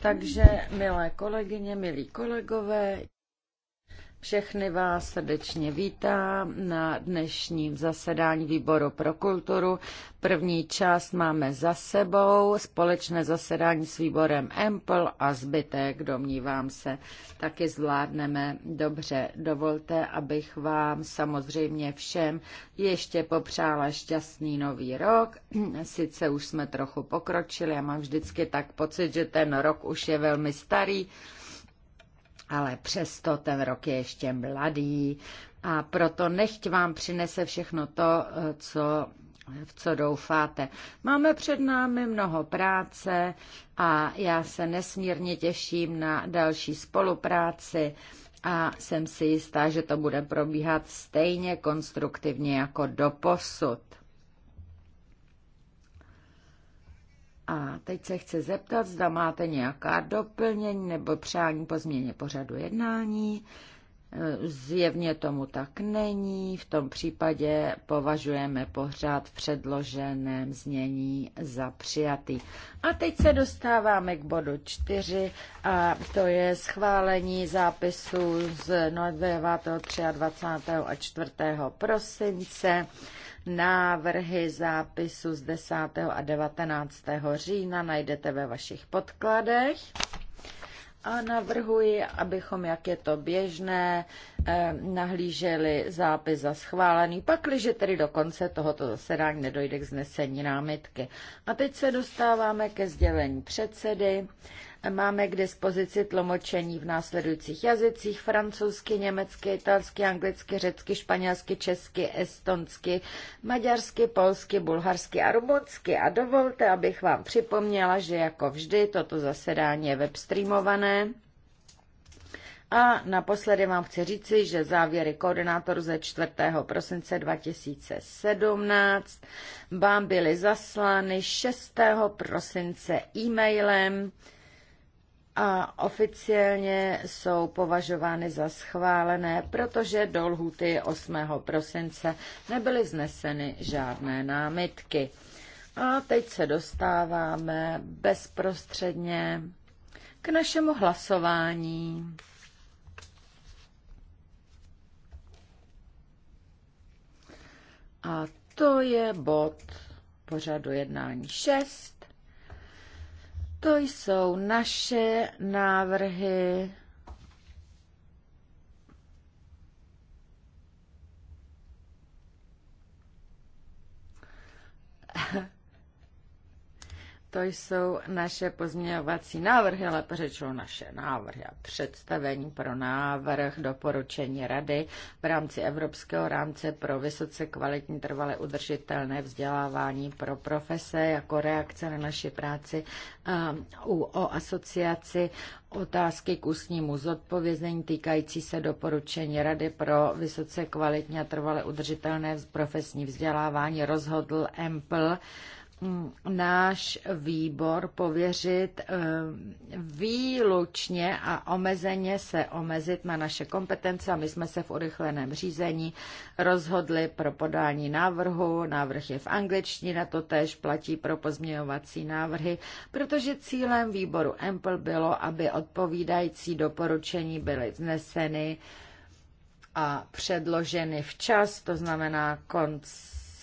Takže, milé kolegyně, milí kolegové, všechny vás srdečně vítám na dnešním zasedání výboru pro kulturu. První část máme za sebou, společné zasedání s výborem Empl a zbytek, domnívám se, taky zvládneme dobře. Dovolte, abych vám samozřejmě všem ještě popřála šťastný nový rok. Sice už jsme trochu pokročili, já mám vždycky tak pocit, že ten rok už je velmi starý, ale přesto ten rok je ještě mladý a proto nechť vám přinese všechno to, co, v co doufáte. Máme před námi mnoho práce a já se nesmírně těším na další spolupráci a jsem si jistá, že to bude probíhat stejně konstruktivně jako doposud. A teď se chci zeptat, zda máte nějaká doplnění nebo přání po změně pořadu jednání. Zjevně tomu tak není. V tom případě považujeme pořád v předloženém znění za přijatý. A teď se dostáváme k bodu čtyři a to je schválení zápisu z 23. a 4. prosince návrhy zápisu z 10. a 19. října najdete ve vašich podkladech a navrhuji, abychom, jak je to běžné, eh, nahlíželi zápis za schválený, pakliže tedy do konce tohoto zasedání nedojde k znesení námitky. A teď se dostáváme ke sdělení předsedy. Máme k dispozici tlumočení v následujících jazycích francouzsky, německy, italsky, anglicky, řecky, španělsky, česky, estonsky, maďarsky, polsky, bulharsky a rumunsky. A dovolte, abych vám připomněla, že jako vždy toto zasedání je webstreamované. A naposledy vám chci říci, že závěry koordinátoru ze 4. prosince 2017 vám byly zaslány 6. prosince e-mailem a oficiálně jsou považovány za schválené, protože do lhuty 8. prosince nebyly zneseny žádné námitky. A teď se dostáváme bezprostředně k našemu hlasování. A to je bod pořadu jednání 6. To jsou naše návrhy. To jsou naše pozměňovací návrhy, ale řečeno naše návrhy a představení pro návrh doporučení Rady v rámci Evropského rámce pro vysoce kvalitní trvale udržitelné vzdělávání pro profese jako reakce na naši práci um, u, o asociaci otázky k ústnímu zodpovězení týkající se doporučení Rady pro vysoce kvalitní a trvale udržitelné profesní vzdělávání rozhodl EMPL náš výbor pověřit eh, výlučně a omezeně se omezit na naše kompetence a my jsme se v urychleném řízení rozhodli pro podání návrhu. Návrh je v angličtině, to též platí pro pozměňovací návrhy, protože cílem výboru Ample bylo, aby odpovídající doporučení byly vzneseny a předloženy včas, to znamená konc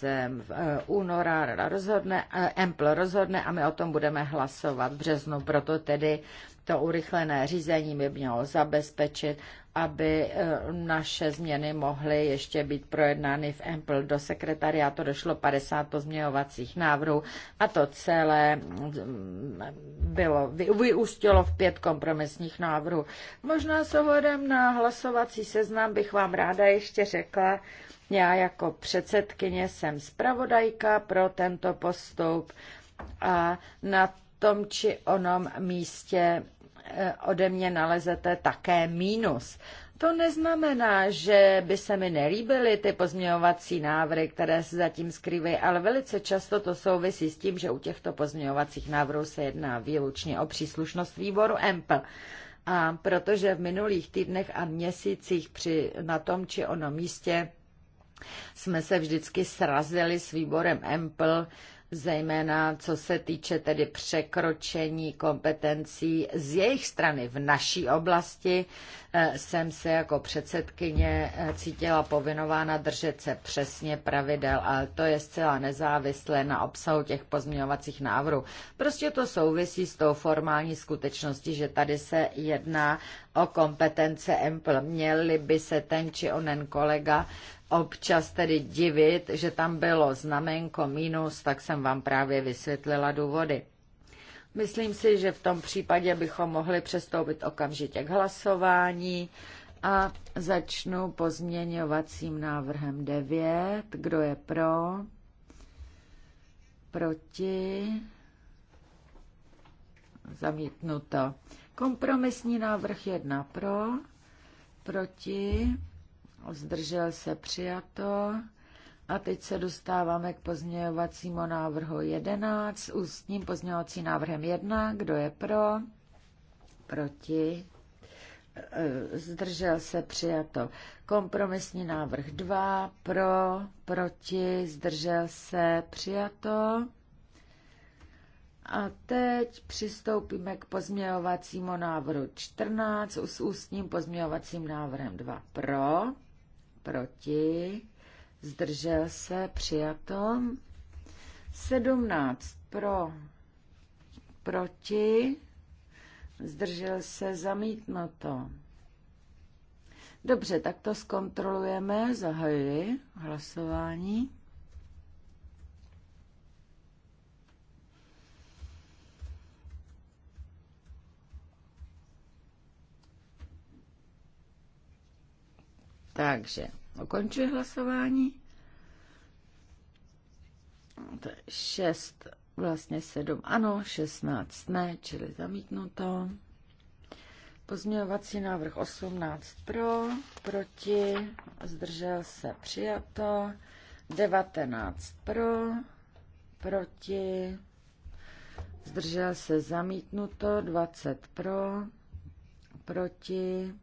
koncem eh, února rozhodne, eh, Empl rozhodne a my o tom budeme hlasovat v březnu. Proto tedy to urychlené řízení by mělo zabezpečit, aby eh, naše změny mohly ještě být projednány v Empl. Do sekretariátu došlo 50 pozměňovacích návrhů a to celé mm, bylo, vyústilo v pět kompromisních návrhů. Možná s ohledem na hlasovací seznam bych vám ráda ještě řekla, já jako předsedkyně jsem zpravodajka pro tento postup a na tom či onom místě eh, ode mě nalezete také mínus. To neznamená, že by se mi nelíbily ty pozměňovací návrhy, které se zatím skrývají, ale velice často to souvisí s tím, že u těchto pozměňovacích návrhů se jedná výlučně o příslušnost výboru EMPL. A protože v minulých týdnech a měsících při, na tom či ono místě jsme se vždycky srazili s výborem EMPL, zejména co se týče tedy překročení kompetencí z jejich strany v naší oblasti, eh, jsem se jako předsedkyně eh, cítila povinována držet se přesně pravidel, ale to je zcela nezávislé na obsahu těch pozměňovacích návrhů. Prostě to souvisí s tou formální skutečností, že tady se jedná o kompetence EMPL. Měli by se ten či onen kolega občas tedy divit, že tam bylo znamenko minus, tak jsem vám právě vysvětlila důvody. Myslím si, že v tom případě bychom mohli přestoupit okamžitě k hlasování a začnu pozměňovacím návrhem 9. Kdo je pro? Proti? Zamítnuto. Kompromisní návrh 1 pro, proti, zdržel se přijato. A teď se dostáváme k pozměňovacímu návrhu 11 s ústním pozměňovacím návrhem 1. Kdo je pro? Proti? E, zdržel se přijato. Kompromisní návrh 2. Pro? Proti? Zdržel se přijato. A teď přistoupíme k pozměňovacímu návrhu 14 s ústním pozměňovacím návrhem 2 pro, proti, zdržel se, přijato. 17 pro, proti, zdržel se, zamítnuto. Dobře, tak to zkontrolujeme, zahajuji hlasování. Takže ukončuji hlasování. To je 6, vlastně 7 ano, 16 ne, čili zamítnuto. Pozměňovací návrh 18 pro, proti, zdržel se přijato, 19 pro, proti, zdržel se zamítnuto, 20 pro, proti,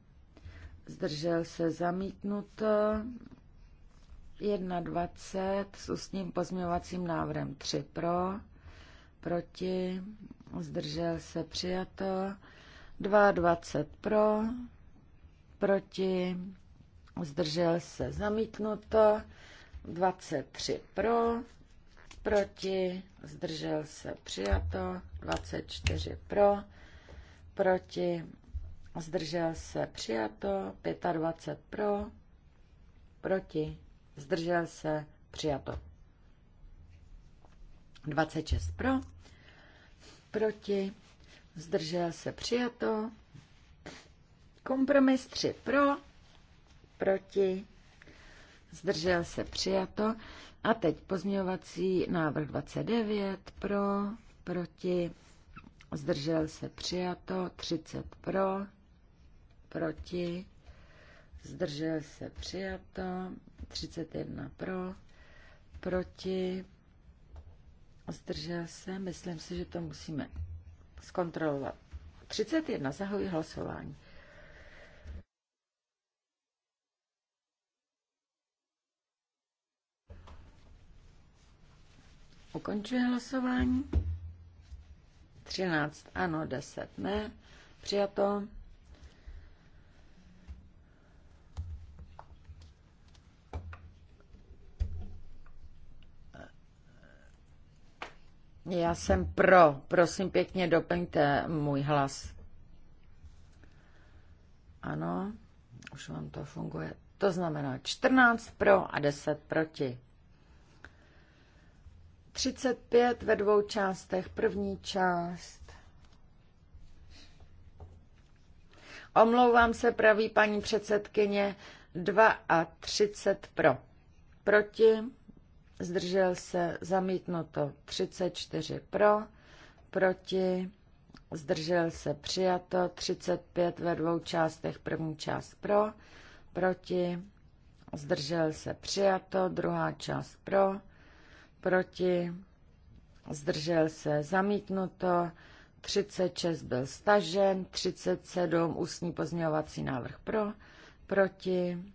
zdržel se zamítnut 21 s ústním pozměňovacím návrhem 3 pro, proti, zdržel se přijato, 22 pro, proti, zdržel se zamítnuto, 23 pro, proti, zdržel se přijato, 24 pro, proti, zdržel se přijato, 25 pro, proti, zdržel se přijato. 26 pro, proti, zdržel se přijato, kompromis 3 pro, proti, zdržel se přijato. A teď pozměňovací návrh 29 pro, proti, zdržel se přijato, 30 pro, proti, zdržel se přijato, 31 pro, proti, zdržel se, myslím si, že to musíme zkontrolovat. 31, zahojí hlasování. Ukončuje hlasování. 13 ano, 10 ne. Přijato. Já jsem pro. Prosím pěkně, doplňte můj hlas. Ano, už vám to funguje. To znamená 14 pro a 10 proti. 35 ve dvou částech. První část. Omlouvám se, praví paní předsedkyně. 2 a 30 pro. Proti zdržel se, zamítnuto 34 pro, proti, zdržel se, přijato 35 ve dvou částech, první část pro, proti, zdržel se, přijato, druhá část pro, proti, zdržel se, zamítnuto 36 byl stažen, 37 ústní pozměňovací návrh pro, proti,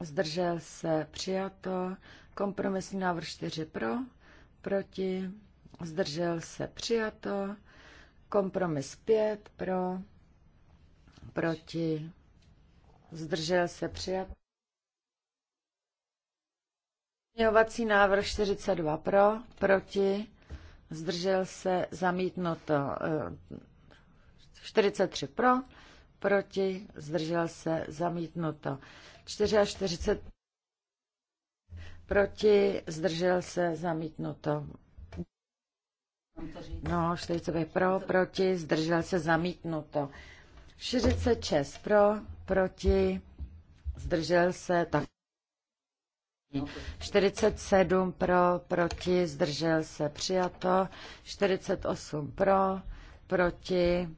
zdržel se, přijato. Kompromisní návrh 4 pro, proti, zdržel se, přijato. Kompromis 5 pro, proti, zdržel se, přijato. Pozměňovací návrh 42 pro, proti, zdržel se, zamítnuto 43 eh, pro, proti, zdržel se, zamítnuto 44 proti, zdržel se, zamítnuto. No, 45 pro, proti, zdržel se, zamítnuto. 46 pro, proti, zdržel se, tak. 47 pro, proti, zdržel se, přijato. 48 pro, proti,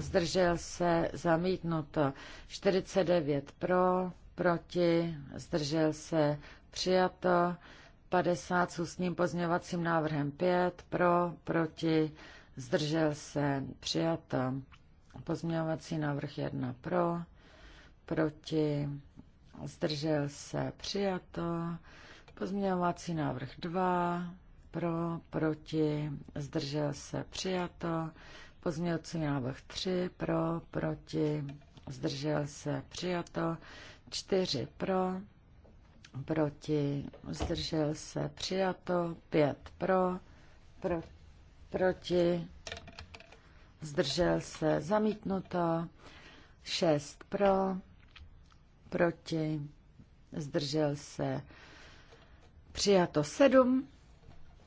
zdržel se, zamítnuto. 49 pro, proti, zdržel se, přijato, 50 s ústním pozměňovacím návrhem 5, pro, proti, zdržel se, přijato, pozměňovací návrh 1 pro, proti, zdržel se, přijato, pozměňovací návrh 2, pro, proti, zdržel se, přijato, pozměňovací návrh 3, pro, proti, zdržel se, přijato, 4 pro, proti, zdržel se, přijato, 5 pro, pro proti, zdržel se, zamítnuto, 6 pro, proti, zdržel se, přijato 7,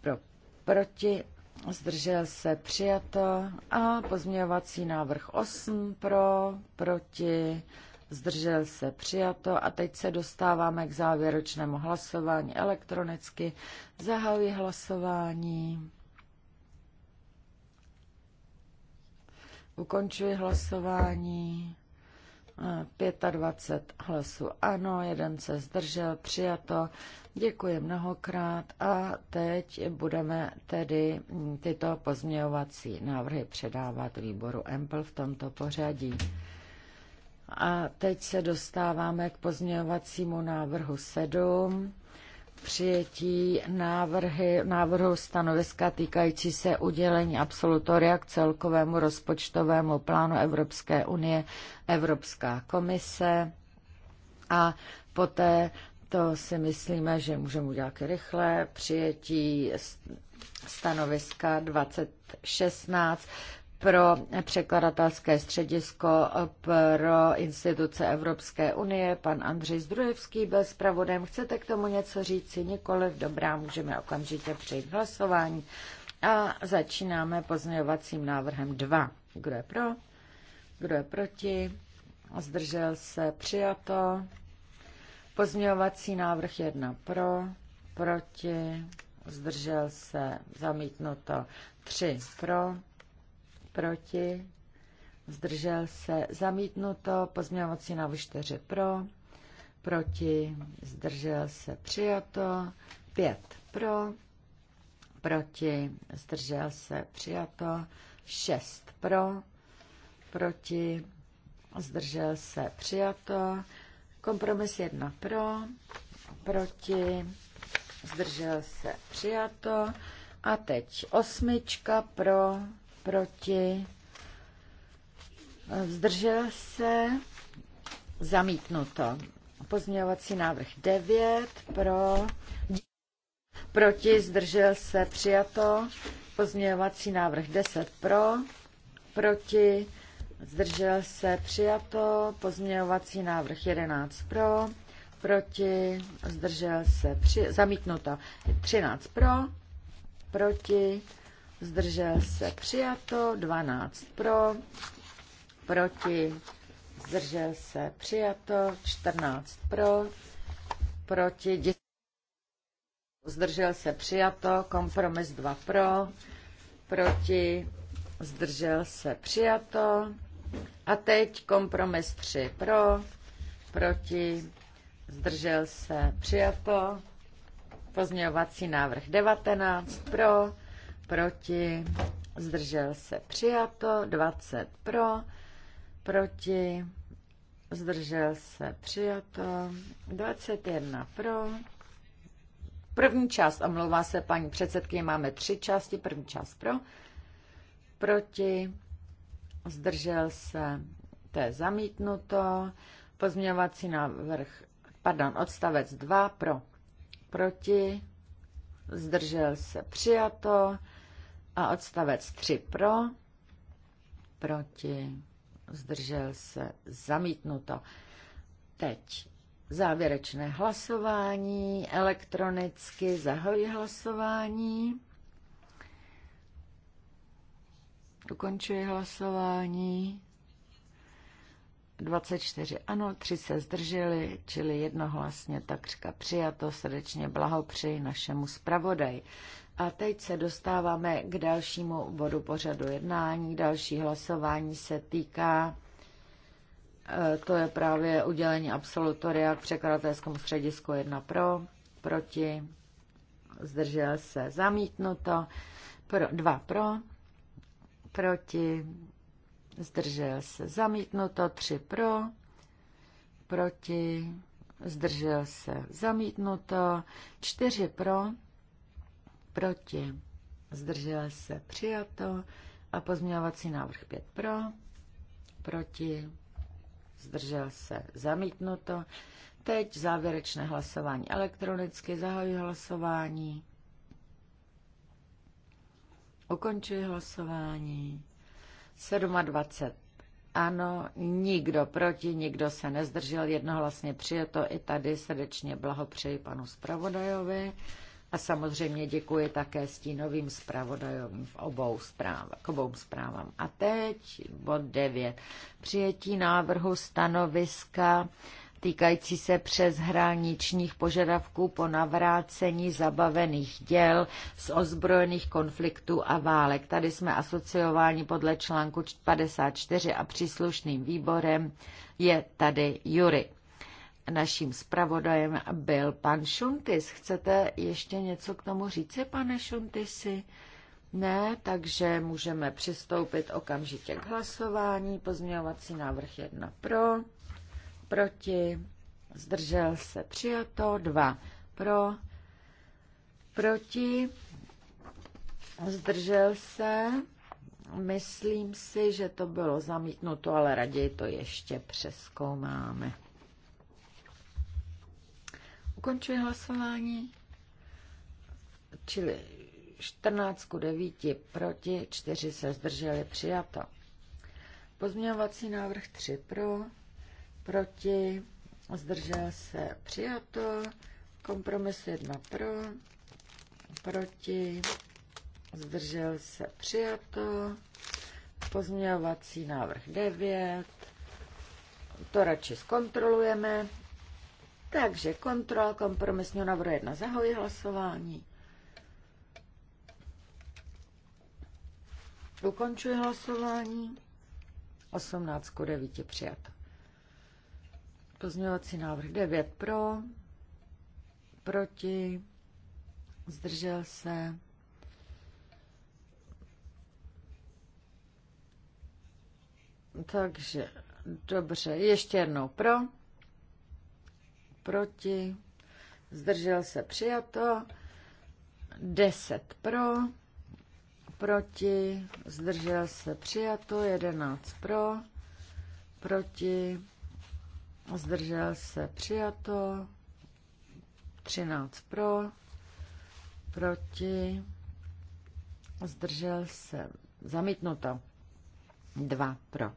pro, proti, zdržel se, přijato a pozměňovací návrh 8 pro, proti, zdržel se přijato a teď se dostáváme k závěrečnému hlasování elektronicky. Zahajuji hlasování. Ukončuji hlasování. 25 hlasů ano, jeden se zdržel, přijato. Děkuji mnohokrát a teď budeme tedy tyto pozměňovací návrhy předávat výboru EMPL v tomto pořadí. A teď se dostáváme k pozměňovacímu návrhu 7 přijetí návrhy, návrhu stanoviska týkající se udělení absolutoria k celkovému rozpočtovému plánu Evropské unie Evropská komise a poté to si myslíme, že můžeme udělat rychle přijetí stanoviska 2016 pro překladatelské středisko pro instituce Evropské unie. Pan Andřej Zdrujevský byl zpravodem. Chcete k tomu něco říci? Nikoliv. Dobrá, můžeme okamžitě přejít hlasování. A začínáme pozměňovacím návrhem 2. Kdo je pro? Kdo je proti? Zdržel se? Přijato. Pozměňovací návrh 1 pro, proti, zdržel se, zamítnuto 3 pro, proti, zdržel se zamítnuto, pozměňovací návrh 4 pro, proti, zdržel se přijato, 5 pro, proti, zdržel se přijato, 6 pro, proti, zdržel se přijato, kompromis 1 pro, proti, zdržel se přijato, a teď osmička pro, proti, zdržel se, zamítnuto. Pozměňovací návrh 9 pro, proti, zdržel se, přijato. Pozměňovací návrh 10 pro, proti, zdržel se, přijato. Pozměňovací návrh 11 pro, proti, zdržel se, při, zamítnuto. 13 pro, proti, zdržel se přijato, 12 pro, proti, zdržel se přijato, 14 pro, proti, zdržel se přijato, kompromis 2 pro, proti, zdržel se přijato, a teď kompromis 3 pro, proti, zdržel se přijato, pozměňovací návrh 19 pro, proti, zdržel se přijato, 20 pro, proti, zdržel se přijato, 21 pro. První část, omlouvá se paní předsedkyně, máme tři části, první část pro, proti, zdržel se, to je zamítnuto, pozměňovací návrh, pardon, odstavec 2 pro, proti, zdržel se přijato, a odstavec 3 pro, proti, zdržel se, zamítnuto. Teď závěrečné hlasování, elektronicky zahoji hlasování. Ukončuji hlasování. 24 ano, 3 se zdrželi, čili jednohlasně takřka přijato. Srdečně blahopřeji našemu zpravodaji. A teď se dostáváme k dalšímu bodu pořadu jednání. Další hlasování se týká, e, to je právě udělení absolutoria k překladatelskému středisku 1 pro, proti, zdržel se zamítnuto, pro, 2 pro, proti, zdržel se zamítnuto, 3 pro, proti, zdržel se zamítnuto, 4 pro, proti, zdržel se, přijato. A pozměňovací návrh 5 pro, proti, zdržel se, zamítnuto. Teď závěrečné hlasování elektronicky, zahajuji hlasování. Ukončuji hlasování. 27. Ano, nikdo proti, nikdo se nezdržel, jednohlasně přijeto. I tady srdečně blahopřeji panu zpravodajovi. A samozřejmě děkuji také stínovým zpravodajům v obou zpráv, k obou zprávám. A teď bod 9. Přijetí návrhu stanoviska týkající se přeshraničních požadavků po navrácení zabavených děl z ozbrojených konfliktů a válek. Tady jsme asociováni podle článku 54 a příslušným výborem je tady Jury. Naším zpravodajem byl pan Šuntis. Chcete ještě něco k tomu říci, pane Šuntisi? Ne, takže můžeme přistoupit okamžitě k hlasování. Pozměňovací návrh 1 pro, proti, zdržel se přijato, 2 pro, proti, zdržel se. Myslím si, že to bylo zamítnuto, ale raději to ještě přeskoumáme. Ukončuji hlasování. Čili 14 ku 9 proti, 4 se zdrželi přijato. Pozměňovací návrh 3 pro, proti, zdržel se přijato, kompromis 1 pro, proti, zdržel se přijato, pozměňovací návrh 9, to radši zkontrolujeme. Takže kontrol kompromisního návrhu 1. Zahoji hlasování. Ukončuji hlasování. 18 ku 9 přijat. Pozměňovací návrh 9 pro, proti, zdržel se. Takže dobře, ještě jednou pro proti, zdržel se přijato, 10 pro, proti, zdržel se přijato, 11 pro, proti, zdržel se přijato, 13 pro, proti, zdržel se zamítnuto, 2 pro,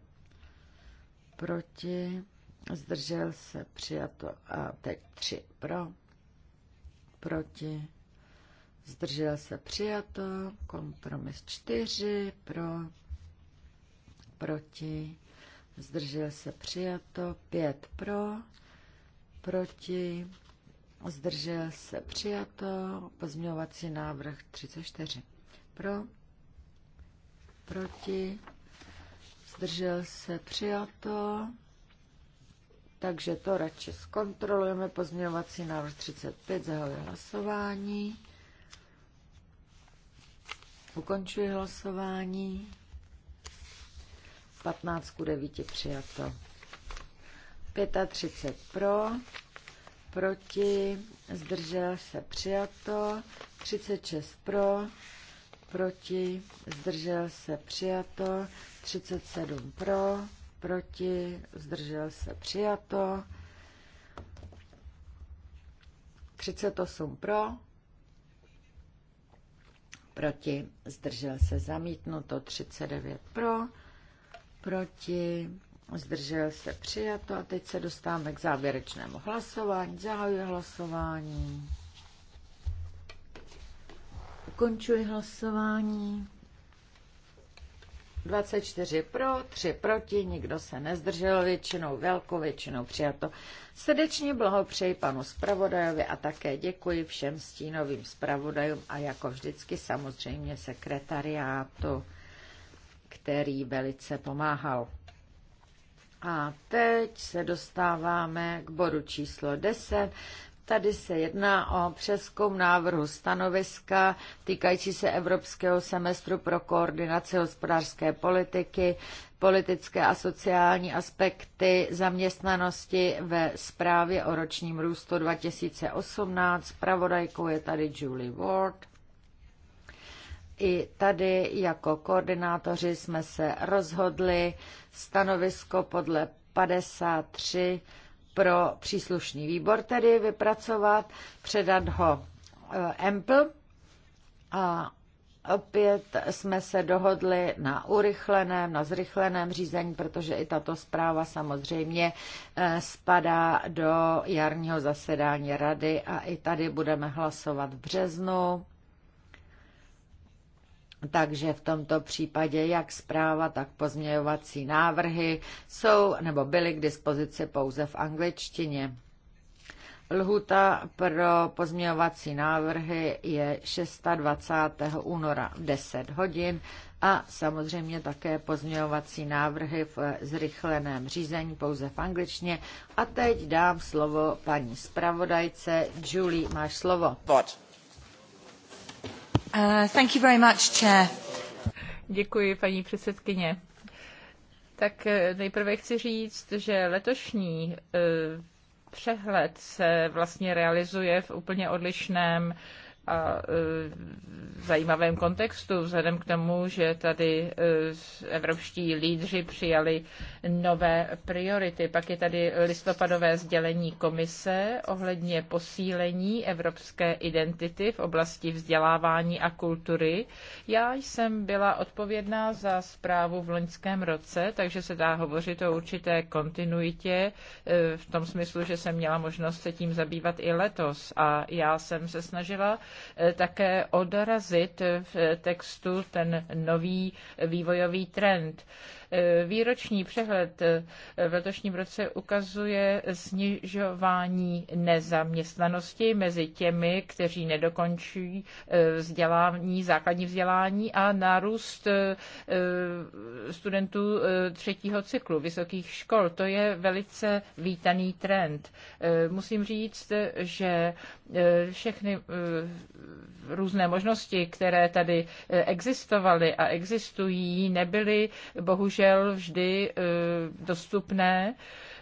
proti, zdržel se, přijato a teď 3 pro, proti, zdržel se, přijato, kompromis 4 pro, proti, zdržel se, přijato, 5 pro, proti, zdržel se, přijato, pozměňovací návrh 34 pro, proti, zdržel se, přijato, takže to radši zkontrolujeme. Pozměňovací návrh 35, zahajuji hlasování. Ukončuji hlasování. 15 ku 9 přijato. 35 pro, proti, zdržel se přijato. 36 pro, proti, zdržel se přijato. 37 pro, proti, zdržel se přijato. 38 pro, proti, zdržel se zamítnuto, 39 pro, proti, zdržel se přijato. A teď se dostáváme k závěrečnému hlasování. Zahajuji hlasování. Ukončuji hlasování. 24 pro, 3 proti, nikdo se nezdržel většinou, velkou většinou přijato. Srdečně blahopřeji panu zpravodajovi a také děkuji všem stínovým zpravodajům a jako vždycky samozřejmě sekretariátu, který velice pomáhal. A teď se dostáváme k bodu číslo 10. Tady se jedná o přeskum návrhu stanoviska týkající se Evropského semestru pro koordinaci hospodářské politiky, politické a sociální aspekty zaměstnanosti ve zprávě o ročním růstu 2018. Spravodajkou je tady Julie Ward. I tady jako koordinátoři jsme se rozhodli stanovisko podle 53 pro příslušný výbor tedy vypracovat, předat ho EMPL a opět jsme se dohodli na urychleném, na zrychleném řízení, protože i tato zpráva samozřejmě e, spadá do jarního zasedání rady a i tady budeme hlasovat v březnu takže v tomto případě jak zpráva, tak pozměňovací návrhy jsou nebo byly k dispozici pouze v angličtině. Lhuta pro pozměňovací návrhy je 26. února v 10 hodin a samozřejmě také pozměňovací návrhy v zrychleném řízení pouze v angličtině. A teď dám slovo paní zpravodajce. Julie, máš slovo. But. Uh, thank you very much, chair. Děkuji, paní předsedkyně. Tak eh, nejprve chci říct, že letošní eh, přehled se vlastně realizuje v úplně odlišném a e, zajímavém kontextu, vzhledem k tomu, že tady e, evropští lídři přijali nové priority. Pak je tady listopadové sdělení komise ohledně posílení evropské identity v oblasti vzdělávání a kultury. Já jsem byla odpovědná za zprávu v loňském roce, takže se dá hovořit o určité kontinuitě e, v tom smyslu, že jsem měla možnost se tím zabývat i letos. A já jsem se snažila Eh, také odrazit v textu ten nový eh, vývojový trend. Výroční přehled v letošním roce ukazuje snižování nezaměstnanosti mezi těmi, kteří nedokončují eh, vzdělání, základní vzdělání a nárůst eh, studentů eh, třetího cyklu vysokých škol. To je velice vítaný trend. Musím říct, že všechny různé možnosti, které tady existovaly a existují, nebyly bohužel bohužel vždy eh, dostupné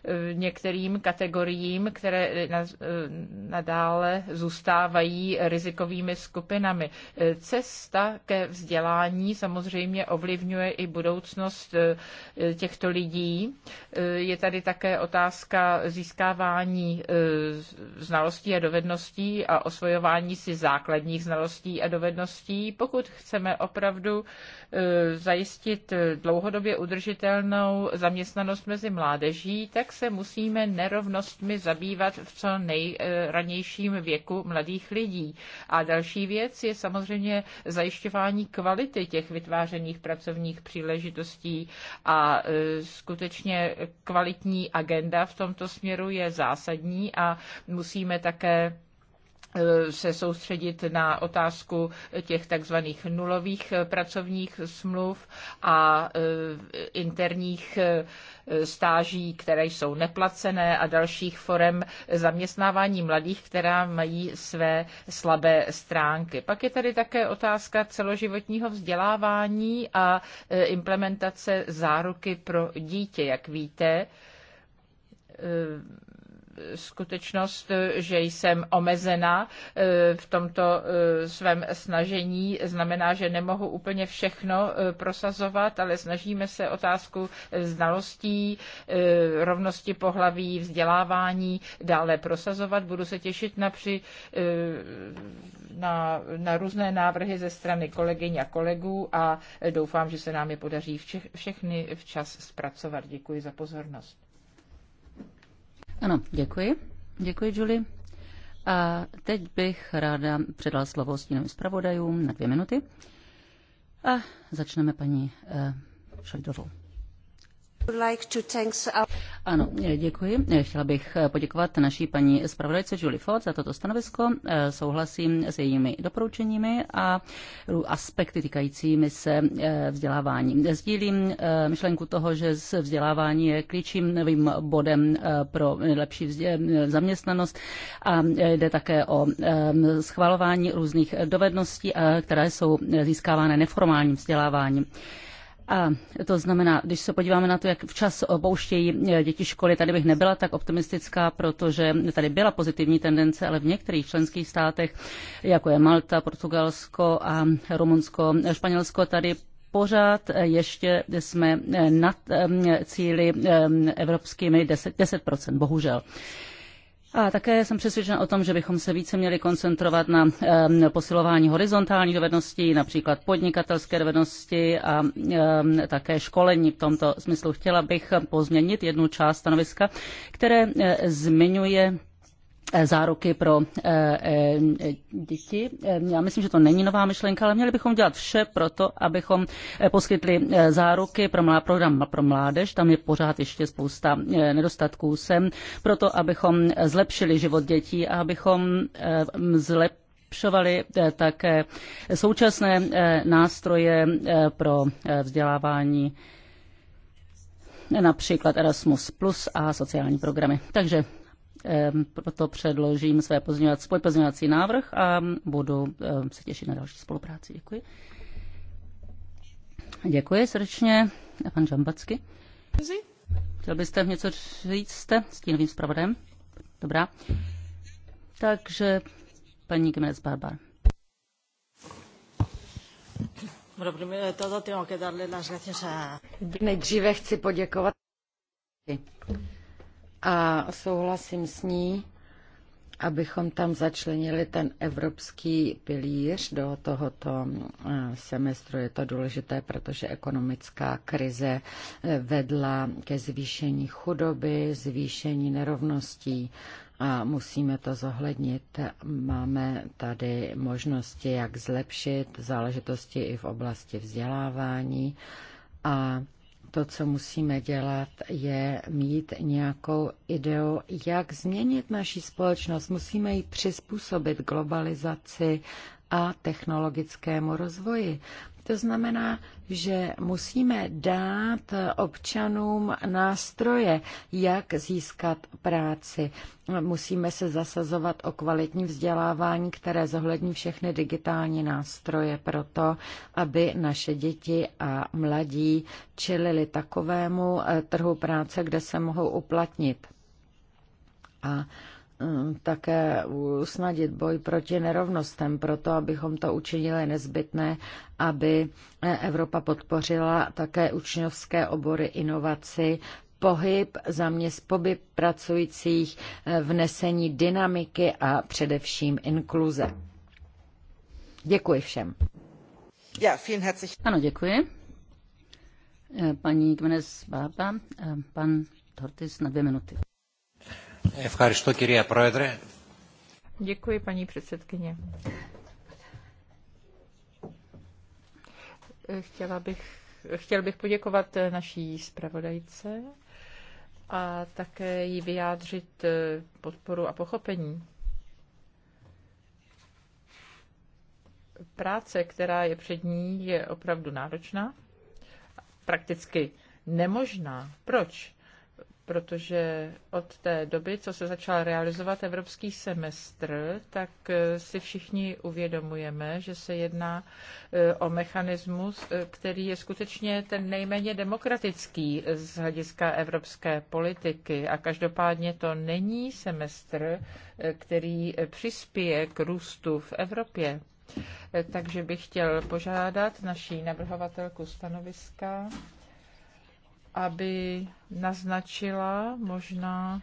Eh, některým kategoriím, které eh, eh, nadále zůstávají rizikovými skupinami. Cesta ke vzdělání samozřejmě ovlivňuje i budoucnost těchto lidí. Je tady také otázka získávání znalostí a dovedností a osvojování si základních znalostí a dovedností. Pokud chceme opravdu zajistit dlouhodobě udržitelnou zaměstnanost mezi mládeží, tak tak se musíme nerovnostmi zabývat v co nejranějším věku mladých lidí. A další věc je samozřejmě zajišťování kvality těch vytvářených pracovních příležitostí a e, skutečně kvalitní agenda v tomto směru je zásadní a musíme také Eh, se soustředit na otázku těch takzvaných nulových eh, pracovních smluv a eh, interních stáží, které jsou neplacené a dalších forem zaměstnávání mladých, která mají své slabé stránky. Pak je tady také otázka celoživotního vzdělávání a implementace záruky pro dítě. Jak víte, skutečnost, že jsem omezena eh, v tomto eh, svém snažení, znamená, že nemohu úplně všechno eh, prosazovat, ale snažíme se otázku znalostí, rovnosti pohlaví, vzdělávání dále prosazovat. Budu se těšit na, při, na, na různé návrhy ze strany kolegyň a kolegů a doufám, že se nám je podaří vše, všechny včas zpracovat. Děkuji za pozornost. Ano, děkuji. Děkuji, Julie. A teď bych ráda předala slovo stínovým zpravodajům na dvě minuty. A začneme paní eh, Šojdovou. Ano, eh, děkuji. Eh, chtěla bych eh, poděkovat naší paní zpravodajce Julie Ford za toto stanovisko. Souhlasím s jejími doporučeními a aspekty týkajícími se vzdělávání. Sdílím myšlenku toho, že vzdělávání je novým bodem pro lepší zaměstnanost a jde také o schvalování různých dovedností, které jsou získávány neformálním vzděláváním. A to znamená, když se podíváme na to, jak včas opouštějí eh, děti školy, tady bych nebyla tak optimistická, protože tady byla pozitivní tendence, ale v některých členských státech, jako je Malta, Portugalsko a Rumunsko, Španělsko, tady pořád eh, ještě jsme eh, nad cíly evropskými 10%, 10% bohužel. A také jsem přesvědčen o tom, že bychom se více měli koncentrovat na posilování horizontálních dovedností, například podnikatelské dovednosti a také školení. V tomto smyslu chtěla bych pozměnit jednu část stanoviska, které eh, zmiňuje Eh, záruky pro eh, eh, děti. Já myslím, že to není nová myšlenka, ale měli bychom dělat vše pro to, abychom poskytli záruky pro mlá, program pro mládež. Tam je pořád ještě spousta nedostatků sem, proto abychom zlepšili život dětí a abychom zlepšili také současné nástroje pro vzdělávání, například Erasmus Plus a sociální programy. Takže proto předložím své pozměňovací, svůj pozměňovací návrh a budu se těšit na další spolupráci. Děkuji. Děkuji srdečně. A pan Žambacky. Chtěl byste něco říct jste s tím novým zpravodajem? Dobrá. Takže paní Gmez Barbar. Nejdříve chci poděkovat a souhlasím s ní, abychom tam začlenili ten evropský pilíř do tohoto eh, semestru. Je to důležité, protože ekonomická krize eh, vedla ke zvýšení chudoby, zvýšení nerovností a musíme to zohlednit. Máme tady možnosti, jak zlepšit záležitosti i v oblasti vzdělávání a to, co musíme dělat, je mít nějakou ideu, jak změnit naši společnost. Musíme ji přizpůsobit globalizaci a technologickému rozvoji. To znamená, že musíme dát občanům nástroje, jak získat práci. Musíme se zasazovat o kvalitní vzdělávání, které zohlední všechny digitální nástroje pro to, aby naše děti a mladí čelili takovému eh, trhu práce, kde se mohou uplatnit. A Mm, také usnadit boj proti nerovnostem, proto abychom to učinili nezbytné, aby Evropa podpořila také učňovské obory inovaci, pohyb zaměst pobyt pracujících, eh, vnesení dynamiky a především inkluze. Děkuji všem. Ja, vielen herzlich. Ano, děkuji. Eh, paní kmenes Bába, eh, pan Tortis na dvě minuty. Děkuji, paní předsedkyně. Chtěla bych, chtěl bych poděkovat naší zpravodajce a také jí vyjádřit podporu a pochopení. Práce, která je před ní, je opravdu náročná, prakticky nemožná. Proč? protože od té doby, co se začal realizovat evropský semestr, tak eh, si všichni uvědomujeme, že se jedná eh, o mechanismus, eh, který je skutečně ten nejméně demokratický z hlediska evropské politiky. A každopádně to není semestr, který přispěje k růstu v Evropě. Takže bych chtěl požádat naší navrhovatelku stanoviska, aby naznačila možná,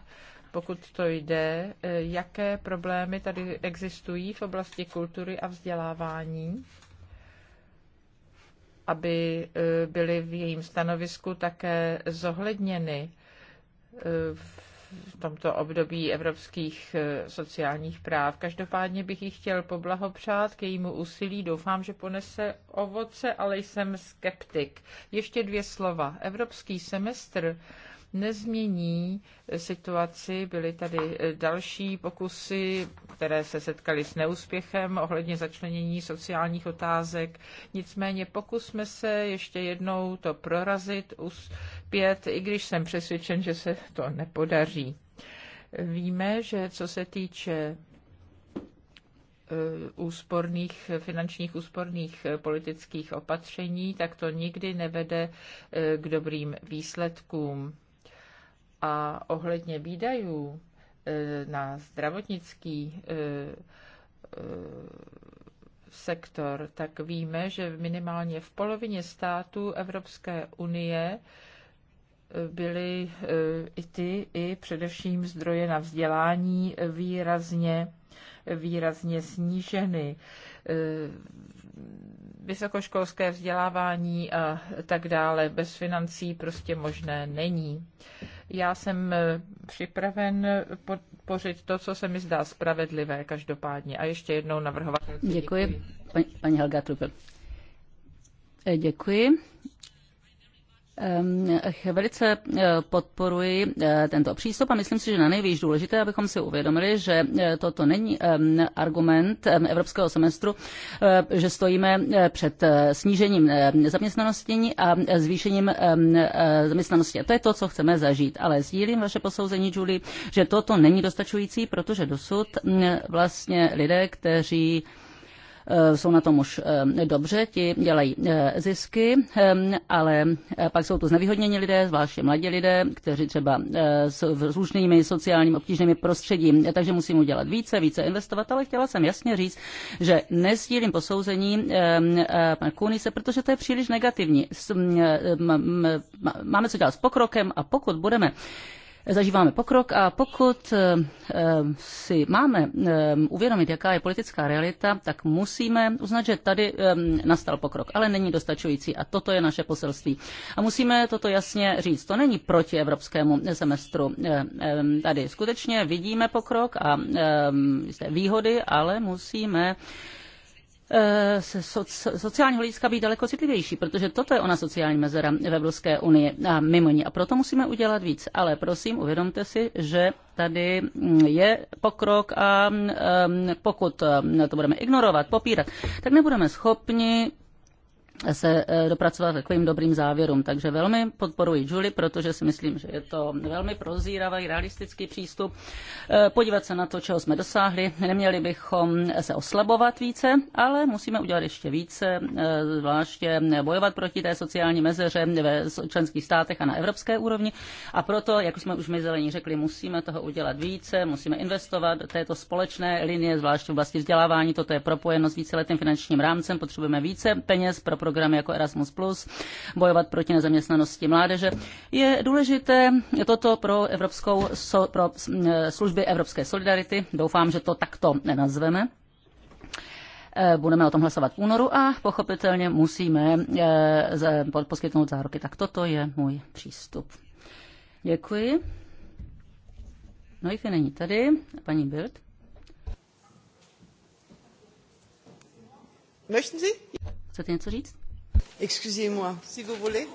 pokud to jde, eh, jaké problémy tady existují v oblasti kultury a vzdělávání, aby eh, byly v jejím stanovisku také zohledněny eh, v v tomto období evropských eh, sociálních práv. Každopádně bych ji chtěl poblahopřát k jejímu úsilí. Doufám, že ponese ovoce, ale jsem skeptik. Ještě dvě slova. Evropský semestr nezmění situaci. Byly tady e, další pokusy, které se setkaly s neúspěchem ohledně začlenění sociálních otázek. Nicméně pokusme se ještě jednou to prorazit, uspět, i když jsem přesvědčen, že se to nepodaří. Víme, že co se týče e, úsporných, finančních úsporných politických opatření, tak to nikdy nevede e, k dobrým výsledkům. A ohledně výdajů e, na zdravotnický e, e, sektor, tak víme, že minimálně v polovině států Evropské unie byly i ty, i především zdroje na vzdělání výrazně, výrazně sníženy. Vysokoškolské vzdělávání a tak dále bez financí prostě možné není. Já jsem eh, připraven podpořit to, co se mi zdá spravedlivé každopádně. A ještě jednou navrhovat. Děkuji, Pani, paní Helga Trupel. Eh, děkuji. Ehm, velice eh, podporuji eh, tento přístup a myslím si, že na nejvíc důležité, abychom si uvědomili, že eh, toto není ehm, argument ehm, evropského semestru, že stojíme před snížením zaměstnanosti a zvýšením zaměstnanosti. A to je to, co chceme zažít. Ale sdílím vaše posouzení, Julie, že toto není dostačující, protože dosud mm, vlastně lidé, kteří Eh, jsou na tom už eh, dobře, ti dělají eh, zisky, ale pak jsou tu znevýhodnění lidé, zvláště mladí lidé, kteří třeba s různými sociálními obtížnými prostředím, takže musím udělat více, více investovat, ale chtěla jsem jasně říct, že nesdílím posouzení pan Kunise, protože to je příliš negativní. Mm, máme co dělat s pokrokem a pokud budeme zažíváme pokrok a pokud eh, eh, si máme eh, uvědomit, jaká je politická realita, tak musíme uznat, že tady nastal pokrok, ale není dostačující a toto je naše poselství. A musíme toto jasně říct. To není proti evropskému semestru. Tady skutečně vidíme pokrok a výhody, ale musíme Eh, se sociálního hlediska být daleko citlivější, protože toto je ona sociální mezera v Evropské unii a mimo ní. A proto musíme udělat víc. Ale prosím, uvědomte si, že tady mm, je pokrok a mm, eh, pokud eh, to budeme ignorovat, popírat, tak nebudeme schopni se eh, dopracovat takovým dobrým závěrům. Takže velmi podporuji Julie, protože si myslím, že je to velmi prozíravý, realistický přístup. Eh, podívat se na to, čeho jsme dosáhli. Neměli bychom se oslabovat více, ale musíme udělat ještě více, eh, zvláště bojovat proti té sociální mezeře ve členských státech a na evropské úrovni. A proto, jak jsme už my zelení řekli, musíme toho udělat více, musíme investovat do této společné linie, zvláště v oblasti vzdělávání. Toto je propojeno s víceletým finančním rámcem. Potřebujeme více peněz pro programy jako Erasmus+, bojovat proti nezaměstnanosti mládeže. Je důležité toto pro, evropskou, pro služby evropské solidarity. Doufám, že to takto nenazveme. Eh, budeme o tom hlasovat v únoru a pochopitelně musíme eh, poskytnout záruky. Tak toto je můj přístup. Děkuji. No i není tady. Paní Bild. Möchten Sie? Chcete něco říct? Excusez-moi, si vous voulez.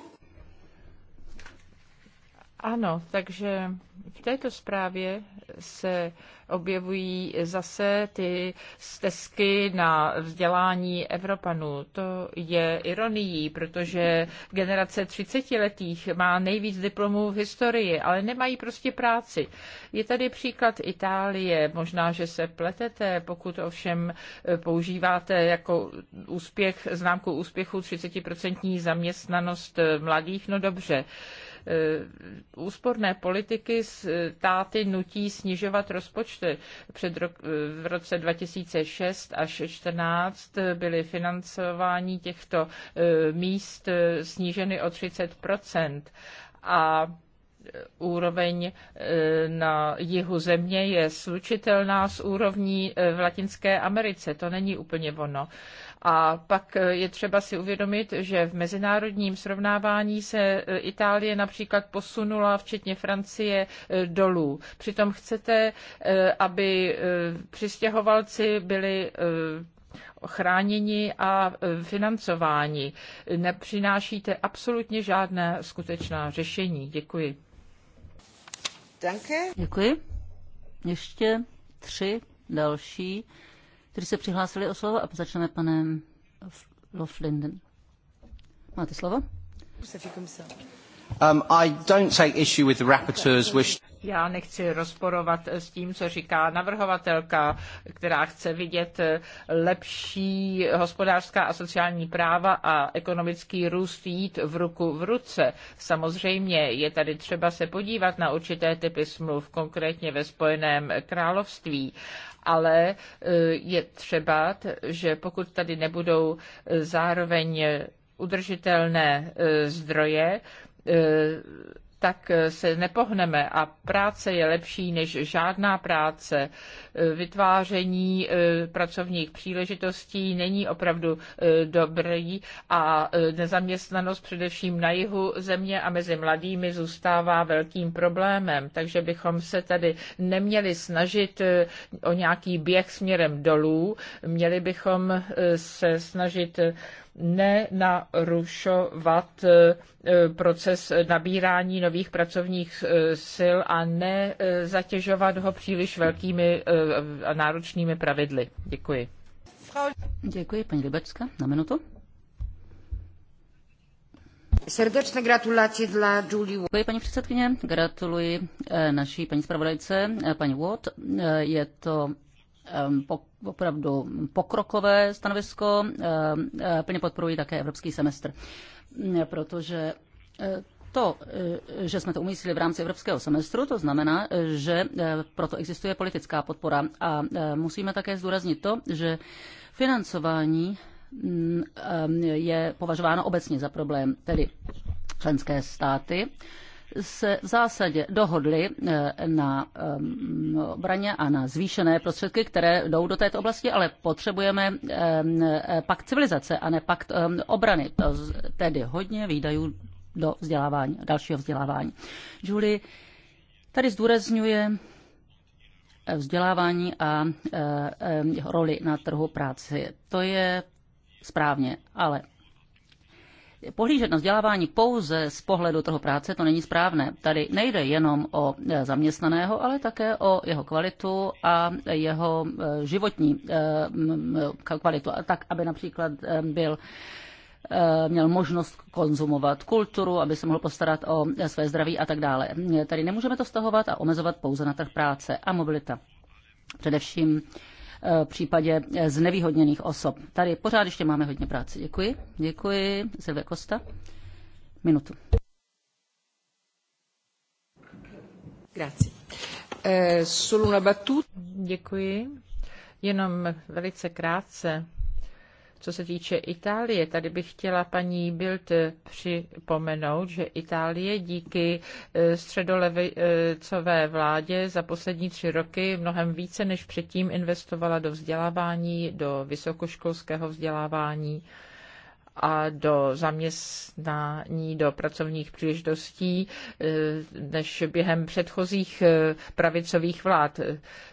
Ano, takže v této zprávě se objevují zase ty stezky na vzdělání Evropanů. To je ironií, protože generace 30-letých má nejvíc diplomů v historii, ale nemají prostě práci. Je tady příklad Itálie, možná, že se pletete, pokud ovšem eh, používáte jako úspěch, známku úspěchu 30% zaměstnanost eh, mladých, no dobře. Eh, úsporné politiky státy eh, nutí snižovat rozpočty. Před ro- eh, v roce 2006 až 2014 byly financování těchto míst sníženy o 30 a úroveň na jihu země je slučitelná s úrovní v Latinské Americe. To není úplně ono. A pak e, je třeba si uvědomit, že v mezinárodním srovnávání se e, Itálie například posunula, včetně Francie, e, dolů. Přitom chcete, aby přistěhovalci byli chráněni a financováni. Nepřinášíte absolutně žádné skutečná řešení. Děkuji. Danke. Děkuji. Ještě tři další kteří se přihlásili o slovo a začneme panem Loflinden. Máte slovo? Um, I don't take issue with the rapporteur's wish. Já nechci rozporovat s tím, co říká navrhovatelka, která chce vidět eh, lepší hospodářská a sociální práva a ekonomický růst jít v ruku v ruce. Samozřejmě je tady třeba se podívat na určité typy smluv, konkrétně ve Spojeném království ale e, je třeba, že pokud tady nebudou e, zároveň udržitelné e, zdroje, tak eh, se nepohneme a práce je lepší než žádná práce. Eh, vytváření eh, pracovních příležitostí není opravdu dobrý a nezaměstnanost především na jihu země a mezi mladými zůstává velkým problémem, takže bychom se tady neměli snažit o nějaký běh směrem dolů, měli bychom se snažit nenarušovat eh, proces nabírání nových pracovních eh, sil a nezatěžovat eh, ho příliš velkými a náročnými pravidly. Děkuji. Děkuji, paní Libecka. Na minutu. Srdečné gratulace dla Julie Watt. Děkuji, paní předsedkyně. Gratuluji naší paní zpravodajce, paní Watt. Je to Ehm, opravdu pokrokové stanovisko. Ehm, eh, plně podporují také evropský semestr, mm, protože eh, to, eh, že jsme to umístili v rámci evropského semestru, to znamená, že proto existuje politická podpora. A musíme také zdůraznit to, že financování mm, ehm, je považováno obecně za problém, tedy členské státy se v zásadě dohodli eh, na eh, obraně a na zvýšené prostředky, které jdou do této oblasti, ale potřebujeme eh, pakt civilizace a ne pakt obrany. To tedy hodně výdajů do vzdělávání, dalšího vzdělávání. Julie tady zdůrazňuje vzdělávání a roli na trhu práce. To je správně, ale pohlížet na vzdělávání pouze z pohledu trhu práce, to není správné. Tady nejde jenom o e, zaměstnaného, ale také o jeho kvalitu a jeho e, životní e, kvalitu. A tak, aby například byl měl možnost konzumovat kulturu, aby se mohl postarat o své zdraví a tak dále. Tady nemůžeme to stahovat a omezovat pouze na trh práce a mobilita. Především v případě znevýhodněných osob. Tady pořád ještě máme hodně práce. Děkuji. Děkuji. Silvia Kosta. Minutu. Grazie. Eh, solo una battuta. Děkuji. Jenom velice krátce co se týče Itálie, tady bych chtěla paní Bild připomenout, že Itálie díky eh, středolevicové vládě za poslední tři roky mnohem více než předtím investovala do vzdělávání, do vysokoškolského vzdělávání a do zaměstnání, do pracovních příležitostí eh, než během předchozích eh, pravicových vlád.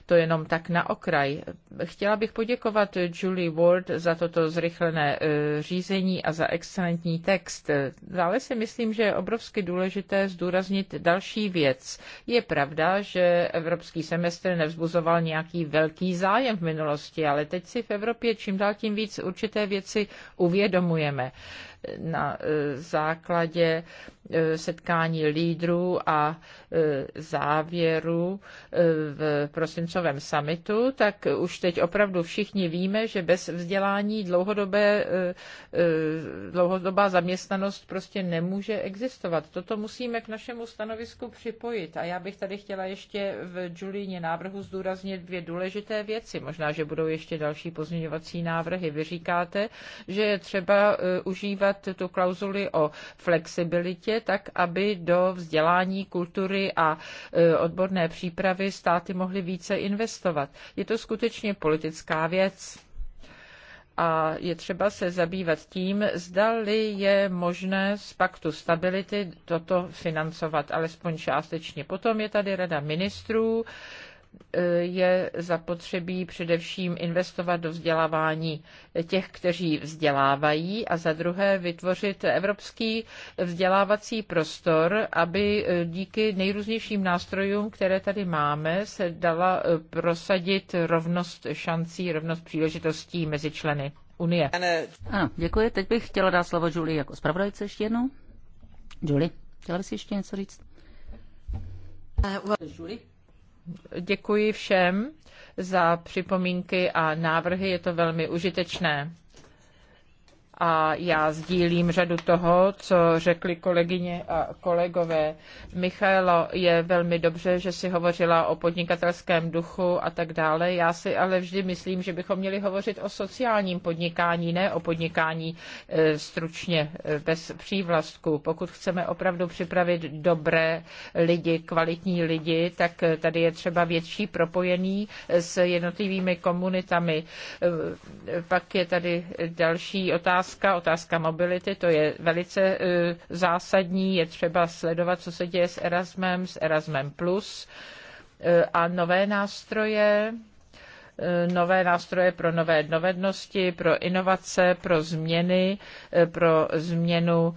To jenom tak na okraj. Chtěla bych poděkovat Julie Ward za toto zrychlené eh, řízení a za excelentní text. Dále si myslím, že je obrovsky důležité zdůraznit další věc. Je pravda, že evropský semestr nevzbuzoval nějaký velký zájem v minulosti, ale teď si v Evropě čím dál tím víc určité věci uvědomuje uplatňujeme na e, základě E, setkání lídrů a e, závěru e, v prosincovém summitu, tak už teď opravdu všichni víme, že bez vzdělání dlouhodobé, dlouhodobá zaměstnanost prostě nemůže existovat. Toto musíme k našemu stanovisku připojit. A já bych tady chtěla ještě v Julíně návrhu zdůraznit dvě důležité věci. Možná, že budou ještě další pozměňovací návrhy. Vy říkáte, že je třeba užívat tu klauzuli o flexibilitě, tak aby do vzdělání, kultury a e, odborné přípravy státy mohly více investovat. Je to skutečně politická věc a je třeba se zabývat tím, zdali je možné z paktu stability toto financovat, alespoň částečně. Potom je tady rada ministrů, E, je zapotřebí především investovat do vzdělávání těch, kteří vzdělávají a za druhé vytvořit evropský vzdělávací prostor, aby e, díky nejrůznějším nástrojům, které tady máme, se dala e, prosadit rovnost šancí, rovnost příležitostí mezi členy Unie. Ano, děkuji. Teď bych chtěla dát slovo Julie jako zpravodajce ještě jednou. Julie, chtěla bys ještě něco říct? Uh, well, Julie? Děkuji všem za připomínky a návrhy, je to velmi užitečné a já sdílím řadu toho, co řekli kolegyně a kolegové. Michaelo, je velmi dobře, že si hovořila o podnikatelském duchu a tak dále. Já si ale vždy myslím, že bychom měli hovořit o sociálním podnikání, ne o podnikání e, stručně, e, bez přívlastku. Pokud chceme opravdu připravit dobré lidi, kvalitní lidi, tak e, tady je třeba větší propojení s jednotlivými komunitami. Pak je tady další otázka, otázka, otázka mobility, to je velice e, zásadní, je třeba sledovat, co se děje s Erasmem, s Erasmem+, Plus e, a nové nástroje, e, nové nástroje pro nové dovednosti, pro inovace, pro změny, pro změnu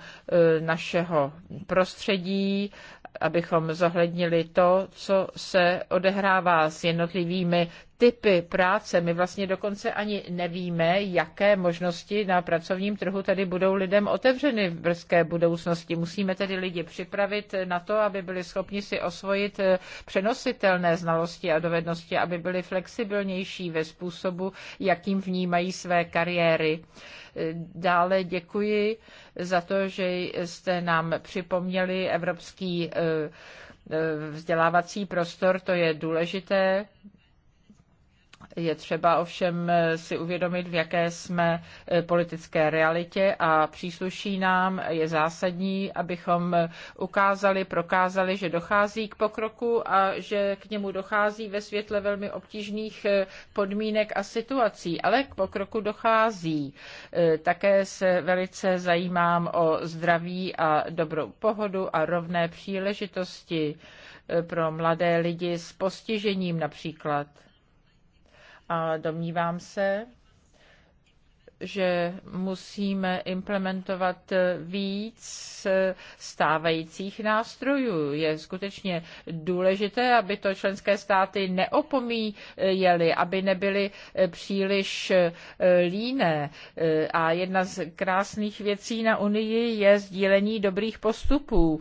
našeho prostředí, abychom zohlednili to, co se odehrává s jednotlivými typy práce. My vlastně dokonce ani nevíme, jaké možnosti na pracovním trhu tady budou lidem otevřeny v brzké budoucnosti. Musíme tedy lidi připravit na to, aby byli schopni si osvojit eh, přenositelné znalosti a dovednosti, aby byli flexibilnější ve způsobu, jakým vnímají své kariéry. Eh, dále děkuji za to, že jste nám připomněli evropský eh, vzdělávací prostor, to je důležité je třeba ovšem eh, si uvědomit, v jaké jsme eh, politické realitě a přísluší nám, je zásadní, abychom eh, ukázali, prokázali, že dochází k pokroku a že k němu dochází ve světle velmi obtížných podmínek a situací, ale k pokroku dochází. Také se velice zajímám o zdraví a dobrou pohodu a rovné příležitosti pro mladé lidi s postižením například. A domnívám se, že musíme implementovat víc stávajících nástrojů. Je skutečně důležité, aby to členské státy neopomíjely, aby nebyly příliš líné. A jedna z krásných věcí na Unii je sdílení dobrých postupů,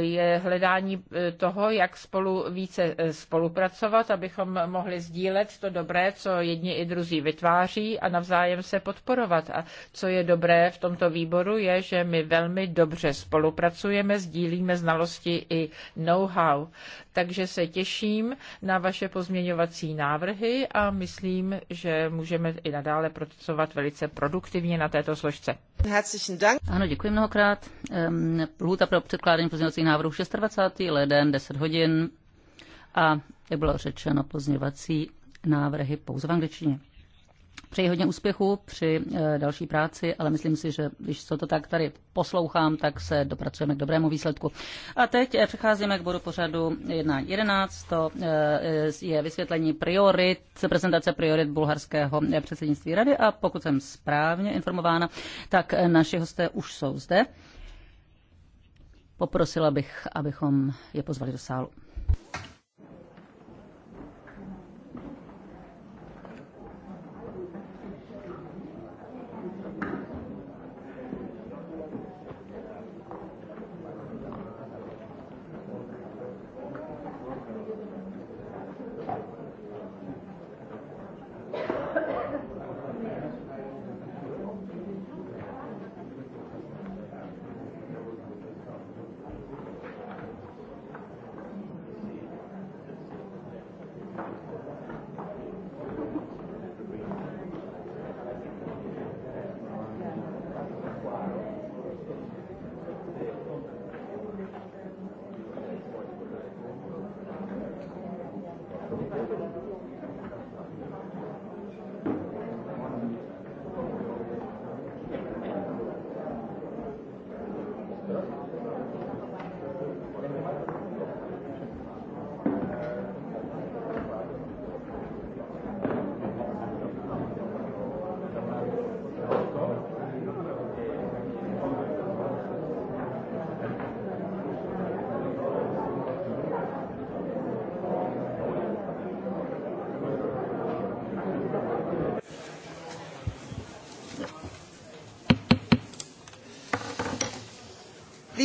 je hledání toho, jak spolu více spolupracovat, abychom mohli sdílet to dobré, co jedni i druzí vytváří a navzájem se podporovat podporovat. A co je dobré v tomto výboru, je, že my velmi dobře spolupracujeme, sdílíme znalosti i know-how. Takže se těším na vaše pozměňovací návrhy a myslím, že můžeme i nadále pracovat velice produktivně na této složce. Ano, děkuji mnohokrát. Lhůta pro předkládání pozměňovacích návrhů 26. leden 10 hodin a jak bylo řečeno pozměňovací návrhy pouze v angličtině. Přeji hodně úspěchu při eh, další práci, ale myslím si, že když se to tak tady poslouchám, tak se dopracujeme k dobrému výsledku. A teď eh, přecházíme k bodu pořadu 1.11. To eh, je vysvětlení priorit, prezentace priorit bulharského předsednictví rady a pokud jsem správně informována, tak naši hosté už jsou zde. Poprosila bych, abychom je pozvali do sálu.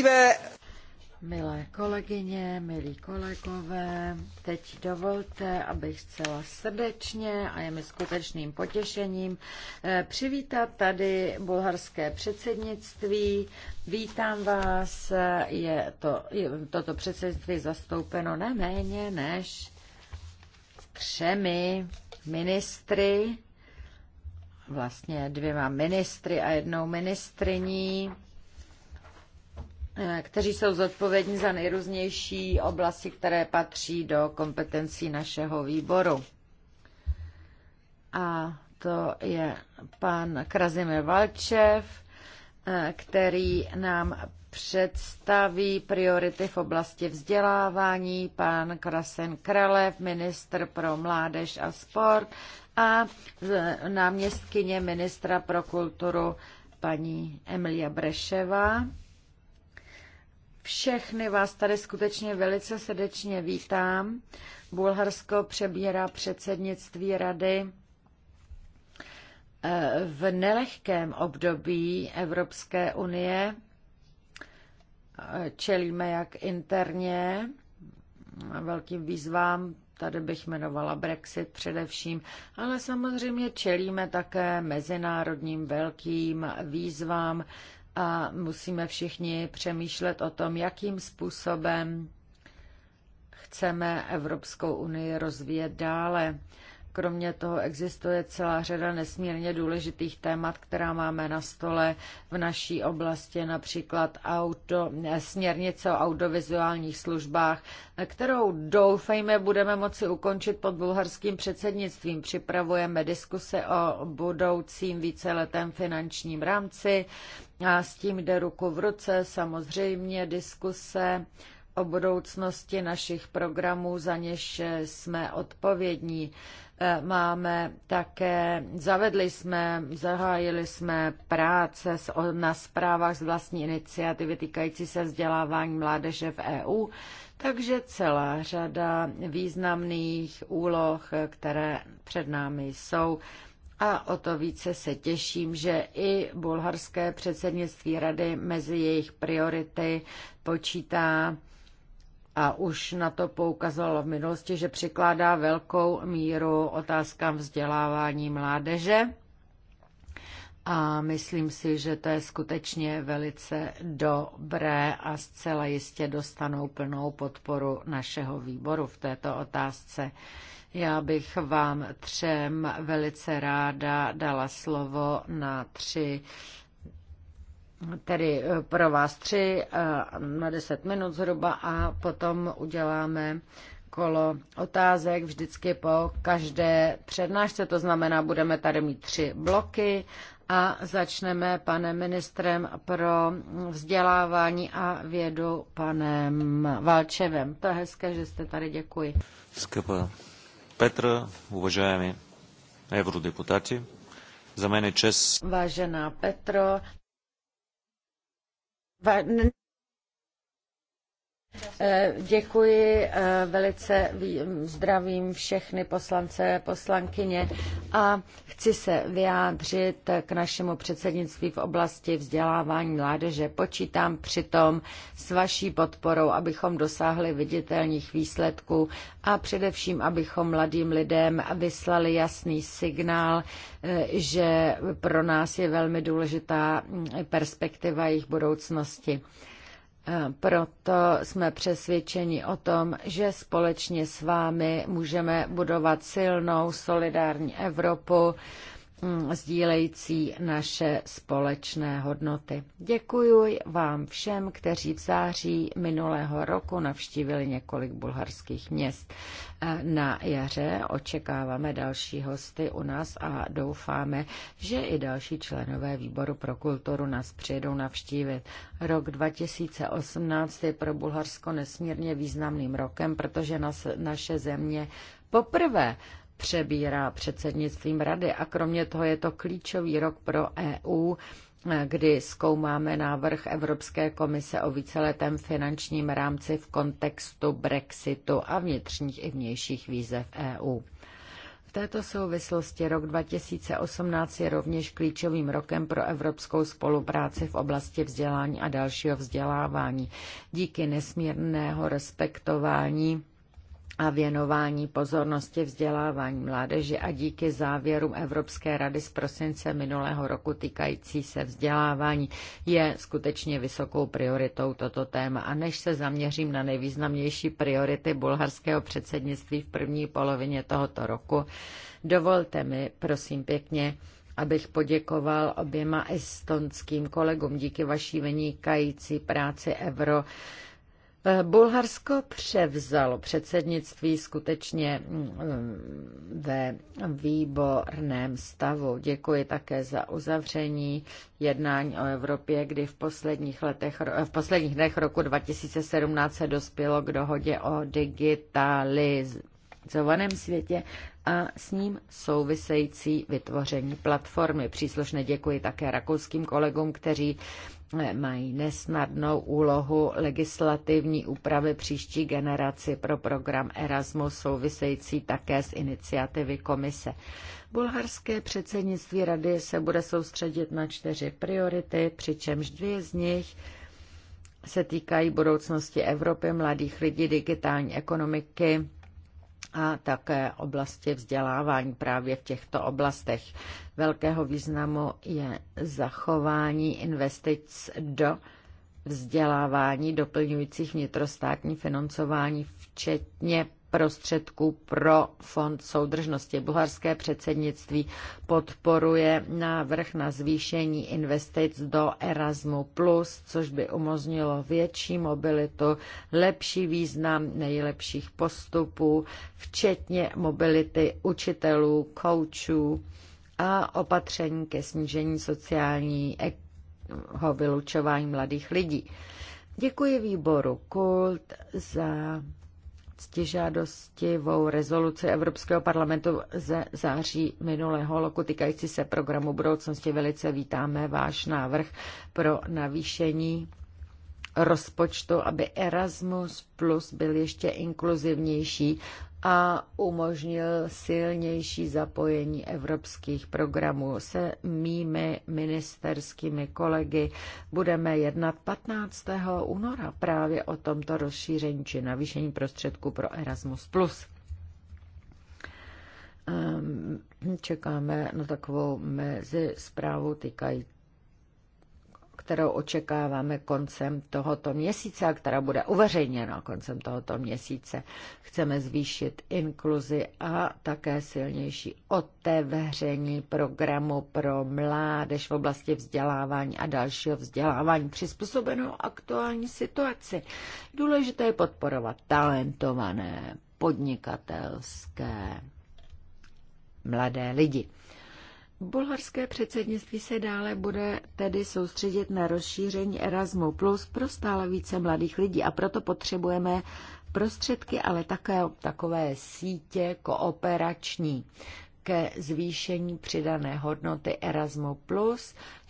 liebe Milé kolegyně, milí kolegové, teď dovolte, abych zcela srdečně a je mi skutečným potěšením eh, přivítat tady bulharské předsednictví. Vítám vás, je, to, je toto předsednictví zastoupeno neméně než třemi ministry, vlastně dvěma ministry a jednou ministriní Eh, kteří jsou zodpovědní za nejrůznější oblasti, které patří do kompetencí našeho výboru. A to je pan Krazimir Valčev, eh, který nám představí priority v oblasti vzdělávání, pan Krasen Kralev, ministr pro mládež a sport a náměstkyně ministra pro kulturu paní Emilia Breševa všechny vás tady skutečně velice srdečně vítám. Bulharsko přebírá předsednictví rady eh, v nelehkém období Evropské unie. Eh, čelíme jak interně velkým výzvám, tady bych jmenovala Brexit především, ale samozřejmě čelíme také mezinárodním velkým výzvám, a musíme všichni přemýšlet o tom, jakým způsobem chceme Evropskou unii rozvíjet dále. Kromě toho existuje celá řada nesmírně důležitých témat, která máme na stole v naší oblasti, například auto, směrnice o audiovizuálních službách, kterou doufejme budeme moci ukončit pod bulharským předsednictvím. Připravujeme diskuse o budoucím víceletém finančním rámci a s tím jde ruku v ruce samozřejmě diskuse o budoucnosti našich programů, za něž jsme odpovědní. E, máme také, zavedli jsme, zahájili jsme práce na zprávách z vlastní iniciativy týkající se vzdělávání mládeže v EU, takže celá řada významných úloh, které před námi jsou, a o to více se těším, že i bulharské předsednictví rady mezi jejich priority počítá a už na to poukazovalo v minulosti, že přikládá velkou míru otázkám vzdělávání mládeže. A myslím si, že to je skutečně velice dobré a zcela jistě dostanou plnou podporu našeho výboru v této otázce. Já bych vám třem velice ráda dala slovo na tři tedy eh, pro vás tři eh, na deset minut zhruba a potom uděláme kolo otázek vždycky po každé přednášce, to znamená, budeme tady mít tři bloky a začneme panem ministrem pro vzdělávání a vědu panem Valčevem. To je hezké, že jste tady, děkuji. Skvěle. Петра, уважаеми евродепутати, за мен е чест. Vážená Petro, Eh, děkuji, eh, velice zdravím všechny poslance, poslankyně a chci se vyjádřit k našemu předsednictví v oblasti vzdělávání mládeže. Počítám přitom s vaší podporou, abychom dosáhli viditelných výsledků a především, abychom mladým lidem vyslali jasný signál, eh, že pro nás je velmi důležitá mm, perspektiva jejich budoucnosti. Proto jsme přesvědčeni o tom, že společně s vámi můžeme budovat silnou solidární Evropu, Mm, sdílející naše společné hodnoty. Děkuji vám všem, kteří v září minulého roku navštívili několik bulharských měst. E, na jaře očekáváme další hosty u nás a doufáme, že i další členové výboru pro kulturu nás přijedou navštívit. Rok 2018 je pro Bulharsko nesmírně významným rokem, protože nas, naše země poprvé přebírá předsednictvím rady a kromě toho je to klíčový rok pro EU, kdy zkoumáme návrh Evropské komise o víceletém finančním rámci v kontextu Brexitu a vnitřních i vnějších výzev EU. V této souvislosti rok 2018 je rovněž klíčovým rokem pro evropskou spolupráci v oblasti vzdělání a dalšího vzdělávání. Díky nesmírného respektování a věnování pozornosti vzdělávání mládeže a díky závěrům Evropské rady z prosince minulého roku týkající se vzdělávání je skutečně vysokou prioritou toto téma. A než se zaměřím na nejvýznamnější priority bulharského předsednictví v první polovině tohoto roku, dovolte mi, prosím pěkně, abych poděkoval oběma estonským kolegům díky vaší vynikající práci Euro Bulharsko převzalo předsednictví skutečně mm, ve výborném stavu. Děkuji také za uzavření jednání o Evropě, kdy v posledních, letech, v posledních dnech roku 2017 se dospělo k dohodě o digitalizovaném světě a s ním související vytvoření platformy. Příslušně děkuji také rakouským kolegům, kteří mají nesnadnou úlohu legislativní úpravy příští generaci pro program Erasmus související také s iniciativy komise. Bulharské předsednictví rady se bude soustředit na čtyři priority, přičemž dvě z nich se týkají budoucnosti Evropy, mladých lidí, digitální ekonomiky a také oblasti vzdělávání právě v těchto oblastech. Velkého významu je zachování investic do vzdělávání doplňujících vnitrostátní financování, včetně prostředků pro fond soudržnosti. Bulharské předsednictví podporuje návrh na zvýšení investic do Erasmu+, což by umožnilo větší mobilitu, lepší význam nejlepších postupů, včetně mobility učitelů, koučů a opatření ke snížení sociálního vylučování mladých lidí. Děkuji výboru Kult za ctižádostivou rezoluci Evropského parlamentu ze září minulého roku týkající se programu budoucnosti. Velice vítáme váš návrh pro navýšení rozpočtu, aby Erasmus Plus byl ještě inkluzivnější a umožnil silnější zapojení evropských programů. Se mými ministerskými kolegy budeme jednat 15. února právě o tomto rozšíření či navýšení prostředků pro Erasmus+. Ehm, čekáme na takovou mezi zprávu týkající kterou očekáváme koncem tohoto měsíce a která bude uveřejněna koncem tohoto měsíce. Chceme zvýšit inkluzi a také silnější otevření programu pro mládež v oblasti vzdělávání a dalšího vzdělávání přizpůsobenou aktuální situaci. Důležité je podporovat talentované, podnikatelské, mladé lidi. Bulharské předsednictví se dále bude tedy soustředit na rozšíření Erasmu Plus pro stále více mladých lidí a proto potřebujeme prostředky, ale také takové sítě kooperační ke zvýšení přidané hodnoty Erasmu+,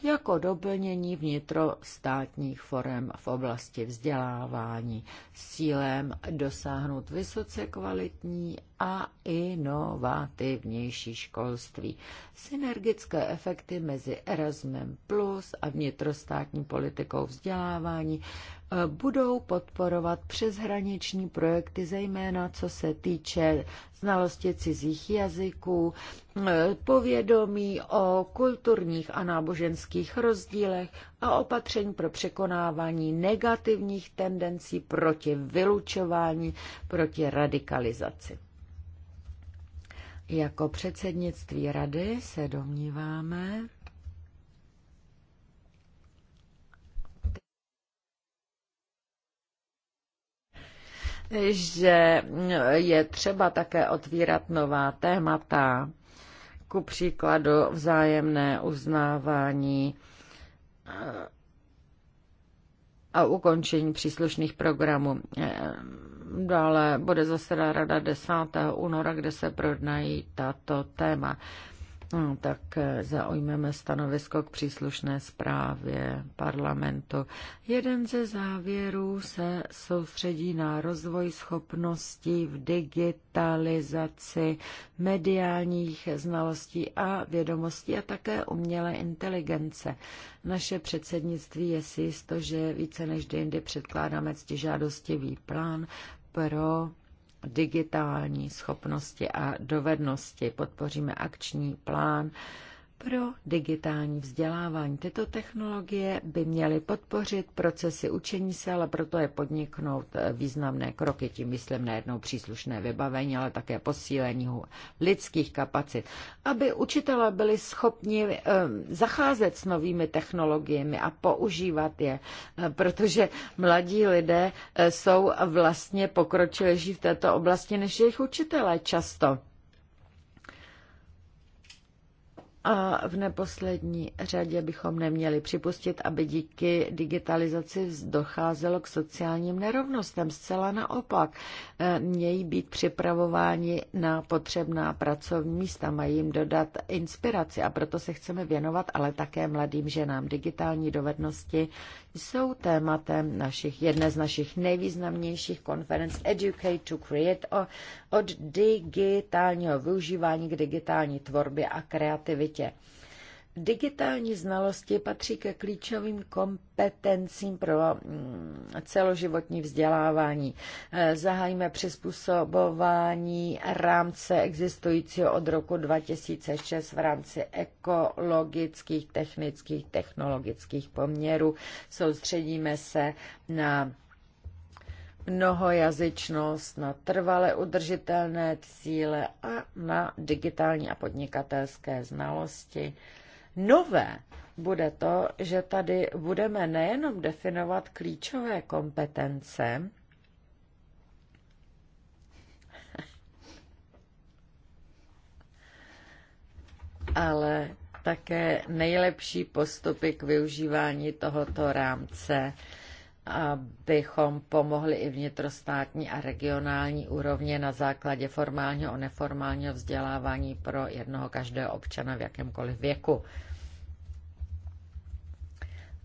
jako doplnění vnitrostátních forem v oblasti vzdělávání s cílem dosáhnout vysoce kvalitní a inovativnější školství. Synergické efekty mezi Erasmem Plus a vnitrostátní politikou vzdělávání E, budou podporovat přeshraniční projekty, zejména co se týče znalosti cizích jazyků, e, povědomí o kulturních a náboženských rozdílech a opatření pro překonávání negativních tendencí proti vylučování, proti radikalizaci. Jako předsednictví rady se domníváme, že je třeba také otvírat nová témata, ku příkladu vzájemné uznávání eh, a ukončení příslušných programů. Eh, dále bude zasedá rada 10. února, kde se prodnají tato téma. No, tak eh, zaujmeme stanovisko k příslušné zprávě parlamentu. Jeden ze závěrů se soustředí na rozvoj schopností v digitalizaci mediálních znalostí a vědomostí a také umělé inteligence. Naše předsednictví je si jisto, že více než jindy předkládáme ctižádostivý plán pro digitální schopnosti a dovednosti. Podpoříme akční plán pro digitální vzdělávání. Tyto technologie by měly podpořit procesy učení se, ale proto je podniknout eh, významné kroky, tím myslím nejednou příslušné vybavení, ale také posílení lidských kapacit, aby učitelé byli schopni eh, zacházet s novými technologiemi a používat je, eh, protože mladí lidé jsou vlastně pokročilejší v této oblasti než jejich učitelé často. A v neposlední řadě bychom neměli připustit, aby díky digitalizaci docházelo k sociálním nerovnostem. Zcela naopak, e, mějí být připravováni na potřebná pracovní místa, mají jim dodat inspiraci a proto se chceme věnovat, ale také mladým ženám. Digitální dovednosti jsou tématem našich, jedné z našich nejvýznamnějších konferenc Educate to Create o, od digitálního využívání k digitální tvorbě a kreativitě. Digitální znalosti patří ke klíčovým kompetencím pro mm, celoživotní vzdělávání. Eh, zahájíme přizpůsobování rámce existujícího od roku 2006 v rámci ekologických, technických, technologických poměrů. Soustředíme se na mnohojazyčnost, na trvale udržitelné cíle a na digitální a podnikatelské znalosti Nové bude to, že tady budeme nejenom definovat klíčové kompetence, ale také nejlepší postupy k využívání tohoto rámce, abychom pomohli i vnitrostátní a regionální úrovně na základě formálního a neformálního vzdělávání pro jednoho každého občana v jakémkoliv věku.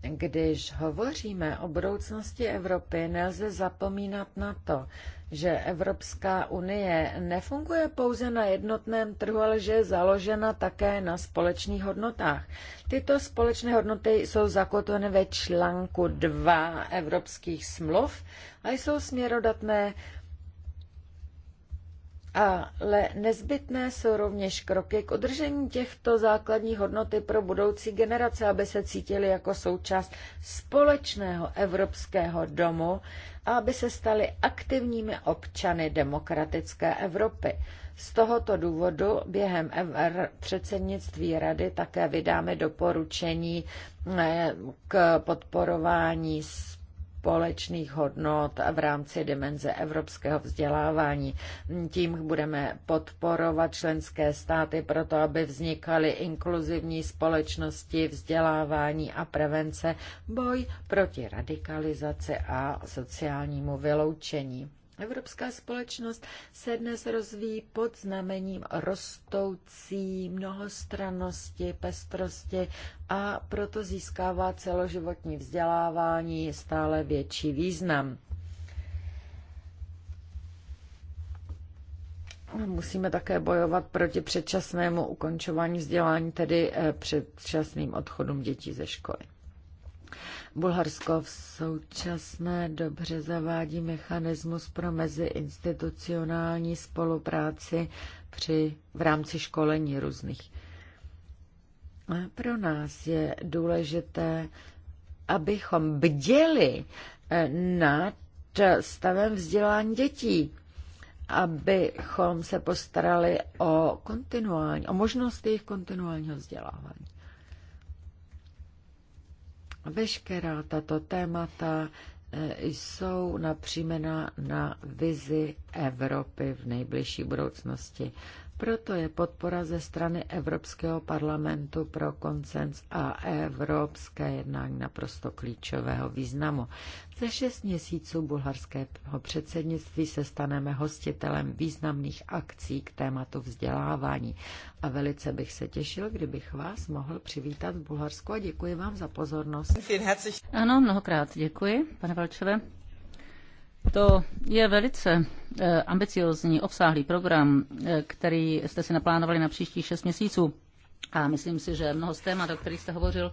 Když hovoříme o budoucnosti Evropy, nelze zapomínat na to, že Evropská unie nefunguje pouze na jednotném trhu, ale že je založena také na společných hodnotách. Tyto společné hodnoty jsou zakotveny ve článku 2 evropských smluv a jsou směrodatné ale nezbytné jsou rovněž kroky k udržení těchto základních hodnoty pro budoucí generace, aby se cítili jako součást společného evropského domu a aby se stali aktivními občany demokratické Evropy. Z tohoto důvodu během předsednictví rady také vydáme doporučení eh, k podporování společných hodnot v rámci dimenze evropského vzdělávání. Tím budeme podporovat členské státy proto, aby vznikaly inkluzivní společnosti vzdělávání a prevence, boj proti radikalizaci a sociálnímu vyloučení. Evropská společnost se dnes rozvíjí pod znamením rostoucí mnohostrannosti, pestrosti a proto získává celoživotní vzdělávání stále větší význam. Musíme také bojovat proti předčasnému ukončování vzdělání, tedy eh, předčasným odchodům dětí ze školy. Bulharsko v současné dobře zavádí mechanismus pro meziinstitucionální spolupráci při, v rámci školení různých. A pro nás je důležité, abychom bděli eh, nad stavem vzdělání dětí, abychom se postarali o kontinuální, o možnost jejich kontinuálního vzdělávání. Veškerá tato témata eh, jsou napřímena na vizi Evropy v nejbližší budoucnosti. Proto je podpora ze strany Evropského parlamentu pro koncens a evropské jednání naprosto klíčového významu. Za šest měsíců bulharského předsednictví se staneme hostitelem významných akcí k tématu vzdělávání a velice bych se těšil, kdybych vás mohl přivítat v Bulharsku a děkuji vám za pozornost. Ano, mnohokrát děkuji, pane Valčeve. To je velice eh, ambiciozní, obsáhlý program, eh, který jste si naplánovali na příští šest měsíců. A myslím si, že mnoho z témat, o kterých jste hovořil,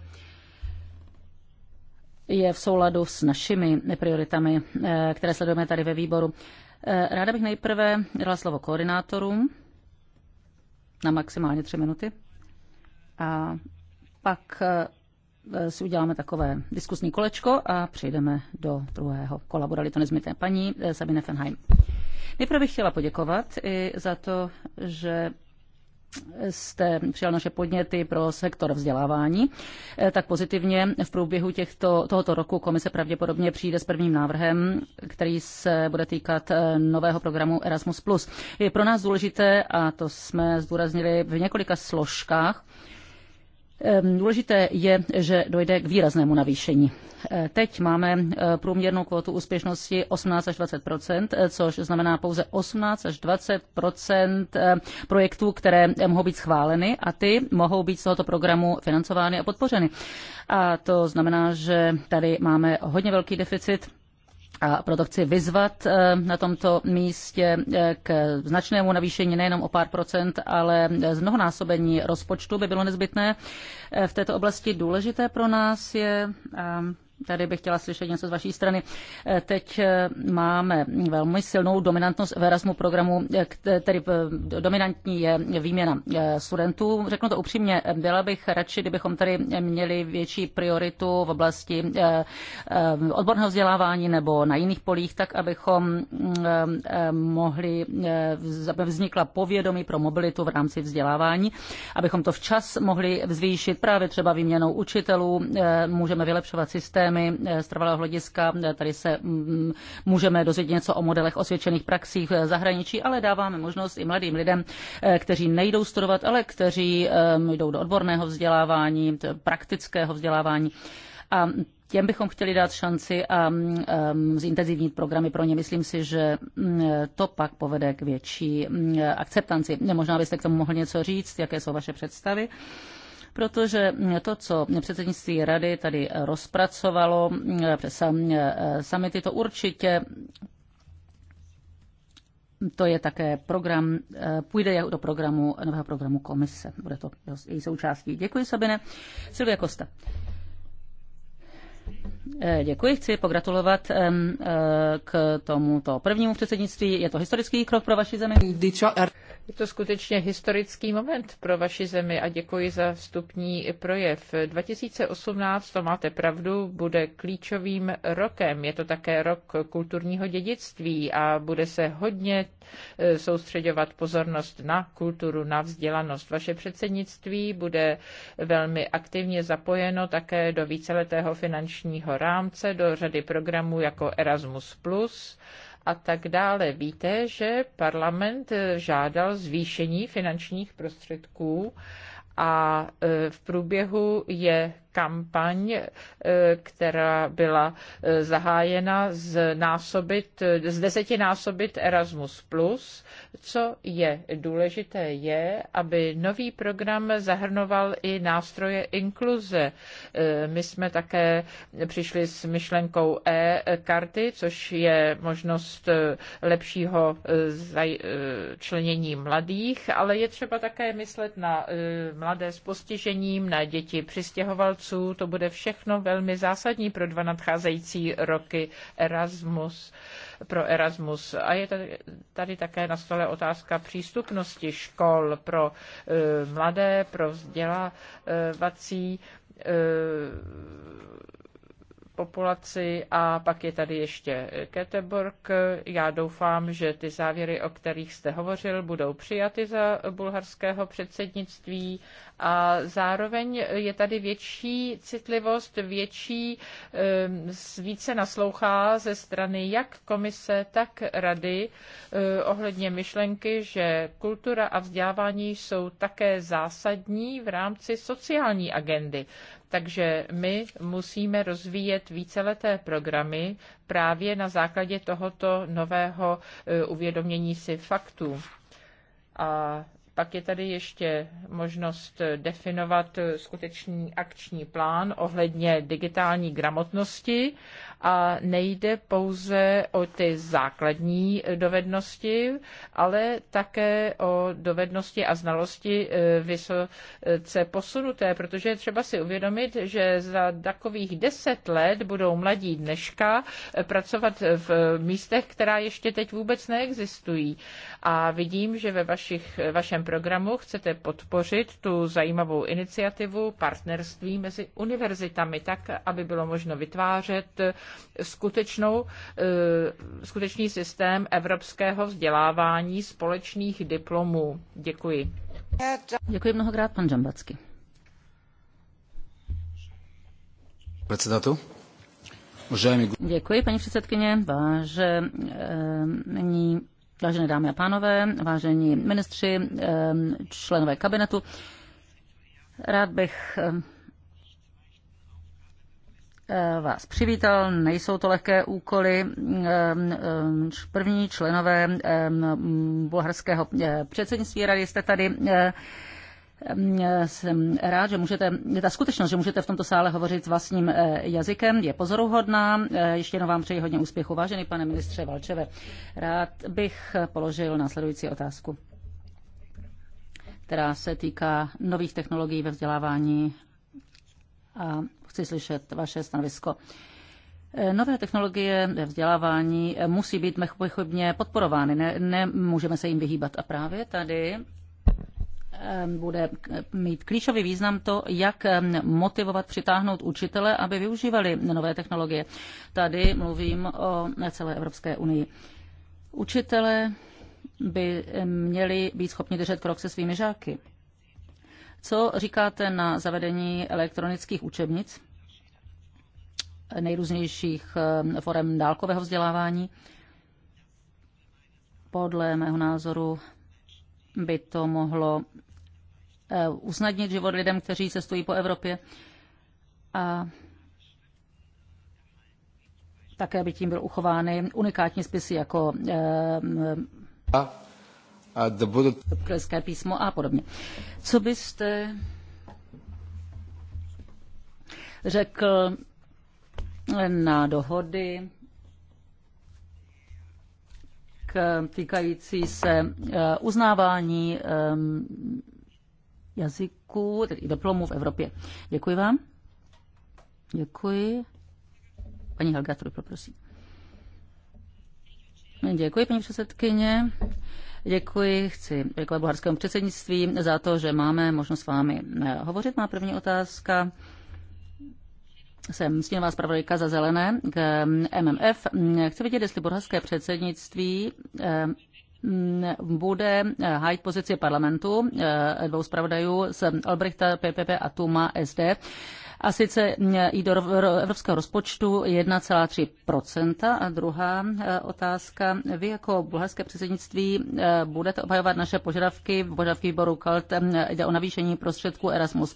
je v souladu s našimi prioritami, eh, které sledujeme tady ve výboru. Ráda bych nejprve dala slovo koordinátorům na maximálně tři minuty a pak Eh, si uděláme takové diskusní kolečko a přejdeme do druhého kola. bude to nezmyté paní eh, Sabine Fenheim. Nejprve bych chtěla poděkovat i za to, že jste přijal naše podněty pro sektor vzdělávání, eh, tak pozitivně v průběhu těchto, tohoto roku komise pravděpodobně přijde s prvním návrhem, který se bude týkat nového programu Erasmus+. Je pro nás důležité, a to jsme zdůraznili v několika složkách, Ehm, důležité je, že dojde k výraznému navýšení. Ehm, teď máme ehm, průměrnou kvotu úspěšnosti 18 až 20 což znamená pouze 18 až 20 projektů, které mohou být schváleny a ty mohou být z tohoto programu financovány a podpořeny. A to znamená, že tady máme hodně velký deficit a proto chci vyzvat eh, na tomto místě eh, k značnému navýšení nejenom o pár procent, ale mnohonásobení rozpočtu by bylo nezbytné. Eh, v této oblasti důležité pro nás je Tady bych chtěla slyšet něco z vaší strany. Eh, teď eh, máme velmi silnou dominantnost v Erasmu programu, eh, který dominantní je výměna studentů. Řeknu to upřímně, byla bych radši, kdybychom tady měli větší prioritu v oblasti odborného vzdělávání nebo na jiných polích, tak abychom mm, mohli, aby vznikla povědomí pro mobilitu v rámci vzdělávání, abychom to včas mohli zvýšit právě třeba výměnou učitelů, můžeme vylepšovat systém systémy eh, z trvalého hlediska. Eh, tady se mm, mm, můžeme dozvědět něco o modelech osvědčených praxí v zahraničí, ale dáváme možnost i mladým lidem, eh, kteří nejdou studovat, ale kteří ehm, jdou do odborného vzdělávání, praktického vzdělávání. A těm bychom chtěli dát šanci a mm, ehm, zintenzivnit programy pro ně. Myslím si, že to pak povede k větší akceptanci. Možná byste k tomu mohli něco říct, jaké jsou vaše představy protože to, co předsednictví rady tady rozpracovalo eh, přes samity, eh, to určitě to je také program, eh, půjde jak do programu, nového programu komise. Bude to její součástí. Děkuji, Sabine. Silvia Kosta. Eh, děkuji, chci pogratulovat eh, k tomuto prvnímu předsednictví. Je to historický krok pro vaši zemi? Je to skutečně historický moment pro vaši zemi a děkuji za vstupní projev. 2018, to máte pravdu, bude klíčovým rokem. Je to také rok kulturního dědictví a bude se hodně eh, soustředovat pozornost na kulturu, na vzdělanost. Vaše předsednictví bude velmi aktivně zapojeno také do víceletého finančního rámce, do řady programů jako Erasmus+, a tak dále. Víte, že parlament žádal zvýšení finančních prostředků a e, v průběhu je kampaň, eh, která byla eh, zahájena z, násobit, z desetinásobit Erasmus+. Co je důležité je, aby nový program zahrnoval i nástroje inkluze. Eh, my jsme také přišli s myšlenkou e-karty, což je možnost lepšího členění mladých, ale je třeba také myslet na mladé s postižením, na děti přistěhovalců, Erasmusů. To bude všechno velmi zásadní pro dva nadcházející roky Erasmus, pro Erasmus. A je tady, tady také na stole otázka přístupnosti škol pro e, mladé, pro vzdělávací e, populaci a pak je tady ještě Keteborg. Já doufám, že ty závěry, o kterých jste hovořil, budou přijaty za bulharského předsednictví a zároveň je tady větší citlivost, větší, více naslouchá ze strany jak komise, tak rady eh, ohledně myšlenky, že kultura a vzdělávání jsou také zásadní v rámci sociální agendy. Takže my musíme rozvíjet víceleté programy právě na základě tohoto nového eh, uvědomění si faktů. A pak je tady ještě možnost definovat skutečný akční plán ohledně digitální gramotnosti a nejde pouze o ty základní dovednosti, ale také o dovednosti a znalosti eh, vysoce posunuté, protože je třeba si uvědomit, že za takových deset let budou mladí dneška eh, pracovat v eh, místech, která ještě teď vůbec neexistují. A vidím, že ve vašich, vašem programu chcete podpořit tu zajímavou iniciativu partnerství mezi univerzitami, tak, aby bylo možno vytvářet skutečnou, eh, skutečný systém evropského vzdělávání společných diplomů. Děkuji. Děkuji mnohokrát, pan Žambacky. Předsedatu. Děkuji, paní předsedkyně. Vážení, eh, vážené dámy a pánové, vážení ministři, eh, členové kabinetu, rád bych Eh, vás přivítal. Nejsou to lehké úkoly. Eh, eh, první členové bulharského předsednictví rady jste tady jsem rád, že můžete, je ta skutečnost, že můžete v tomto sále hovořit vlastním jazykem, je pozoruhodná. Ještě jednou vám přeji hodně úspěchu. Vážený pane ministře Valčeve, rád bych položil následující otázku, která se týká nových technologií ve vzdělávání a chci slyšet vaše stanovisko. Eh, nové technologie vzdělávání eh, musí být pochybně podporovány, ne, se jim vyhýbat. A právě tady ehm, bude mít klíčový význam to, jak ehm, motivovat, přitáhnout učitele, aby využívali nové technologie. Tady mluvím o celé Evropské unii. Učitele by eh, měli být schopni držet krok se svými žáky. Co říkáte na zavedení elektronických učebnic, nejrůznějších eh, forem dálkového vzdělávání? Podle mého názoru by to mohlo eh, usnadnit život lidem, kteří cestují po Evropě a také by tím byl uchovány unikátní spisy jako a. Eh, Budapešské písmo a podobně. Co byste řekl eh, na dohody k týkající se eh, uznávání ehm, jazyků, tedy diplomů v Evropě. Děkuji vám. Děkuji. Paní Helga Trupl, prosím. Děkuji, paní předsedkyně. Děkuji, chci děkovat bulharskému předsednictví za to, že máme možnost s vámi eh, hovořit. Má první otázka jsem stínová zpravodajka za zelené k eh, MMF. Chci vidět, jestli bulharské předsednictví eh, bude hájit pozici parlamentu dvou zpravodajů z Albrechta PPP a Tuma SD a sice mm, i do evropského rozpočtu 1,3 A druhá eh, otázka. Vy jako bulharské předsednictví eh, budete obhajovat naše požadavky, požadavky výboru KALT, mm, jde o navýšení prostředků Erasmus+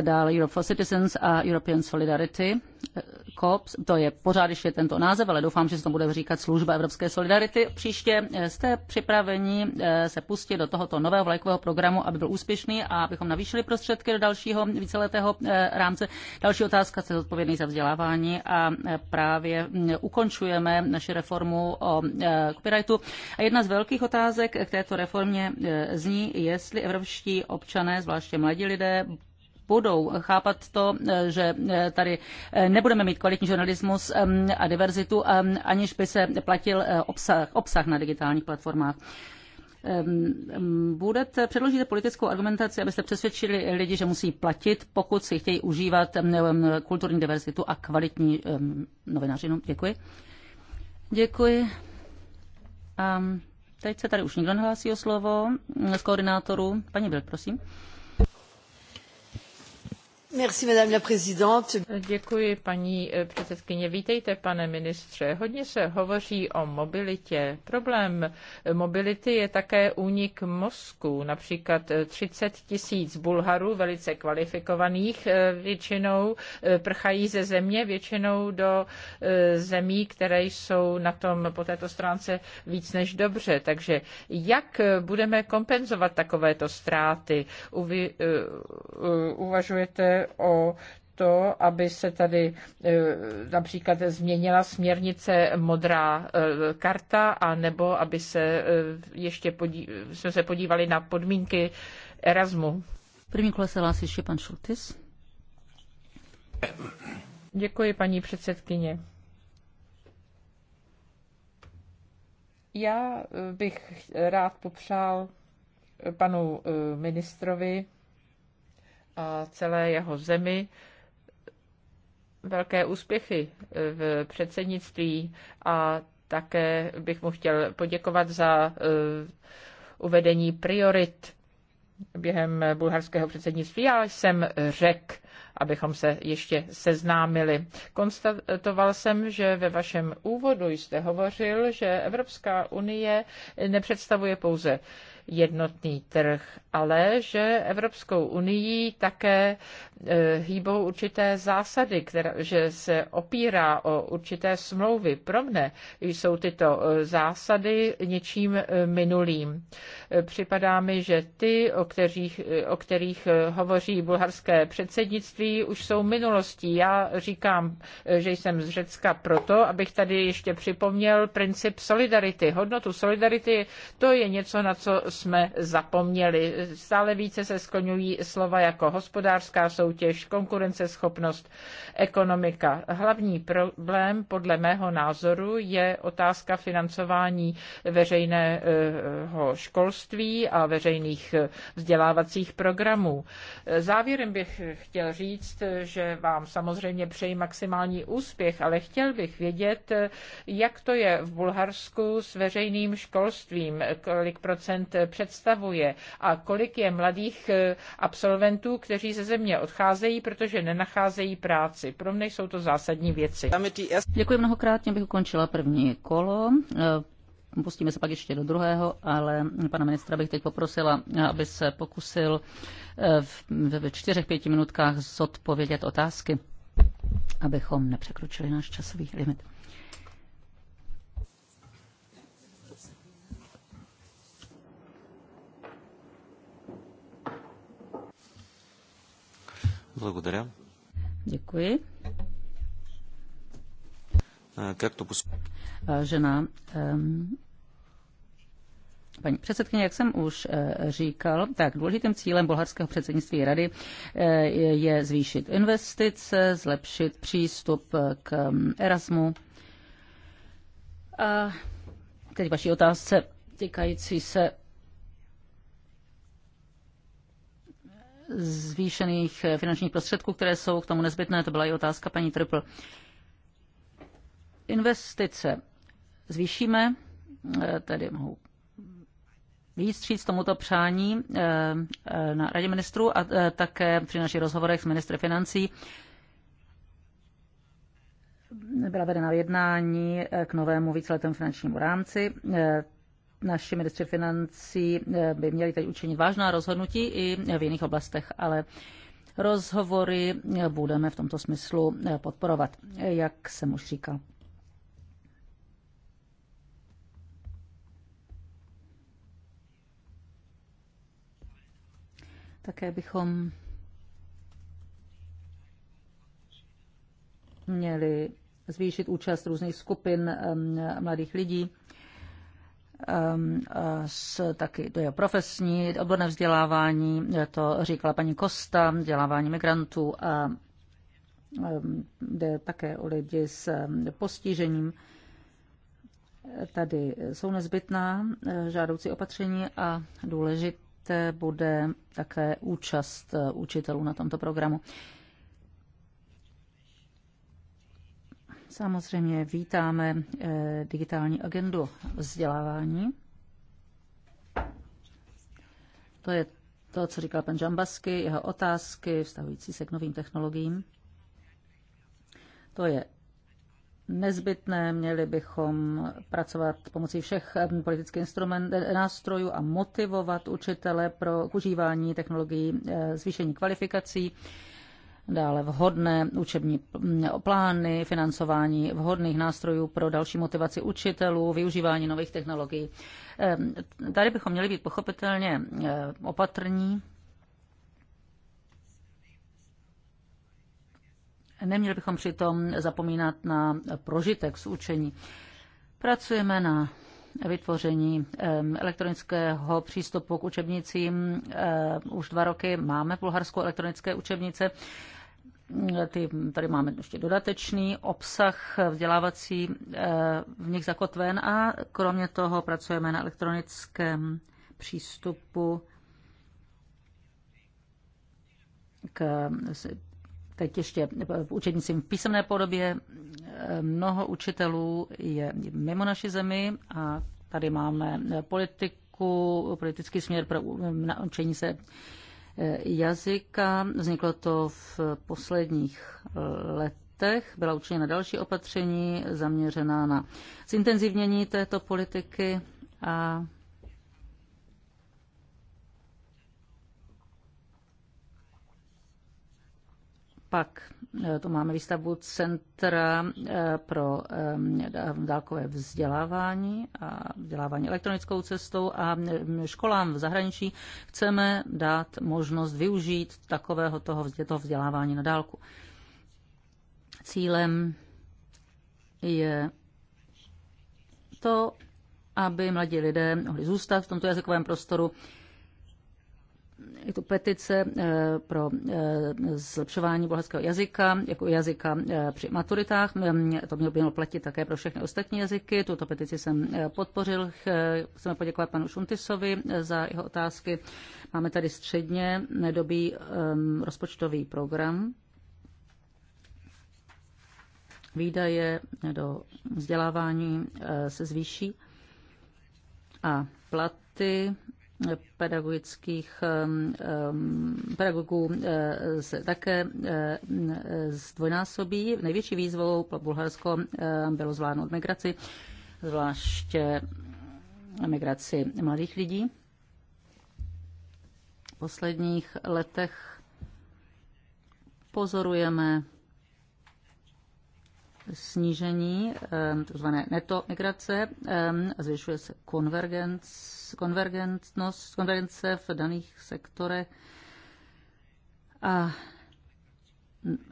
dále Europe for Citizens a European Solidarity, eh, COPS, to je pořád ještě tento název, ale doufám, že se to bude říkat služba Evropské solidarity. Příště eh, jste připraveni eh, se pustit do tohoto nového vlajkového programu, aby byl úspěšný a abychom navýšili prostředky do dalšího víceletého rámce. Další otázka se zodpovědný za vzdělávání a právě mm, ukončujeme naši reformu o copyrightu. A jedna z velkých otázek k této reformě zní, jestli evropští občané, zvláště mladí lidé, budou chápat to, eh, že eh, tady eh, nebudeme mít kvalitní žurnalismus a diverzitu, aniž by se platil obsah, obsah na digitálních platformách mm, budete, předložit politickou argumentaci, abyste přesvědčili lidi, že musí platit, pokud si chtějí užívat mm, kulturní diverzitu a kvalitní mm, novinařinu. Děkuji. Děkuji. A teď se tady už nikdo nehlásí o slovo z koordinátoru. Paní Bild, prosím madame la présidente. Děkuji, eh, Vítejte, pane ministře. Hodně se hovoří o mobilitě. Problém eh, mobility je také únik mozků Například 30 eh, tisíc Bulharů, velice kvalifikovaných, většinou prchají ze země, většinou do zemí, které jsou na tom po této stránce víc než dobře. Takže jak budeme kompenzovat takovéto ztráty? Uvi, uvažujete o to, aby se tady eh, například změnila směrnice modrá eh, karta, a nebo aby se eh, ještě podí, jsme se podívali na podmínky Erasmu. První kole se hlásí ještě pan Šultis. Děkuji, paní předsedkyně. Já bych rád popřál panu ministrovi a celé jeho zemi velké úspěchy v předsednictví a také bych mu chtěl poděkovat za eh, uvedení priorit během bulharského předsednictví. Já jsem řekl, abychom se ještě seznámili. Konstatoval jsem, že ve vašem úvodu jste hovořil, že Evropská unie nepředstavuje pouze jednotný trh, ale že Evropskou unii také e, hýbou určité zásady, které, že se opírá o určité smlouvy. Pro mne jsou tyto e, zásady něčím e, minulým. Připadá mi, že ty, o kterých, o kterých hovoří bulharské předsednictví, už jsou minulostí. Já říkám, že jsem z Řecka proto, abych tady ještě připomněl princip solidarity. Hodnotu solidarity, to je něco, na co jsme zapomněli. Stále více se skloňují slova jako hospodářská soutěž, konkurenceschopnost, ekonomika. Hlavní problém podle mého názoru je otázka financování veřejného školství a veřejných vzdělávacích programů. Závěrem bych chtěl říct, že vám samozřejmě přeji maximální úspěch, ale chtěl bych vědět, jak to je v Bulharsku s veřejným školstvím, kolik procent představuje a kolik je mladých eh, absolventů, kteří ze země odcházejí, protože nenacházejí práci. Pro mě jsou to zásadní věci. Děkuji mnohokrát, mě bych ukončila první kolo. Eh, pustíme se pak ještě do druhého, ale pana ministra bych teď poprosila, eh, aby se pokusil ve čtyřech, pěti minutkách zodpovědět otázky, abychom nepřekročili náš časový limit. Благодаря. Děkuji. Jak to pos... Žena, Paní předsedkyně, jak jsem už э, říkal, tak důležitým cílem bulharského předsednictví rady eh, je zvýšit investice, zlepšit přístup eh, k mm, Erasmu. A teď vaší otázce týkající se zvýšených eh, finančních prostředků, které jsou k tomu nezbytné, to byla i otázka paní Trpl. Investice zvýšíme, eh, tedy mohu výstříc tomuto přání eh, na Radě ministrů a také při našich rozhovorech s ministry financí byla vedena jednání k novému víceletému finančnímu rámci naši ministři financí eh, by měli teď učinit vážná rozhodnutí i v jiných oblastech, ale rozhovory eh, budeme v tomto smyslu eh, podporovat, jak jsem už říkal. Také bychom měli zvýšit účast různých skupin mladých lidí Ehm, s, taky to je profesní, odborné vzdělávání, to říkala paní Kosta, vzdělávání migrantů a ehm, jde také o lidi s ehm, postižením. Tady jsou nezbytná e, žádoucí opatření a důležité bude také účast e, učitelů na tomto programu. Samozřejmě vítáme eh, digitální agendu vzdělávání. To je to, co říkal pan Džambasky, jeho otázky vztahující se k novým technologiím. To je nezbytné, měli bychom pracovat pomocí všech eh, politických eh, nástrojů a motivovat učitele pro užívání technologií, zvýšení kvalifikací dále vhodné učební plány, financování vhodných nástrojů pro další motivaci učitelů, využívání nových technologií. Tady bychom měli být pochopitelně eh, opatrní. Neměli bychom přitom zapomínat na prožitek z učení. Pracujeme na vytvoření elektronického přístupu k učebnicím. Už dva roky máme v Bulharsku elektronické učebnice ty, tady máme ještě dodatečný obsah vzdělávací eh, v nich zakotven a kromě toho pracujeme na elektronickém přístupu k teď ještě učednicím v písemné podobě. Eh, mnoho učitelů je mimo naši zemi a tady máme politiku, politický směr pro učení se jazyka. Vzniklo to v posledních eh, letech. Byla učiněna další opatření zaměřená na zintenzivnění této politiky a pak Eh, tu máme výstavbu Centra eh, pro eh, dálkové vzdělávání a vzdělávání elektronickou cestou a školám v zahraničí chceme dát možnost využít takového toho, toho vzdělávání na dálku. Cílem je to, aby mladí lidé mohli zůstat v tomto jazykovém prostoru je tu petice eh, pro eh, zlepšování bulharského jazyka, jako jazyka eh, při maturitách. Ehm, to mělo by platit také pro všechny ostatní jazyky. Tuto petici jsem podpořil. Chceme poděkovat panu Šuntisovi za jeho otázky. Máme tady středně nedobý ehm, rozpočtový program výdaje do vzdělávání se zvýší a platy pedagogických pedagogů eh, se také eh, zdvojnásobí. Největší výzvou pro Bulharsko eh, bylo zvládnout migraci, zvláště migraci mladých lidí. V posledních letech pozorujeme snížení tzv. neto migrace, zvyšuje se konvergence, konvergence v daných sektorech a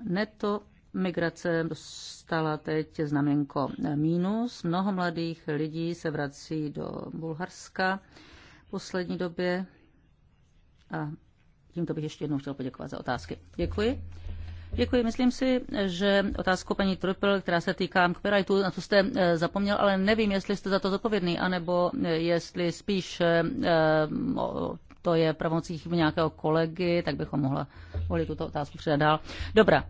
neto migrace dostala teď znamenko mínus. Mnoho mladých lidí se vrací do Bulharska v poslední době a tímto bych ještě jednou chtěl poděkovat za otázky. Děkuji. Děkuji. Myslím si, že otázku paní Trupel, která se týká copyrightu, na to jste eh, zapomněl, ale nevím, jestli jste za to zodpovědný, anebo eh, jestli spíš eh, to je pravomocích nějakého kolegy, tak bychom mohla volit tuto otázku předat dál. Dobrá.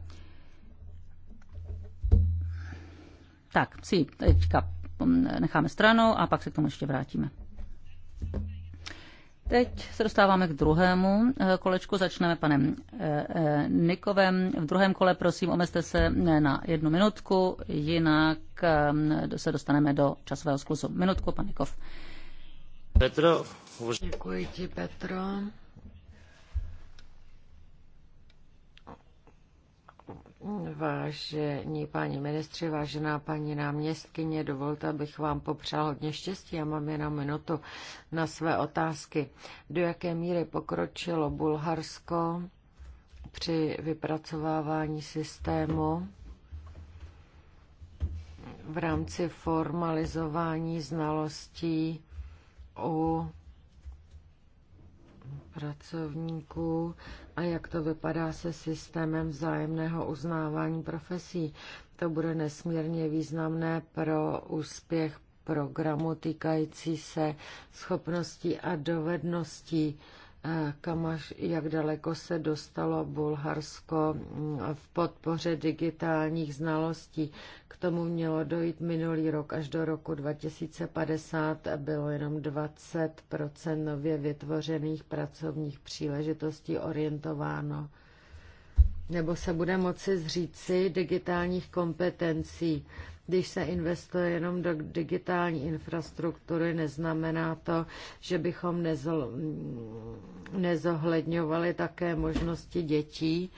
Tak, si teďka hm, necháme stranou a pak se k tomu ještě vrátíme. Teď se dostáváme k druhému eh, kolečku. Začneme panem eh, eh, Nikovem. V druhém kole prosím omezte se na jednu minutku, jinak se dostaneme do časového zkusu. Minutku, pan Nikov. Petro. Děkuji ti, Petro. Vážení páni ministři, vážená paní náměstkyně, dovolte, abych vám popřál hodně štěstí. Já mám jenom minutu na své otázky. Do jaké míry pokročilo Bulharsko při vypracovávání systému v rámci formalizování znalostí u pracovníků a jak to vypadá se systémem vzájemného uznávání profesí. To bude nesmírně významné pro úspěch programu týkající se schopností a dovedností kam až, jak daleko se dostalo Bulharsko v podpoře digitálních znalostí. K tomu mělo dojít minulý rok až do roku 2050 bylo jenom 20 nově vytvořených pracovních příležitostí orientováno nebo se bude moci zříci digitálních kompetencí. Když se investuje jenom do digitální infrastruktury, neznamená to, že bychom nezohledňovali také možnosti dětí.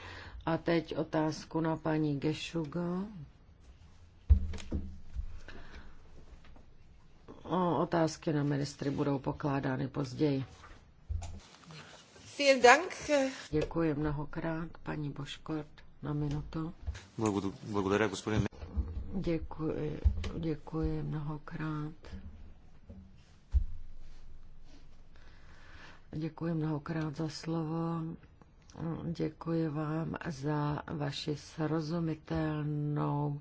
A teď otázku na paní Gešugo. O, otázky na ministry budou pokládány později. Děkuji mnohokrát, paní Boškort, na minutu. Благодаря, господин Děkuji, děkuji mnohokrát. Děkuji mnohokrát za slovo. Děkuji vám za vaši srozumitelnou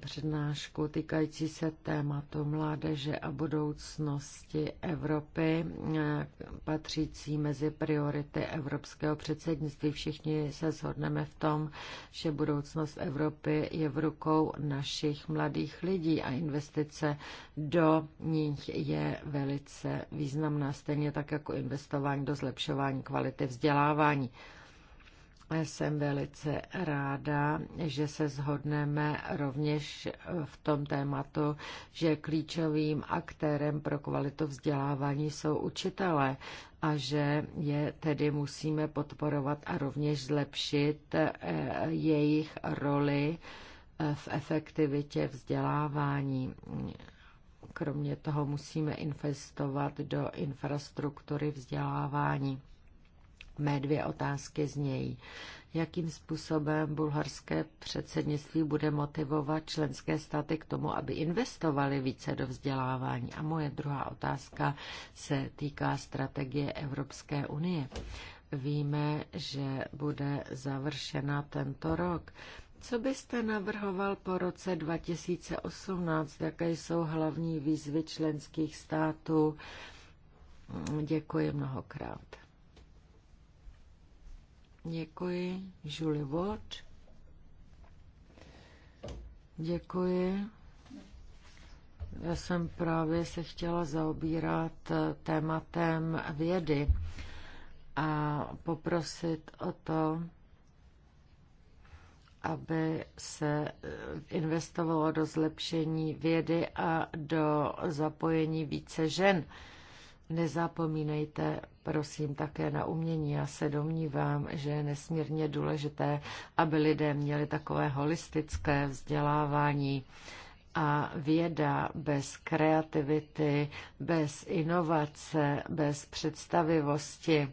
přednášku týkající se tématu mládeže a budoucnosti Evropy, eh, patřící mezi priority evropského předsednictví. Všichni se shodneme v tom, že budoucnost Evropy je v rukou našich mladých lidí a investice do nich je velice významná, stejně tak jako investování do zlepšování kvality vzdělávání. Jsem velice ráda, že se zhodneme rovněž v tom tématu, že klíčovým aktérem pro kvalitu vzdělávání jsou učitelé a že je tedy musíme podporovat a rovněž zlepšit eh, jejich roli eh, v efektivitě vzdělávání. Kromě toho musíme investovat do infrastruktury vzdělávání. Mé dvě otázky znějí. Jakým způsobem bulharské předsednictví bude motivovat členské státy k tomu, aby investovali více do vzdělávání? A moje druhá otázka se týká strategie Evropské unie. Víme, že bude završena tento rok. Co byste navrhoval po roce 2018? Jaké jsou hlavní výzvy členských států? Děkuji mnohokrát. Děkuji. Julie Ward. Děkuji. Já jsem právě se chtěla zaobírat eh, tématem vědy a poprosit o to, aby se eh, investovalo do zlepšení vědy a do zapojení více žen Nezapomínejte, prosím, také na umění. Já se domnívám, že je nesmírně důležité, aby lidé měli takové holistické vzdělávání. A věda bez kreativity, bez inovace, bez představivosti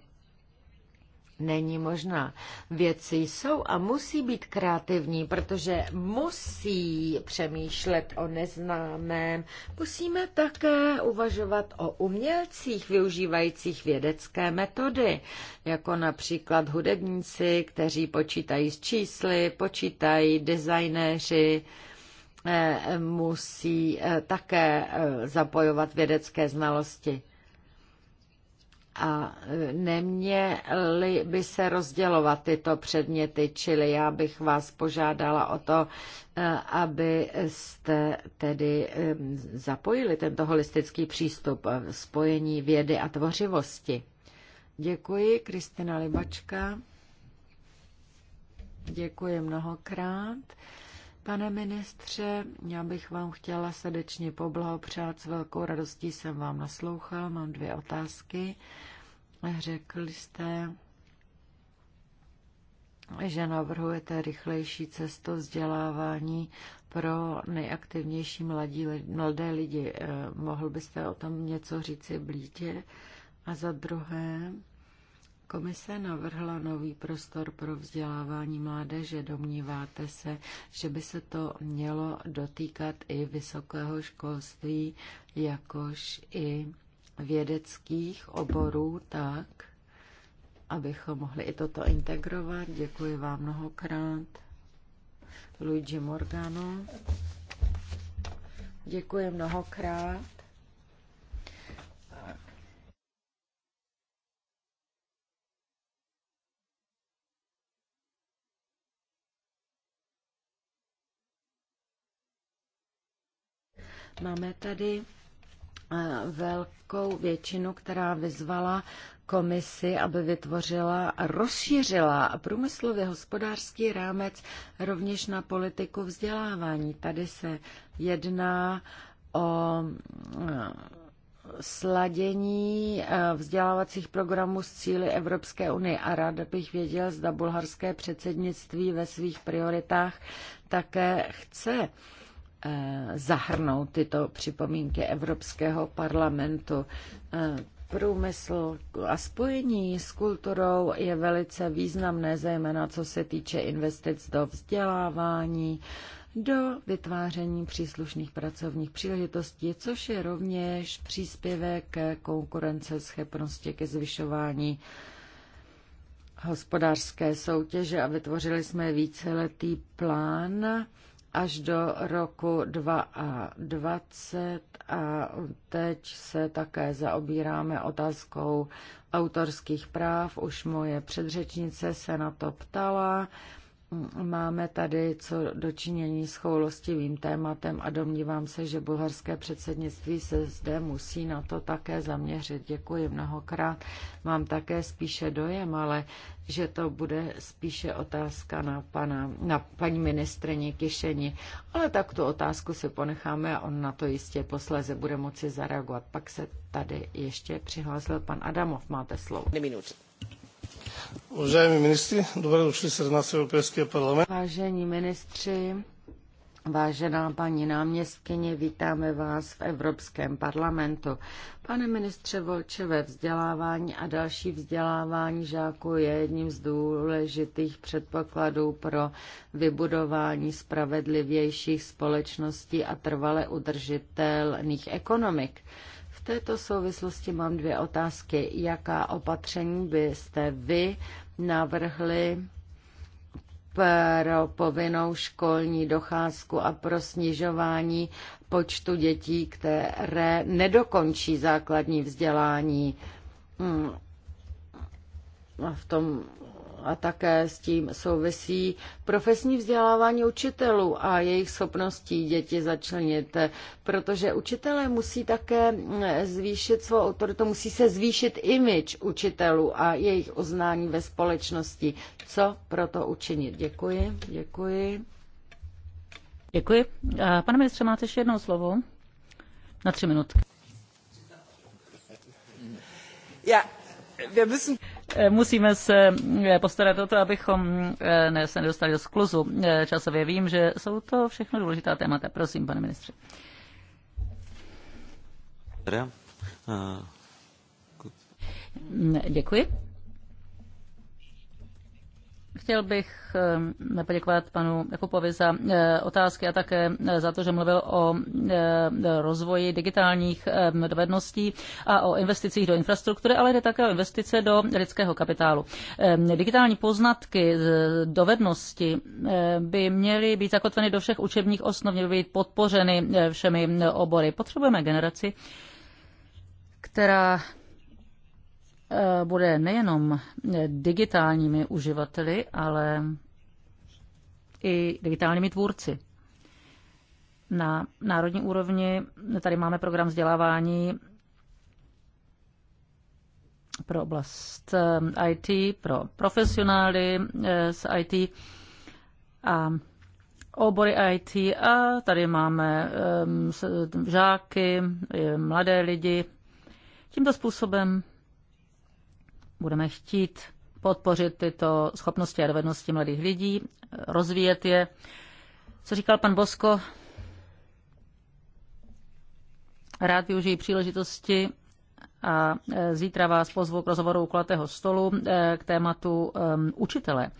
není možná. Věci jsou a musí být kreativní, protože musí přemýšlet o neznámém. Musíme také uvažovat o umělcích využívajících vědecké metody, jako například hudebníci, kteří počítají s čísly, počítají designéři, eh, musí eh, také eh, zapojovat vědecké znalosti. A e, neměly by se rozdělovat tyto předměty, čili já bych vás požádala o to, e, abyste tedy e, zapojili tento holistický přístup spojení vědy a tvořivosti. Děkuji, Kristina Libačka. Děkuji mnohokrát. Pane ministře, já bych vám chtěla srdečně poblahopřát. S velkou radostí jsem vám naslouchal. Mám dvě otázky. Řekl jste, že navrhujete rychlejší cestu vzdělávání pro nejaktivnější mladí, mladé lidi. Eh, mohl byste o tom něco říci blítě? A za druhé, Komise navrhla nový prostor pro vzdělávání mládeže. Domníváte se, že by se to mělo dotýkat i vysokého školství, jakož i vědeckých oborů, tak, abychom mohli i toto integrovat. Děkuji vám mnohokrát. Luigi Morgano. Děkuji mnohokrát. Máme tady eh, velkou většinu, která vyzvala komisi, aby vytvořila a rozšířila průmyslově hospodářský rámec rovněž na politiku vzdělávání. Tady se jedná o eh, sladění eh, vzdělávacích programů s cíly Evropské unie a ráda bych věděl, zda bulharské předsednictví ve svých prioritách také chce Eh, zahrnout tyto připomínky Evropského parlamentu. Eh, průmysl a spojení s kulturou je velice významné, zejména co se týče investic do vzdělávání, do vytváření příslušných pracovních příležitostí, což je rovněž příspěvek ke konkurenceschopnosti, ke zvyšování hospodářské soutěže a vytvořili jsme víceletý plán až do roku 2020 a teď se také zaobíráme otázkou autorských práv. Už moje předřečnice se na to ptala. Máme tady co dočinění s choulostivým tématem a domnívám se, že bulharské předsednictví se zde musí na to také zaměřit. Děkuji mnohokrát. Mám také spíše dojem, ale že to bude spíše otázka na, pana, na paní ministrině Kišeni. Ale tak tu otázku si ponecháme a on na to jistě posléze bude moci zareagovat. Pak se tady ještě přihlásil pan Adamov. Máte slovo. minuty. Уважаеми министри, добре дошли сред нас в Европейския парламент. Vážení ministři, vážená paní náměstkyně, vítáme vás v Evropském parlamentu. Pane ministře Volčeve, vzdělávání a další vzdělávání žáků je jedním z důležitých předpokladů pro vybudování spravedlivějších společností a trvale udržitelných ekonomik této souvislosti mám dvě otázky. Jaká opatření byste vy navrhli pro povinnou školní docházku a pro snižování počtu dětí, které nedokončí základní vzdělání? Hmm. v tom a také s tím souvisí profesní vzdělávání učitelů a jejich schopností děti začlenit, protože učitelé musí také mm, zvýšit svou autoritu, musí se zvýšit image učitelů a jejich uznání ve společnosti. Co pro to učinit? Děkuji, děkuji. Děkuji. Pane ministře, máte ještě jedno slovo na tři minutky. Ja, wir müssen Eh, musíme se eh, postarat o to, abychom eh, se nedostali do skluzu. Časově vím, že jsou to všechno důležitá témata. Prosím, pane ministře. Děkuji. Chtěl bych eh, poděkovat panu Jakubovi za eh, otázky a také eh, za to, že mluvil o rozvoji digitálních dovedností a o investicích do infrastruktury, ale jde také o investice do lidského kapitálu. Digitální poznatky, dovednosti by měly být zakotveny do všech učebních osnov, měly být podpořeny všemi obory. Potřebujeme generaci, která Eh, bude nejenom eh, digitálními uživateli, ale i digitálními tvůrci. Na národní úrovni tady máme program vzdělávání pro oblast eh, IT, pro profesionály z IT a obory IT a tady máme žáky, mladé lidi. Tímto způsobem budeme chtít podpořit tyto schopnosti a dovednosti mladých lidí, rozvíjet je. Co říkal pan Bosko? Rád využiji příležitosti a e, zítra vás pozvu k rozhovoru u kulatého stolu e, k tématu e, učitele.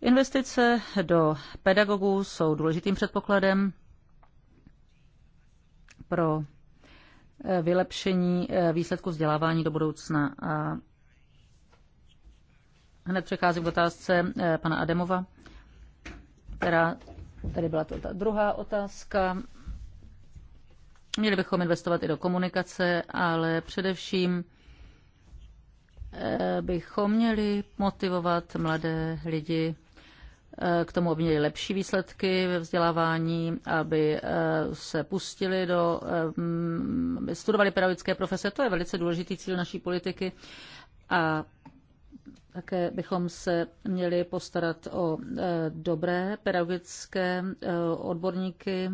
Investice do pedagogů jsou důležitým předpokladem pro vylepšení výsledku vzdělávání do budoucna. A Hned přechází k otázce eh, pana Ademova, která tady byla to ta druhá otázka. Měli bychom investovat i do komunikace, ale především eh, bychom měli motivovat mladé lidi eh, k tomu, aby měli lepší výsledky ve vzdělávání, aby se pustili do, mm, studovali pedagogické profese. To je velice důležitý cíl naší politiky. A také bychom se měli postarat o e, dobré pedagogické e, odborníky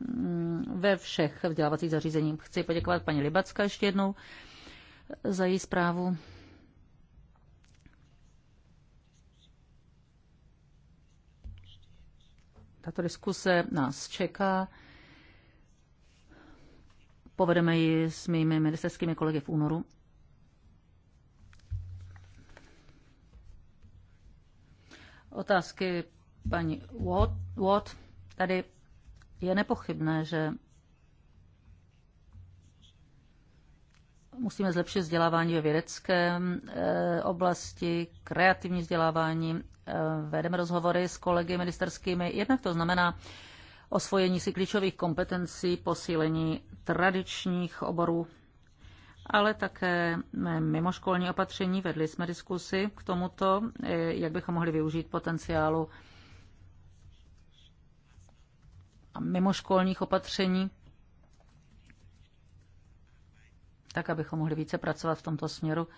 mm, ve všech vzdělávacích zařízeních. Chci poděkovat paní Libacka ještě jednou za její zprávu. Tato diskuse nás čeká. Povedeme ji s mými ministerskými kolegy v únoru. otázky paní Watt. Tady je nepochybné, že musíme zlepšit vzdělávání ve vědecké eh, oblasti, kreativní vzdělávání. Eh, vedeme rozhovory s kolegy ministerskými. Jednak to znamená osvojení si klíčových kompetencí, posílení tradičních oborů ale také mimoškolní opatření. Vedli jsme diskusy k tomuto, eh, jak bychom mohli využít potenciálu mimoškolních opatření, tak abychom mohli více pracovat v tomto směru.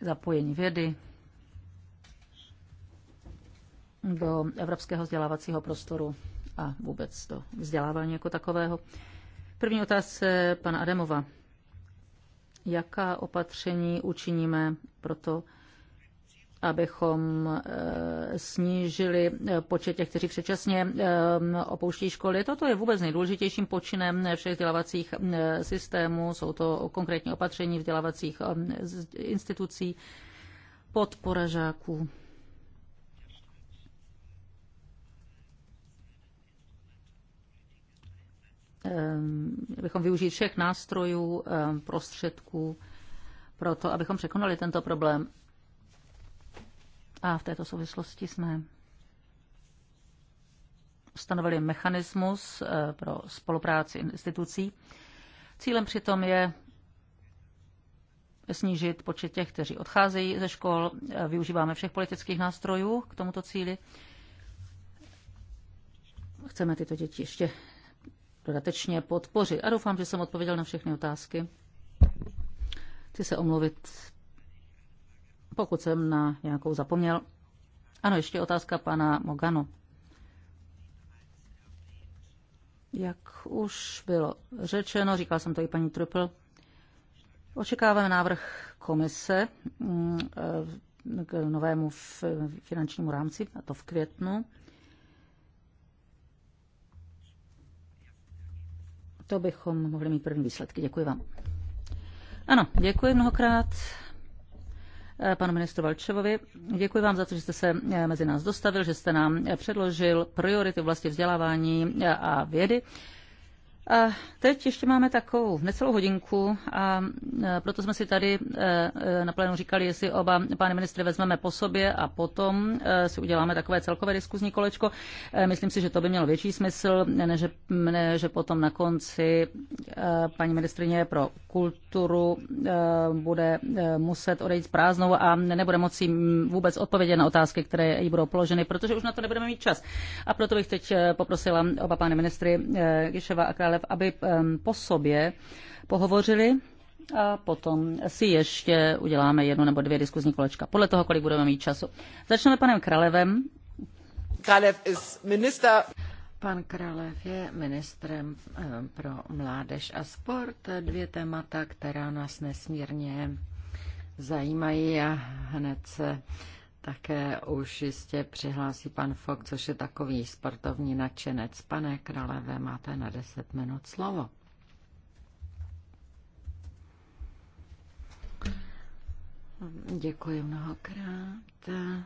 Zapojení vědy do evropského vzdělávacího prostoru a vůbec do vzdělávání jako takového. První otázce pana Adamova. Jaká opatření učiníme pro to, abychom eh, snížili eh, počet těch, kteří předčasně eh, opouští školy. Toto je vůbec nejdůležitějším počinem všech vzdělávacích systémů. Jsou to konkrétní opatření vzdělávacích institucí, podpora žáků. Ehm, abychom využili všech nástrojů, ehm, prostředků pro to, abychom překonali tento problém. A v této souvislosti jsme stanovili mechanismus eh, pro spolupráci institucí. Cílem přitom je snížit počet těch, kteří odcházejí ze škol. Eh, využíváme všech politických nástrojů k tomuto cíli. Chceme tyto děti ještě dodatečně podpořit. A doufám, že jsem odpověděl na všechny otázky. Chci se omluvit, pokud jsem na nějakou zapomněl. Ano, ještě otázka pana Mogano. Jak už bylo řečeno, říkal jsem to i paní Trupl, očekáváme návrh komise mm, eh, k novému finančnímu rámci, a to v květnu. to bychom mohli mít první výsledky. Děkuji vám. Ano, děkuji mnohokrát eh, panu ministru Valčevovi. Děkuji vám za to, že jste se eh, mezi nás dostavil, že jste nám eh, předložil priority v vlasti vzdělávání a vědy. A teď ještě máme takovou necelou hodinku a e, proto jsme si tady e, e, na plénu říkali, jestli oba pány ministry vezmeme po sobě a potom si uděláme takové celkové diskuzní kolečko. Myslím si, že to by mělo větší smysl, než ne, že potom na konci paní ministrině pro kulturu bude muset odejít s prázdnou a nebude moci vůbec odpovědět na otázky, které jí budou položeny, protože už na to nebudeme mít čas. A proto bych teď poprosila oba pány ministry Giševa a Krále aby po sobě pohovořili a potom si ještě uděláme jednu nebo dvě diskuzní kolečka, podle toho, kolik budeme mít času. Začneme panem Kralevem. Kralev is minister. Pan Kralev je ministrem pro mládež a sport. Dvě témata, která nás nesmírně zajímají a hned se také už jistě přihlásí pan Fok, což je takový sportovní nadšenec. Pane králeve, máte na 10 minut slovo. Děkuji mnohokrát,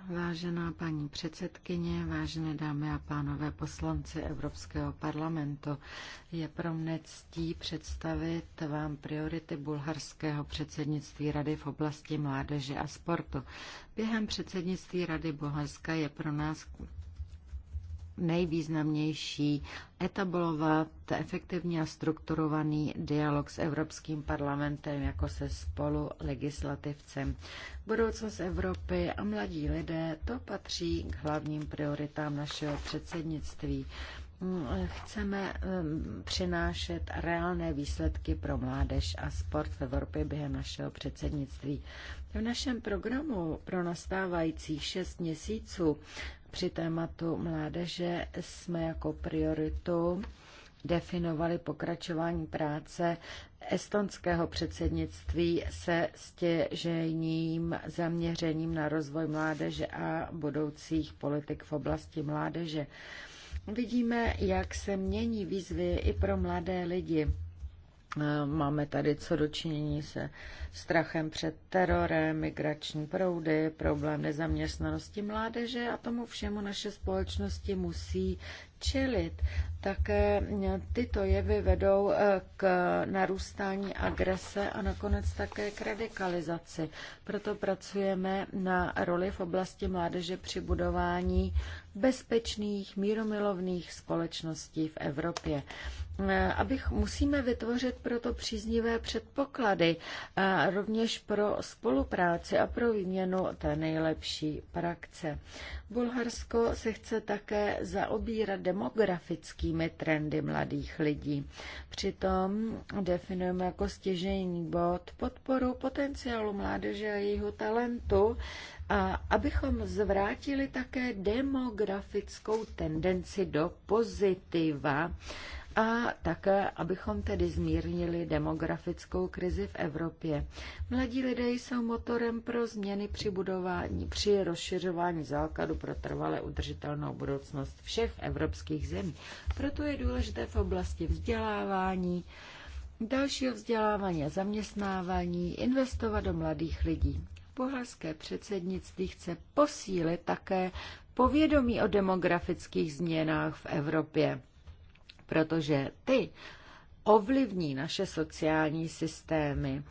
vážená paní předsedkyně, vážené dámy a pánové poslanci Evropského parlamentu. Je pro mne ctí představit vám priority bulharského předsednictví Rady v oblasti mládeže a sportu. Během předsednictví Rady Bulharska je pro nás nejvýznamnější etablovat efektivní a strukturovaný dialog s Evropským parlamentem jako se spolu legislativcem. Budoucnost Evropy a mladí lidé, to patří k hlavním prioritám našeho předsednictví chceme um, přinášet reálné výsledky pro mládež a sport v Evropě během našeho předsednictví. V našem programu pro nastávající šest měsíců při tématu mládeže jsme jako prioritu definovali pokračování práce estonského předsednictví se stěžejním zaměřením na rozvoj mládeže a budoucích politik v oblasti mládeže. Vidíme, jak se mění výzvy i pro mladé lidi. Máme tady co dočinění se strachem před terorem, migrační proudy, problém nezaměstnanosti mládeže a tomu všemu naše společnosti musí čelit. Také tyto jevy vedou eh, k narůstání agrese a nakonec také k radikalizaci. Proto pracujeme na roli v oblasti mládeže při budování bezpečných, míromilovných společností v Evropě. E, abych musíme vytvořit proto příznivé předpoklady, a e, rovněž pro spolupráci a pro výměnu té nejlepší praxe. Bulharsko se chce také zaobírat demografickými trendy mladých lidí. Přitom definujeme jako stěžejní bod podporu potenciálu mládeže a jejího talentu a abychom zvrátili také demografickou tendenci do pozitiva a také, abychom tedy zmírnili demografickou krizi v Evropě. Mladí lidé jsou motorem pro změny při budování, při rozšiřování základu pro trvale udržitelnou budoucnost všech evropských zemí. Proto je důležité v oblasti vzdělávání, dalšího vzdělávání a zaměstnávání investovat do mladých lidí portugalské předsednictví chce posílit také povědomí o demografických změnách v Evropě, protože ty ovlivní naše sociální systémy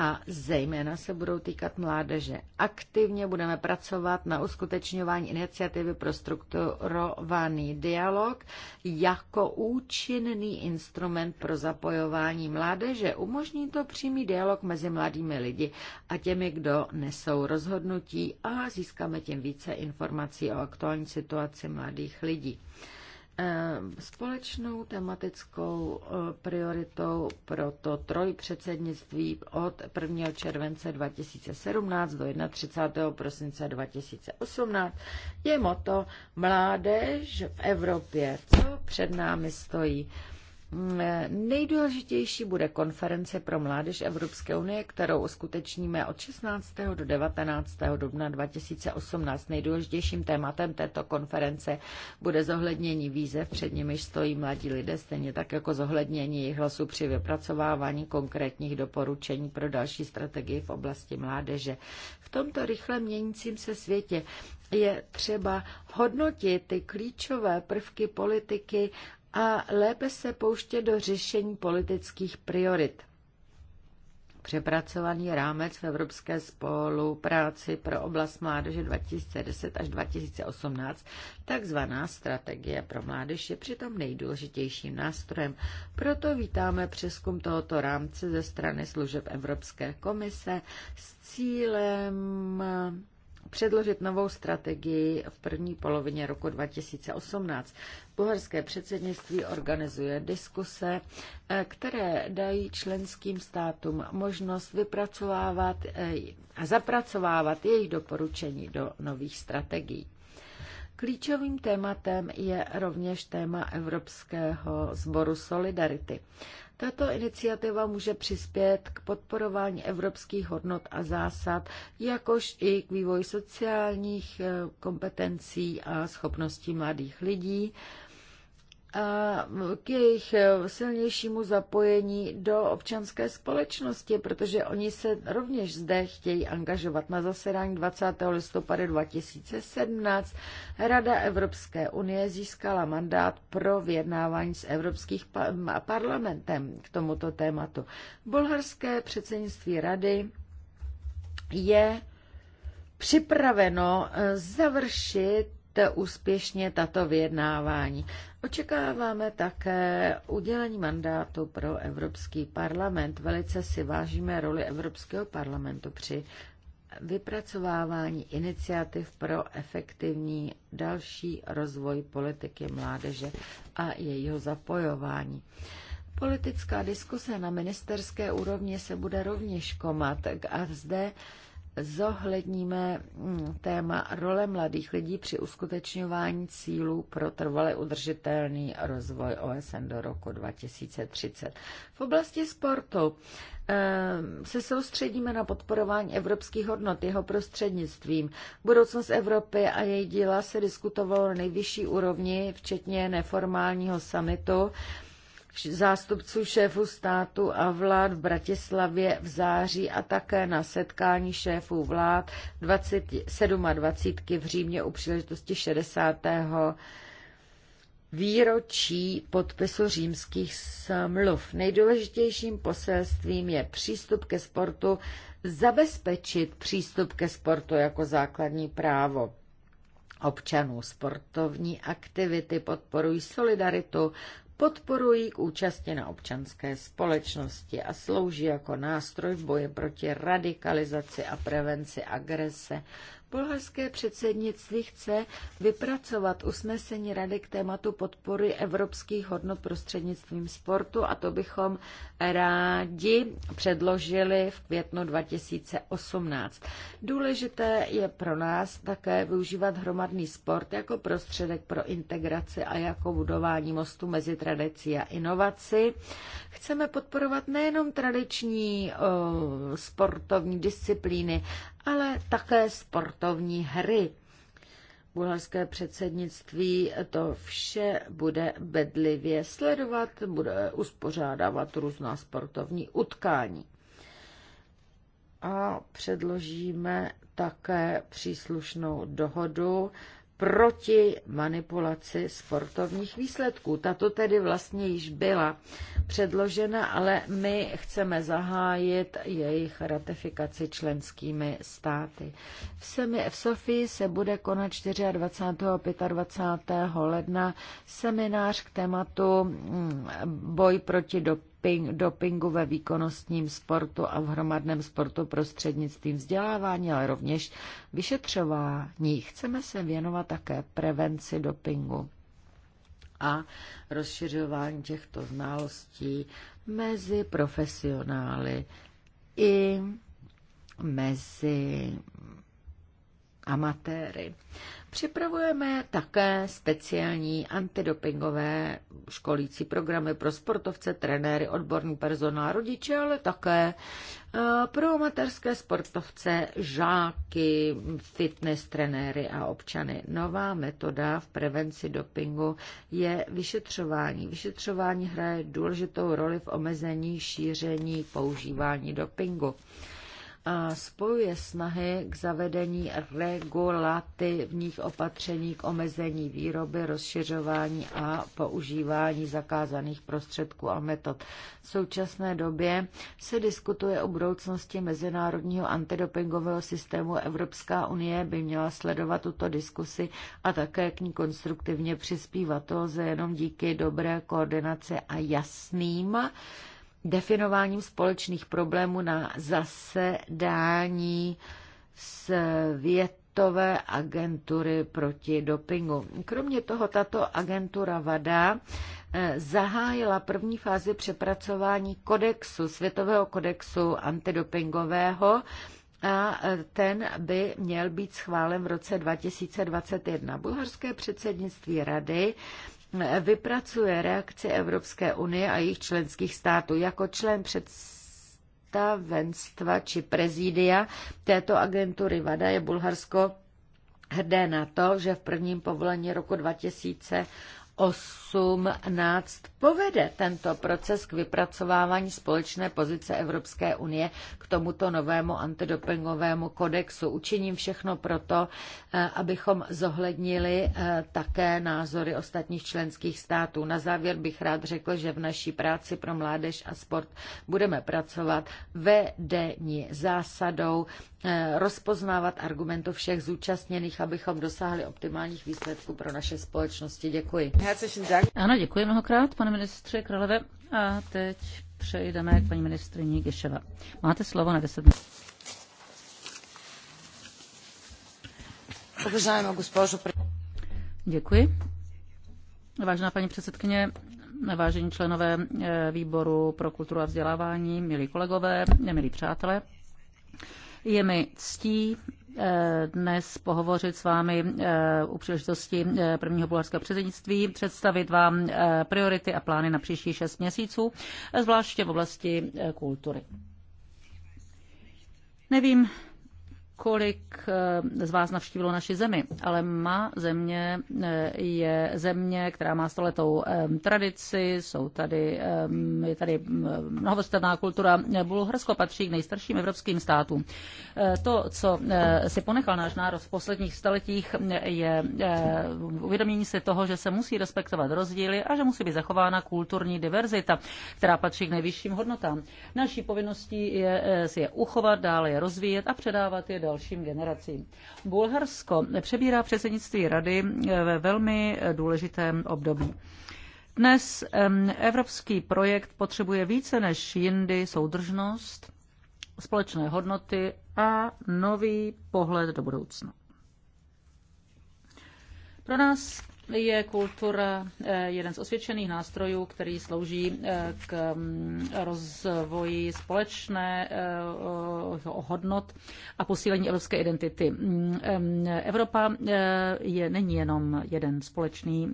a zejména se budou týkat mládeže. Aktivně budeme pracovat na uskutečňování iniciativy pro strukturovaný dialog jako účinný instrument pro zapojování mládeže. Umožní to přímý dialog mezi mladými lidi a těmi, kdo nesou rozhodnutí a získáme tím více informací o aktuální situaci mladých lidí. Eh, společnou tematickou eh, prioritou pro to trojpředsednictví od 1. července 2017 do 31. prosince 2018 je moto Mládež v Evropě, co před námi stojí. Nejdůležitější bude konference pro mládež Evropské unie, kterou uskutečníme od 16. do 19. dubna 2018. Nejdůležitějším tématem této konference bude zohlednění výzev, před nimiž stojí mladí lidé, stejně tak jako zohlednění jejich hlasu při vypracovávání konkrétních doporučení pro další strategii v oblasti mládeže. V tomto rychle měnícím se světě je třeba hodnotit ty klíčové prvky politiky a lépe se pouště do řešení politických priorit. Přepracovaný rámec v evropské spolupráci pro oblast mládeže 2010 až 2018, takzvaná strategie pro mládež, je přitom nejdůležitějším nástrojem. Proto vítáme přeskum tohoto rámce ze strany služeb Evropské komise s cílem předložit novou strategii v první polovině roku 2018. Bulharské předsednictví organizuje diskuse, eh, které dají členským státům možnost vypracovávat eh, a zapracovávat jejich doporučení do nových strategií. Klíčovým tématem je rovněž téma Evropského sboru Solidarity. Tato iniciativa může přispět k podporování evropských hodnot a zásad, jakož i k vývoji sociálních eh, kompetencí a schopností mladých lidí, k jejich eh, silnějšímu zapojení do občanské společnosti, protože oni se rovněž zde chtějí angažovat. Na zasedání 20. listopadu 2017 Rada Evropské unie získala mandát pro vyjednávání s Evropským parlamentem k tomuto tématu. Bulharské předsednictví rady je připraveno eh, završit úspěšně tato vyjednávání. Očekáváme také udělení mandátu pro Evropský parlament. Velice si vážíme roli Evropského parlamentu při vypracovávání iniciativ pro efektivní další rozvoj politiky mládeže a jejího zapojování. Politická diskuse na ministerské úrovni se bude rovněž komat a zde zohledníme mm, téma role mladých lidí při uskutečňování cílů pro trvale udržitelný rozvoj OSN do roku 2030. V oblasti sportu ehm, se soustředíme na podporování evropských hodnot jeho prostřednictvím. Budoucnost Evropy a její díla se diskutovalo na nejvyšší úrovni, včetně neformálního summitu zástupců šéfů státu a vlád v Bratislavě v září a také na setkání šéfů vlád 20, v Římě u příležitosti 60. výročí podpisu římských smluv. Nejdůležitějším poselstvím je přístup ke sportu, zabezpečit přístup ke sportu jako základní právo občanů. Sportovní aktivity podporují solidaritu, podporují k účasti na občanské společnosti a slouží jako nástroj v boji proti radikalizaci a prevenci agrese Bulharské předsednictví chce vypracovat usnesení Rady k tématu podpory evropských hodnot prostřednictvím sportu a to bychom rádi předložili v květnu 2018. Důležité je pro nás také využívat hromadný sport jako prostředek pro integraci a jako budování mostu mezi tradicí a inovaci. Chceme podporovat nejenom tradiční o, sportovní disciplíny, ale také sportovní hry. Bulharské předsednictví to vše bude bedlivě sledovat, bude uspořádávat různá sportovní utkání. A předložíme také příslušnou dohodu proti manipulaci sportovních výsledků. Tato tedy vlastně již byla předložena, ale my chceme zahájit jejich ratifikaci členskými státy. V, semi, v Sofii se bude konat 24. a 25. ledna seminář k tématu mm, boj proti dopadu ping, dopingu ve výkonnostním sportu a v hromadném sportu prostřednictvím vzdělávání, ale rovněž vyšetřování. Chceme se věnovat také prevenci dopingu a rozšiřování těchto znalostí mezi profesionály i mezi amatéry. Připravujeme také speciální antidopingové školící programy pro sportovce, trenéry, odborný personál, rodiče, ale také eh, pro amatérské sportovce, žáky, fitness trenéry a občany. Nová metoda v prevenci dopingu je vyšetřování. Vyšetřování hraje důležitou roli v omezení šíření používání dopingu spojuje snahy k zavedení regulativních opatření k omezení výroby, rozšiřování a používání zakázaných prostředků a metod. V současné době se diskutuje o budoucnosti mezinárodního antidopingového systému. Evropská unie by měla sledovat tuto diskusi a také k ní konstruktivně přispívat. To lze jenom díky dobré koordinaci a jasným definováním společných problémů na zasedání světové agentury proti dopingu. Kromě toho tato agentura VADA eh, zahájila první fázi přepracování kodexu, světového kodexu antidopingového, a eh, ten by měl být schválen v roce 2021. Bulharské předsednictví rady vypracuje reakce Evropské unie a jejich členských států. Jako člen představenstva či prezídia této agentury VADA je Bulharsko hrdé na to, že v prvním povolení roku 2018 povede tento proces k vypracovávání společné pozice Evropské unie k tomuto novému antidopingovému kodexu. Učiním všechno proto, eh, abychom zohlednili eh, také názory ostatních členských států. Na závěr bych rád řekl, že v naší práci pro mládež a sport budeme pracovat ve denní zásadou, eh, rozpoznávat argumentu všech zúčastněných, abychom dosáhli optimálních výsledků pro naše společnosti. Děkuji. Ano, děkuji mnohokrát, pane pane ministře Kraleve. A teď přejdeme k paní ministrině Geševa. Máte slovo na 10 minut. Děkuji. Vážená paní předsedkyně, vážení členové eh, výboru pro kulturu a vzdělávání, milí kolegové, milí přátelé, je mi ctí Eh, dnes pohovořit s vámi eh, u příležitosti eh, prvního bulharského předsednictví, představit vám priority a plány na příští šest měsíců, zvláště v oblasti kultury. Nevím, kolik eh, z vás navštívilo naši zemi, ale má země eh, je země, která má stoletou eh, tradici, jsou tady, je tady mnohovrstevná kultura. Bulharsko patří k nejstarším evropským státům. To, co si ponechal náš národ v posledních staletích, je uvědomění si toho, že se musí respektovat rozdíly a že musí být zachována kulturní diverzita, která patří k nejvyšším hodnotám. Naší povinností je si je uchovat, dále je rozvíjet a předávat je do dalším generacím. Bulharsko přebírá předsednictví rady eh, ve velmi eh, důležitém období. Dnes evropský projekt potřebuje více než jindy soudržnost, společné hodnoty a nový pohled do budoucna. Pro nás je kultura eh, jeden z osvědčených nástrojů, který slouží eh, k mm, rozvoji společné eh, hodnot a posílení evropské identity. Mm, Evropa je, není jenom jeden společný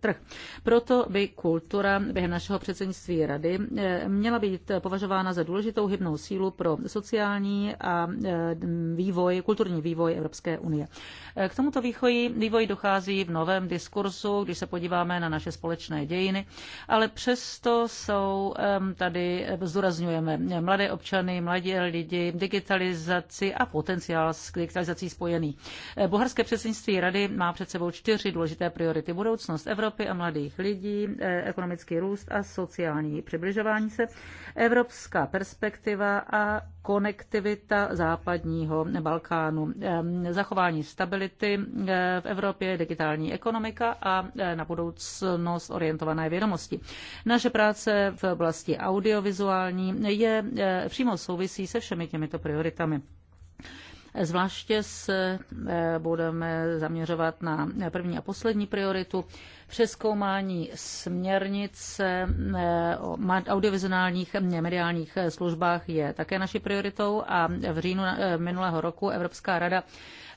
trh. Proto by kultura během našeho předsednictví rady měla být považována za důležitou hybnou sílu pro sociální a vývoj, kulturní vývoj Evropské unie. K tomuto vývoji, vývoji dochází v nové světovém diskursu, když se podíváme na naše společné dějiny, ale přesto jsou tady, zdůrazňujeme, mladé občany, mladí lidi, digitalizaci a potenciál s digitalizací spojený. E, Bulharské předsednictví rady má před sebou čtyři důležité priority. Budoucnost Evropy a mladých lidí, e, ekonomický růst a sociální přibližování se, evropská perspektiva a konektivita západního Balkánu, zachování stability e, v Evropě, digitální ekonomika, ekonomika a e, na budoucnost orientované vědomosti. Naše práce v oblasti audiovizuální je e, přímo souvisí se všemi těmito prioritami. Zvláště se eh, budeme zaměřovat na první a poslední prioritu přeskoumání směrnice eh, o audiovizuálních eh, mediálních službách je také naší prioritou a v říjnu minulého roku Evropská rada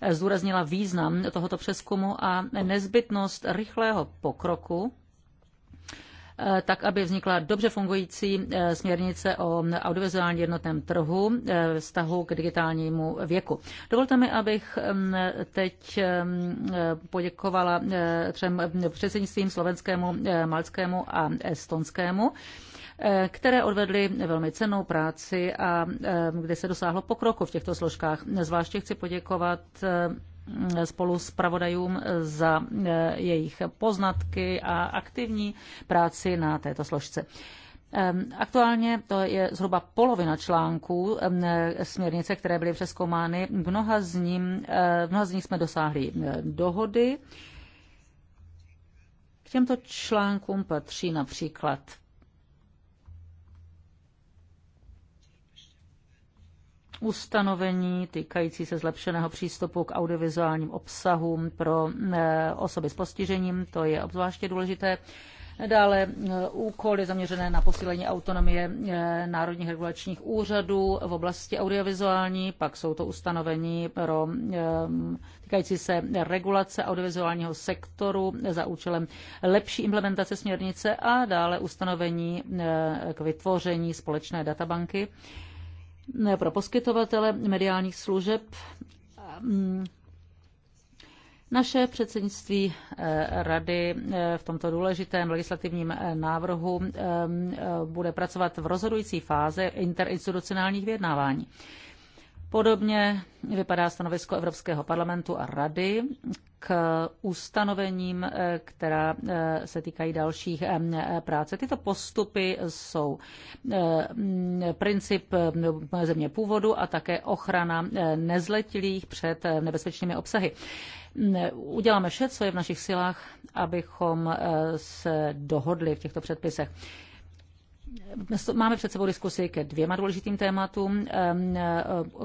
zdůraznila význam tohoto přeskumu a nezbytnost rychlého pokroku Eh, tak aby vznikla dobře fungující eh, směrnice o audiovizuálně jednotném trhu eh, vztahu k digitálnímu věku. Dovolte mi, abych mm, teď mm, poděkovala třem mm, předsednictvím slovenskému, malskému a estonskému které odvedly velmi cenou práci a kde se dosáhlo pokroku v těchto složkách. Zvláště chci poděkovat spolu s pravodajům za e, jejich poznatky a aktivní práci na této složce. Aktuálně to je zhruba polovina článků e, směrnice, které byly přeskoumány. Mnoha z, ním, e, mnoha z nich jsme dosáhli dohody. K těmto článkům patří například ustanovení týkající se zlepšeného přístupu k audiovizuálním obsahům pro eh, osoby s postižením, to je obzvláště důležité. Dále eh, úkoly zaměřené na posílení autonomie eh, národních regulačních úřadů v oblasti audiovizuální, pak jsou to ustanovení pro týkající se regulace audiovizuálního sektoru za účelem lepší implementace směrnice a dále ustanovení k vytvoření společné databanky pro poskytovatele mediálních služeb. Naše předsednictví eh, rady eh, v tomto důležitém legislativním eh, návrhu bude pracovat v rozhodující fáze interinstitucionálních vyjednávání. Podobně vypadá stanovisko Evropského parlamentu a Rady k ustanovením, eh, která eh, se týkají dalších eh, práce. Tyto postupy jsou princip no, země původu a také ochrana nezletilých před nebezpečnými obsahy. Uděláme vše, co je v našich silách, abychom se dohodli v těchto předpisech. Máme před sebou diskusi ke dvěma důležitým tématům. Eh,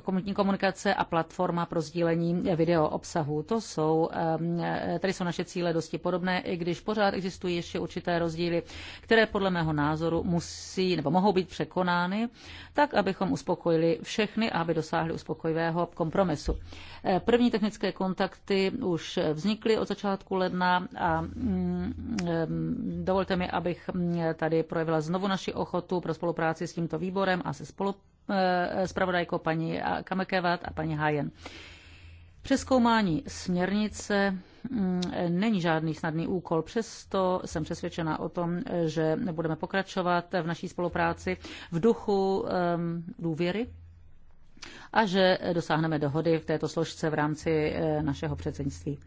komunitní komunikace a platforma pro sdílení video obsahu. To jsou, eh, tady jsou naše cíle dosti podobné, i když pořád existují ještě určité rozdíly, které podle mého názoru musí nebo mohou být překonány, tak abychom uspokojili všechny a aby dosáhli uspokojivého kompromisu. Eh, první technické kontakty už vznikly od začátku ledna a mm, dovolte mi, abych mm, tady projevila znovu naši ochotu pro spolupráci s tímto výborem a se spolu zpravodajkou eh, paní Kamekevat a paní Hajen. Přeskoumání směrnice mm, není žádný snadný úkol, přesto jsem přesvědčena o tom, že budeme pokračovat v naší spolupráci v duchu ehm, důvěry a že dosáhneme dohody v této složce v rámci eh, našeho předsednictví.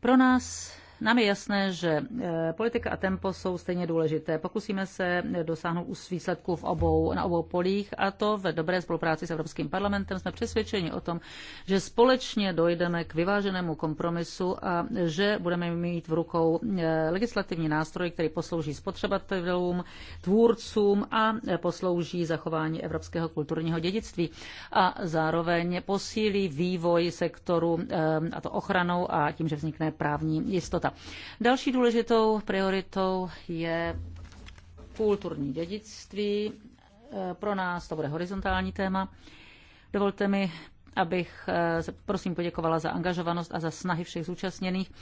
Pro nás nám je jasné, že eh, politika a tempo jsou stejně důležité. Pokusíme se dosáhnout už výsledků v obou, na obou polích a to v dobré spolupráci s Evropským parlamentem. Jsme přesvědčeni o tom, že společně dojdeme k vyváženému kompromisu a že budeme mít v rukou eh, legislativní nástroj, který poslouží spotřebatelům, tvůrcům a poslouží zachování evropského kulturního dědictví a zároveň posílí vývoj sektoru eh, a to ochranou a tím, že vznikne právní jistota života. Další důležitou prioritou je kulturní dědictví. E, pro nás to bude horizontální téma. Dovolte mi, abych e, prosím poděkovala za angažovanost a za snahy všech zúčastněných,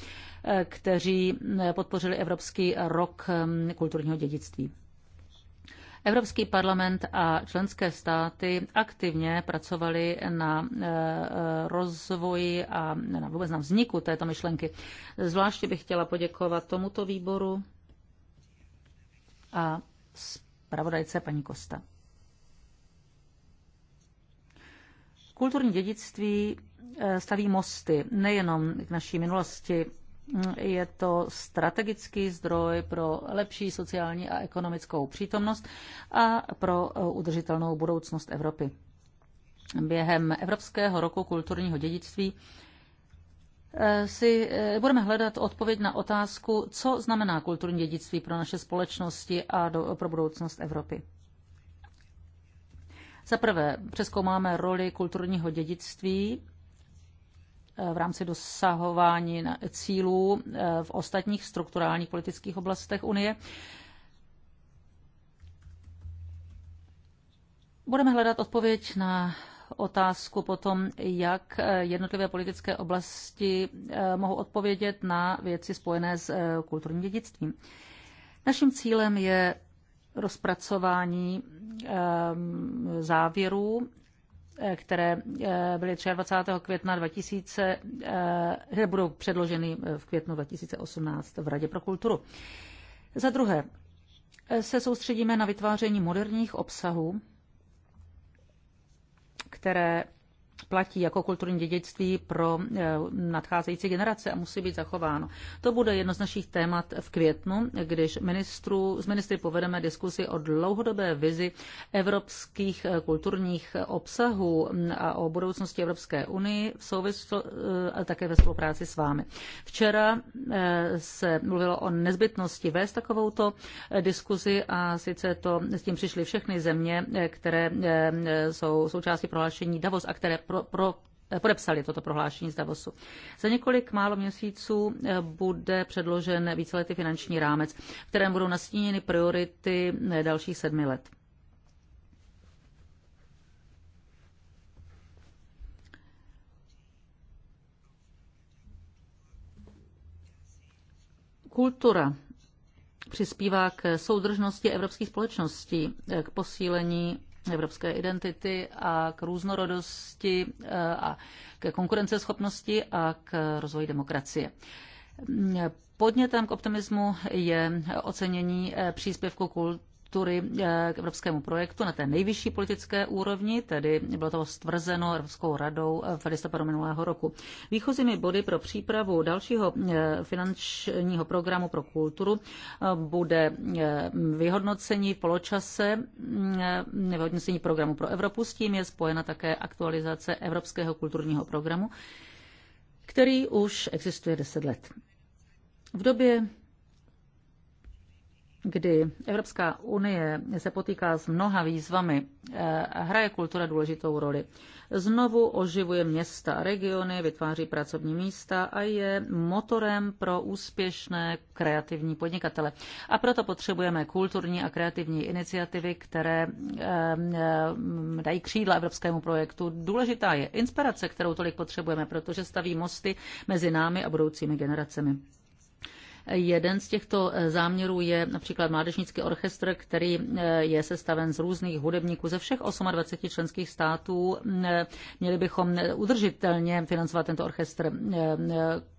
e, kteří podpořili Evropský rok kulturního dědictví. Evropský parlament a členské státy aktivně pracovali na eh, rozvoji a na vůbec na vzniku této myšlenky. Zvláště bych chtěla poděkovat tomuto výboru a zpravodajce paní Kosta. Kulturní dědictví eh, staví mosty nejenom k naší minulosti, je to strategický zdroj pro lepší sociální a ekonomickou přítomnost a pro e, udržitelnou budoucnost Evropy. Během Evropského roku kulturního dědictví e, si e, budeme hledat odpověď na otázku, co znamená kulturní dědictví pro naše společnosti a do, pro budoucnost Evropy. Za prvé, přeskoumáme roli kulturního dědictví Eh, v rámci dosahování cílů eh, v ostatních strukturálních politických oblastech Unie. Budeme hledat odpověď na otázku potom, jak eh, jednotlivé politické oblasti mohou odpovědět na věci spojené s kulturním dědictvím. Naším cílem je rozpracování ehm, závěrů Eh, které eh, byly 23. května 2000, eh, které budou předloženy v květnu 2018 v Radě pro kulturu. Za druhé, se soustředíme na vytváření moderních obsahů, které platí jako kulturní dědictví pro eh, nadcházející generace a musí být zachováno. To bude jedno z našich témat v květnu, když ministru, s ministry povedeme diskusi o dlouhodobé vizi evropských eh, kulturních obsahů mm, a o budoucnosti Evropské unii v souvislosti eh, a také ve spolupráci s vámi. Včera se mluvilo o nezbytnosti vést takovouto diskuzi a sice to s tím přišly všechny země, které jsou součástí prohlášení Davos a které pro, pro eh, podepsali toto prohlášení z Davosu. Za několik málo měsíců eh, bude předložen víceletý finanční rámec, v kterém budou nastíněny priority eh, dalších sedmi let. Kultura přispívá k soudržnosti evropských společností, k posílení evropské identity a k různorodosti eh, a ke konkurenceschopnosti a k rozvoji demokracie. Podnětem k optimismu je ocenění eh, příspěvku kultury struktury eh, k evropskému projektu na té nejvyšší politické úrovni, tedy bylo to stvrzeno Evropskou radou eh, v listopadu minulého roku. Výchozími body pro přípravu dalšího eh, finančního programu pro kulturu bude vyhodnocení v poločase, mm, vyhodnocení programu pro Evropu, s tím je spojena také aktualizace Evropského kulturního programu, který už existuje deset let. V době kdy Evropská unie se potýká s mnoha výzvami, eh, hraje kultura důležitou roli. Znovu oživuje města a regiony, vytváří pracovní místa a je motorem pro úspěšné kreativní podnikatele. A proto potřebujeme kulturní a kreativní iniciativy, které eh, dají křídla evropskému projektu. Důležitá je inspirace, kterou tolik potřebujeme, protože staví mosty mezi námi a budoucími generacemi. Jeden z těchto eh, záměrů je například Mládežnický orchestr, který eh, je sestaven z různých hudebníků ze všech 28 členských států. Eh, měli bychom udržitelně financovat tento orchestr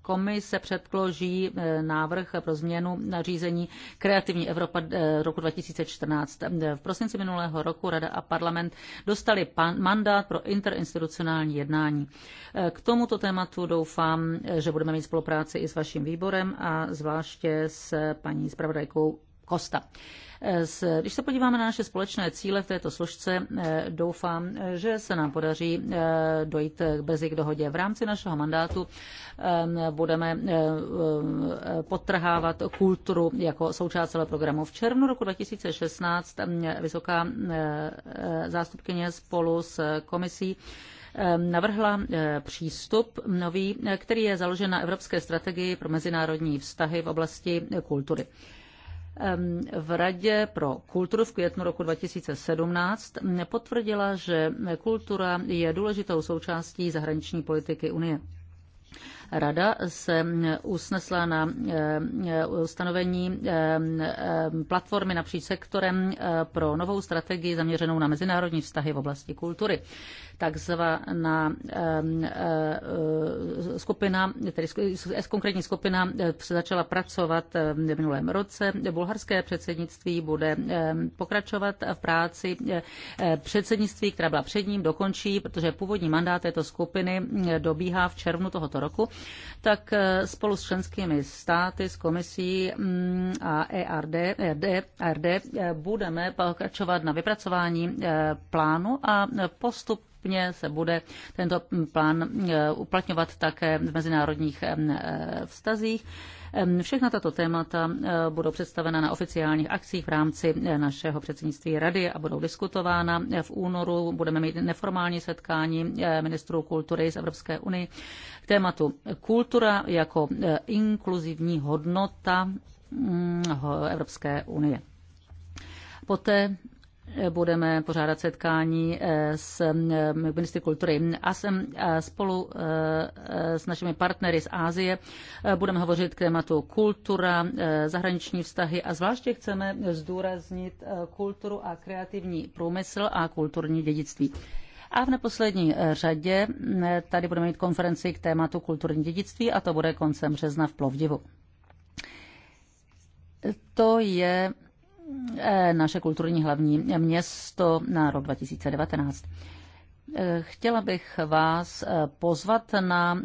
komise předloží eh, návrh pro změnu nařízení Kreativní Evropa eh, roku 2014. Eh, v prosinci minulého roku Rada a parlament dostali mandát pro interinstitucionální jednání. K tomuto tématu doufám, že budeme mít spolupráci i s vaším výborem a zvláště s paní zpravodajkou Kosta. Eh, když se podíváme na naše společné cíle v této složce, eh, doufám, že se nám podaří eh, dojít brzy k dohodě. V rámci našeho mandátu budeme potrhávat kulturu jako součást celého programu. V červnu roku 2016 vysoká zástupkyně spolu s komisí navrhla přístup nový, který je založen na Evropské strategii pro mezinárodní vztahy v oblasti kultury v Radě pro kulturu v květnu roku 2017 potvrdila, že kultura je důležitou součástí zahraniční politiky Unie. Rada se usnesla na eh, eh, ustanovení eh, platformy napříč sektorem pro novou strategii zaměřenou na mezinárodní vztahy v oblasti kultury. Takzvaná skupina, tedy konkrétní skupina začala pracovat v minulém roce. Bulharské předsednictví bude pokračovat v práci předsednictví, která byla před ním, dokončí, protože původní mandát této skupiny dobíhá v červnu tohoto roku tak eh, spolu s členskými státy, s komisí mm, a ERD, ERD, eh, ERD budeme pokračovat na vypracování eh, plánu a postup postupně se bude tento plán uplatňovat také v mezinárodních vztazích. Ehm, všechna tato témata budou představena na oficiálních akcích v rámci našeho předsednictví rady a budou diskutována. V únoru budeme mít neformální setkání ministrů kultury z Evropské unie k tématu kultura jako e, inkluzivní hodnota mm, Evropské unie. Poté e, budeme pořádat setkání e, s ministry kultury a jsem spolu s našimi partnery z Ázie. Budeme hovořit k tématu kultura, zahraniční vztahy a zvláště chceme zdůraznit kulturu a kreativní průmysl a kulturní dědictví. A v neposlední eh, řadě eh, tady budeme mít konferenci k tématu kulturní dědictví a to bude koncem března v Plovdivu. To je eh, naše kulturní hlavní město na rok 2019. Chtěla bych vás pozvat na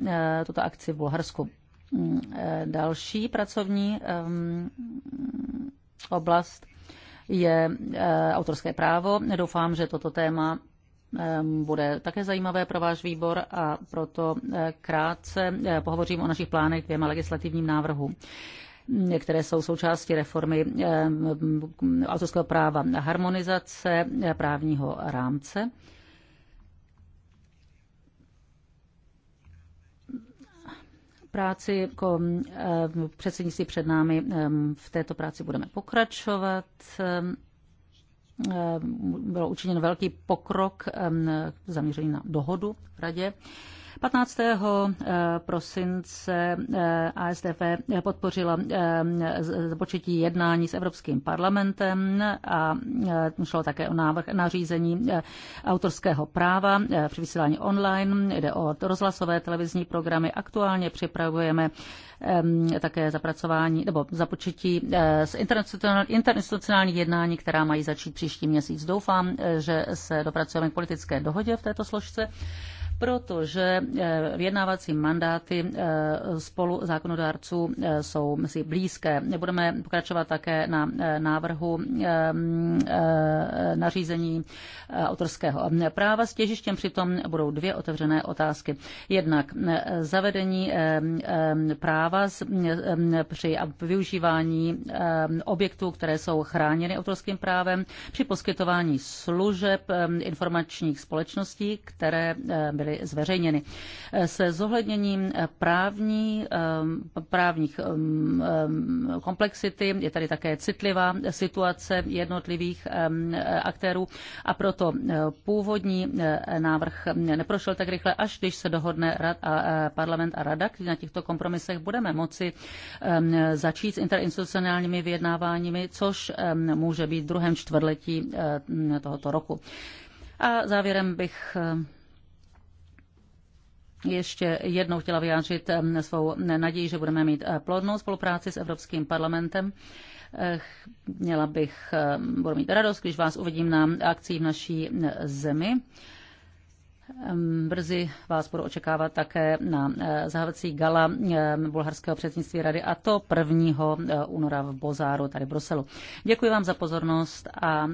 tuto akci v Bulharsku. Mm, další pracovní oblast je autorské právo. Doufám, že toto téma Ehm, bude také zajímavé pro váš výbor a proto eh, krátce eh, pohovořím o našich plánech dvěma legislativním návrhu, které jsou součástí reformy ehm, autorského práva, harmonizace eh, právního rámce. Práci jako předsednictví před námi v této práci budeme pokračovat. Eh, byl učiněn velký pokrok zaměřený na dohodu v radě. 15. Eh, prosince eh, ASDF podpořila eh, započetí jednání s Evropským parlamentem a šlo také o návrh nařízení autorského práva při vysílání online. Jde o rozhlasové televizní programy. Aktuálně připravujeme také zapracování nebo započetí z interinstitucionálních jednání, která mají začít příští měsíc. Doufám, že se dopracujeme k politické dohodě v této složce protože eh, vyjednávací mandáty eh, spolu zákonodárců eh, jsou si blízké. Budeme pokračovat také na návrhu nařízení autorského práva. S těžištěm přitom budou dvě otevřené otázky. Jednak zavedení práva při využívání objektů, které jsou chráněny autorským právem, při poskytování služeb informačních společností, které byly byly zveřejněny. Eh, se zohledněním eh, právní, eh, právních komplexity je tady také citlivá situace jednotlivých aktérů a proto původní návrh neprošel tak rychle, až když se dohodne rad a parlament a rada, kdy na těchto kompromisech budeme moci začít s interinstitucionálními vyjednáváními, což může být v druhém čtvrtletí tohoto roku. A závěrem bych ještě jednou chtěla vyjádřit eh, svou naději, že budeme mít eh, plodnou spolupráci s Evropským parlamentem. Eh, Měla bych, budu mít radost, když vás uvidím na akci v naší zemi. Brzy vás budu očekávat také na eh, zahávací gala eh, bulharského předsednictví rady a to 1. Eh, února v Bozáru tady v Bruselu. Děkuji vám za pozornost a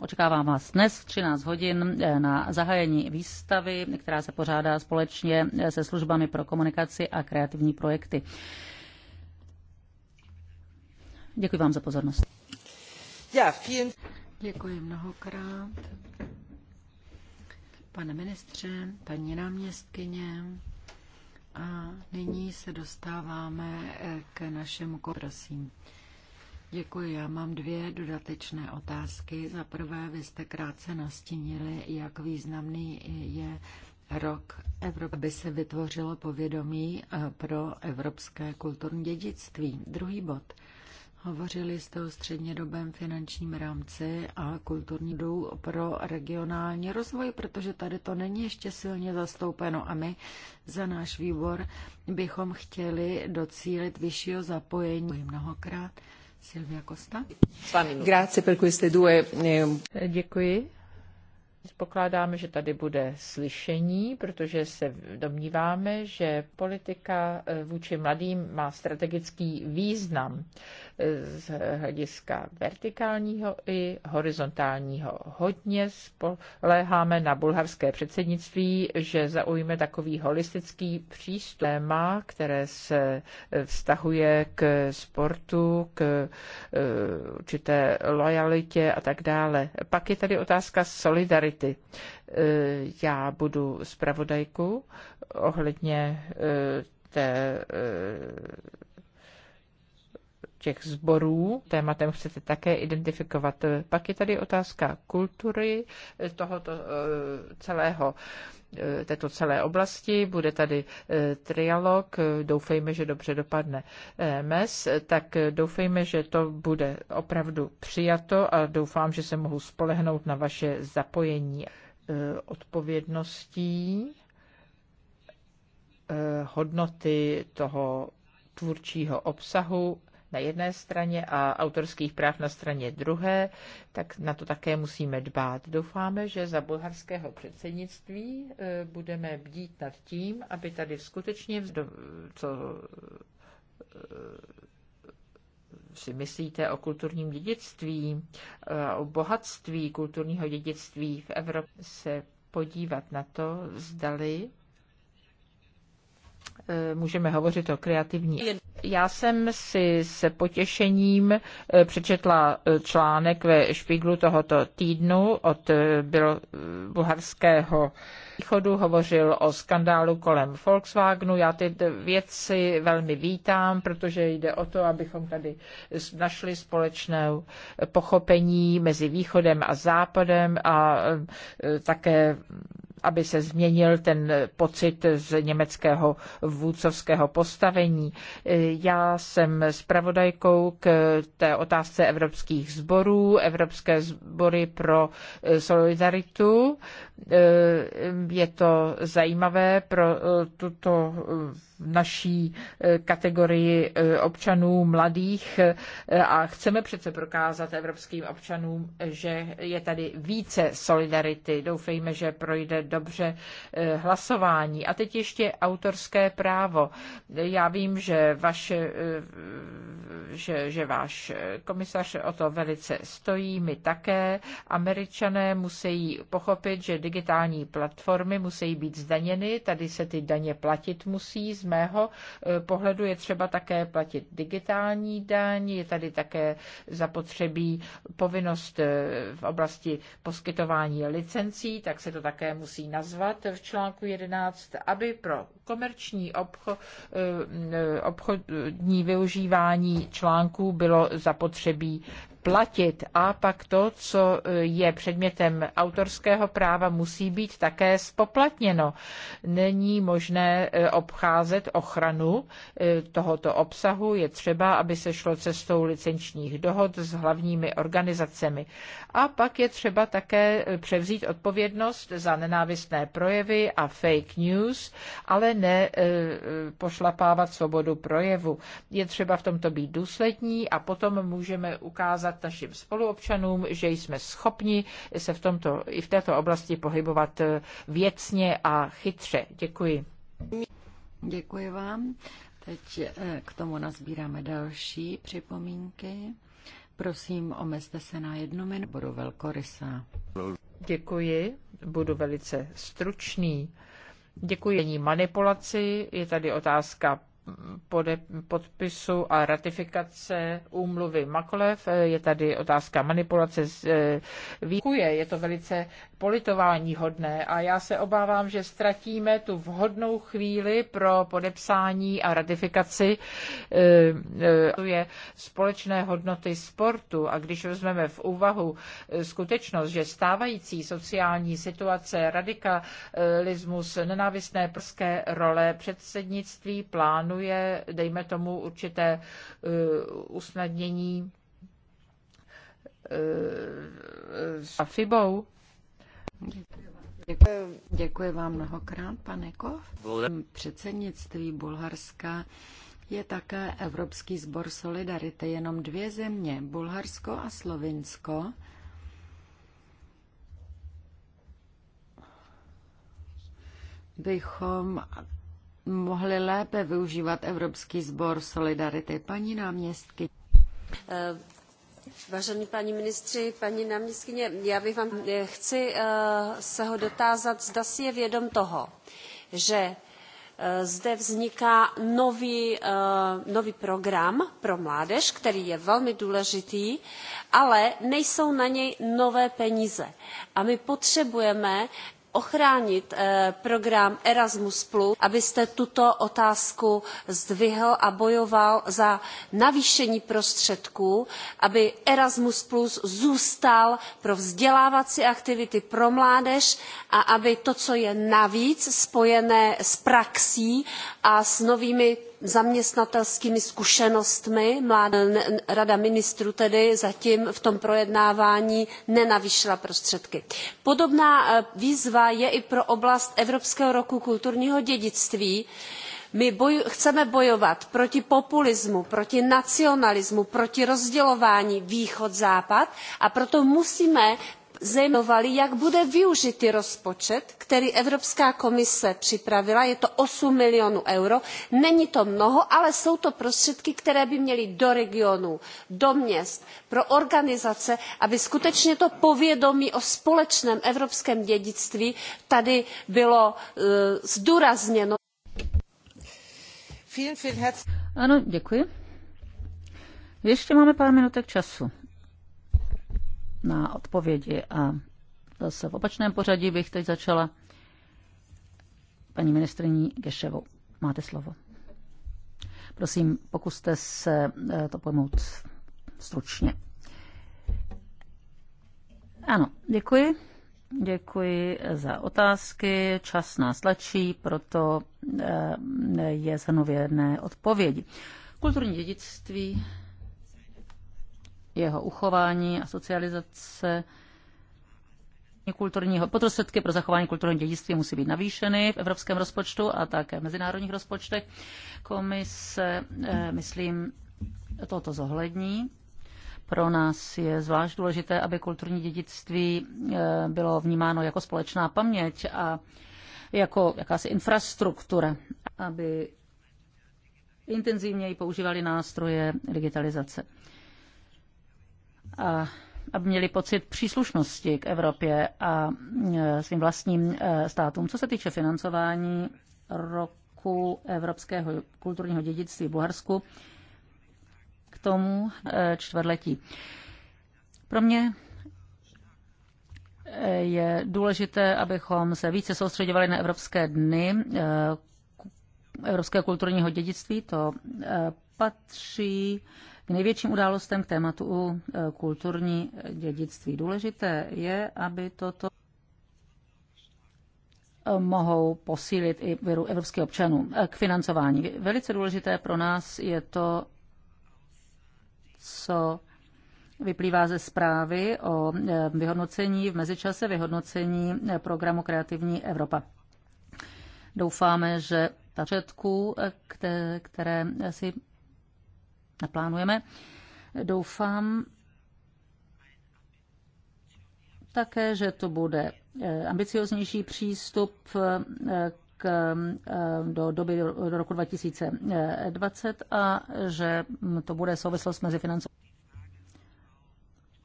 očekávám vás dnes v 13 hodin na zahájení výstavy, která se pořádá společně se službami pro komunikaci a kreativní projekty. Děkuji vám za pozornost. Děkuji mnohokrát pane ministře, paní náměstkyně. A nyní se dostáváme eh, k našemu prosím. Děkuji. Já mám dvě dodatečné otázky. Za prvé, vy jste krátce nastínili, jak významný je rok Evropy, aby se vytvořilo povědomí eh, pro evropské kulturní dědictví. Druhý bod. Hovořili jste o střednědobém finančním rámci a kulturní dů pro regionální rozvoj, protože tady to není ještě silně zastoupeno a my za náš výbor bychom chtěli docílit vyššího zapojení. Mnohokrát. Silvia Costa. Grazie per queste due. Eh, Děkuji Pokládáme, že tady bude slyšení, protože se domníváme, že politika eh, vůči mladým má strategický význam eh, z hlediska vertikálního i horizontálního. Hodně spoléháme na bulharské předsednictví, že zaujme takový holistický přístup téma, které se eh, vztahuje k sportu, k určité lojalitě a tak dále. Pak je tady otázka solidarity priority. Eh, já budu zpravodajku ohledně eh, té eh, těch zborů. Tématem chcete také identifikovat. Pak je tady otázka kultury tohoto celého Eh, této celé oblasti. Bude tady eh, trialog, doufejme, že dobře dopadne eh, MES, tak doufejme, že to bude opravdu přijato a doufám, že se mohu spolehnout na vaše zapojení odpovědností hodnoty toho tvůrčího obsahu na jedné straně a autorských práv na straně druhé, tak na to také musíme dbát. Doufáme, že za bulharského předsednictví e, budeme bdít nad tím, aby tady skutečně, co e, si myslíte o kulturním dědictví, o bohatství kulturního dědictví v Evropě, se podívat na to, zdali Eh, můžeme hovořit o kreativní. Já jsem si s potěšením eh, přečetla eh, článek ve Špiglu tohoto týdnu od bulharského východu, hovořil o skandálu kolem Volkswagenu. Já ty věci velmi vítám, protože jde o to, abychom tady našli společné pochopení mezi východem a západem a také aby se změnil ten pocit z německého vůdcovského postavení. Já jsem zpravodajkou k té otázce evropských sborů, Evropské sbory pro eh, solidaritu. Eh, je to zajímavé pro eh, tuto naší eh, kategorii eh, občanů mladých eh, a chceme přece prokázat evropským občanům, že je tady více solidarity. Doufejme, že projde dobře hlasování. A teď ještě autorské právo. Já vím, že, vaše, že, že váš komisař o to velice stojí, my také. Američané musí pochopit, že digitální platformy musí být zdaněny, tady se ty daně platit musí jsme mého eh, pohledu je třeba také platit digitální daň, je tady také zapotřebí povinnost eh, v oblasti poskytování licencí, tak se to také musí nazvat v článku 11, aby pro komerční obcho, eh, obchodní využívání článků bylo zapotřebí platit. A pak to, co eh, je předmětem autorského práva, musí být také spoplatněno. Není možné eh, obcházet ochranu eh, tohoto obsahu. Je třeba, aby se šlo cestou licenčních dohod s hlavními organizacemi. A pak je třeba také převzít odpovědnost za nenávistné projevy a fake news, ale ne pošlapávat svobodu projevu. Je třeba v tomto být důslední a potom můžeme ukázat, ukázat našim spoluobčanům, že jsme schopni se v tomto, i v této oblasti pohybovat eh, věcně a chytře. Děkuji. Děkuji vám. Teď eh, k tomu nazbíráme další připomínky. Prosím, omezte se na jednu minutu, budu velkorysá. Děkuji, budu velice stručný. Děkuji manipulaci, je tady otázka pode, podpisu a ratifikace úmluvy Makolev. Je tady otázka manipulace z eh, výkuje. Je to velice politování hodné a já se obávám, že ztratíme tu vhodnou chvíli pro podepsání a ratifikaci eh, eh, je společné hodnoty sportu a když vezmeme v úvahu eh, skutečnost, že stávající sociální situace, radikalismus, nenávistné prské role, předsednictví plánuje, dejme tomu, určité usnadnění a Fibou. Děkuji, děkuji vám mnohokrát, pane Kov. Předsednictví Bulharska je také Evropský sbor Solidarity. Jenom dvě země, Bulharsko a Slovinsko, bychom mohli lépe využívat Evropský sbor Solidarity. Paní náměstky. Uh. Vážení paní ministři, paní náměstkyně, já bych vám eh, chci eh, se ho dotázat, zda si je vědom toho, že eh, zde vzniká nový, nový program pro mládež, který je velmi důležitý, ale nejsou na něj nové peníze. A my potřebujeme, ochránit eh, program Erasmus+, abyste tuto otázku zdvihl a bojoval za navýšení prostředků, aby Erasmus+, zůstal pro vzdělávací aktivity pro mládež a aby to, co je navíc spojené s praxí a s novými zaměstnavatelskými zkušenostmi. Rada ministrů tedy zatím v tom projednávání nenavýšila prostředky. Podobná e, výzva je i pro oblast Evropského roku kulturního dědictví. My boj, chceme bojovat proti populismu, proti nacionalismu, proti rozdělování východ-západ a proto musíme zajímalo jak bude využity rozpočet, který Evropská komise připravila. Je to eight milionů euro. Není to mnoho, ale jsou to prostředky, které by měly do regionů, do měst, pro organizace, aby skutečně to povědomí o společném evropském dědictví tady bylo eh, zdůrazněno. Ano, děkuji. Ještě máme pár minutek času na odpovědi a zase v opačném pořadí bych teď začala paní ministriní Geševou. Máte slovo. Prosím, pokuste se eh, to pojmout stručně. Ano, děkuji. Děkuji za otázky. Čas nás tlačí, proto eh, je zhrnu v jedné odpovědi. Kulturní dědictví jeho uchování a socializace kulturního, prostředky pro zachování kulturního dědictví musí být navýšeny v evropském rozpočtu a také v mezinárodních rozpočtech. Komise, eh, myslím, toto zohlední. Pro nás je zvlášť důležité, aby kulturní dědictví eh, bylo vnímáno jako společná paměť a jako jakási infrastruktura, aby intenzivněji používali nástroje digitalizace a aby měli pocit příslušnosti k Evropě a e, svým vlastním e, státům. Co se týče financování roku evropského kulturního dědictví v Bulharsku, k tomu e, čtvrtletí. Pro mě je důležité, abychom se více soustředěvali na Evropské dny Evropského kulturního dědictví. To patří k největším událostem k tématu e, kulturní dědictví. Důležité je, aby toto e, mohou posílit i věru evropských občanů e, k financování. Velice důležité pro nás je to, co vyplývá ze zprávy o vyhodnocení v mezičase vyhodnocení programu Kreativní Evropa. Doufáme, že ta předků, které si neplánujeme. Doufám také, že to bude eh, ambicioznější přístup eh, k, eh, do doby do roku 2020 a že mm, to bude souvislost mezi financováním.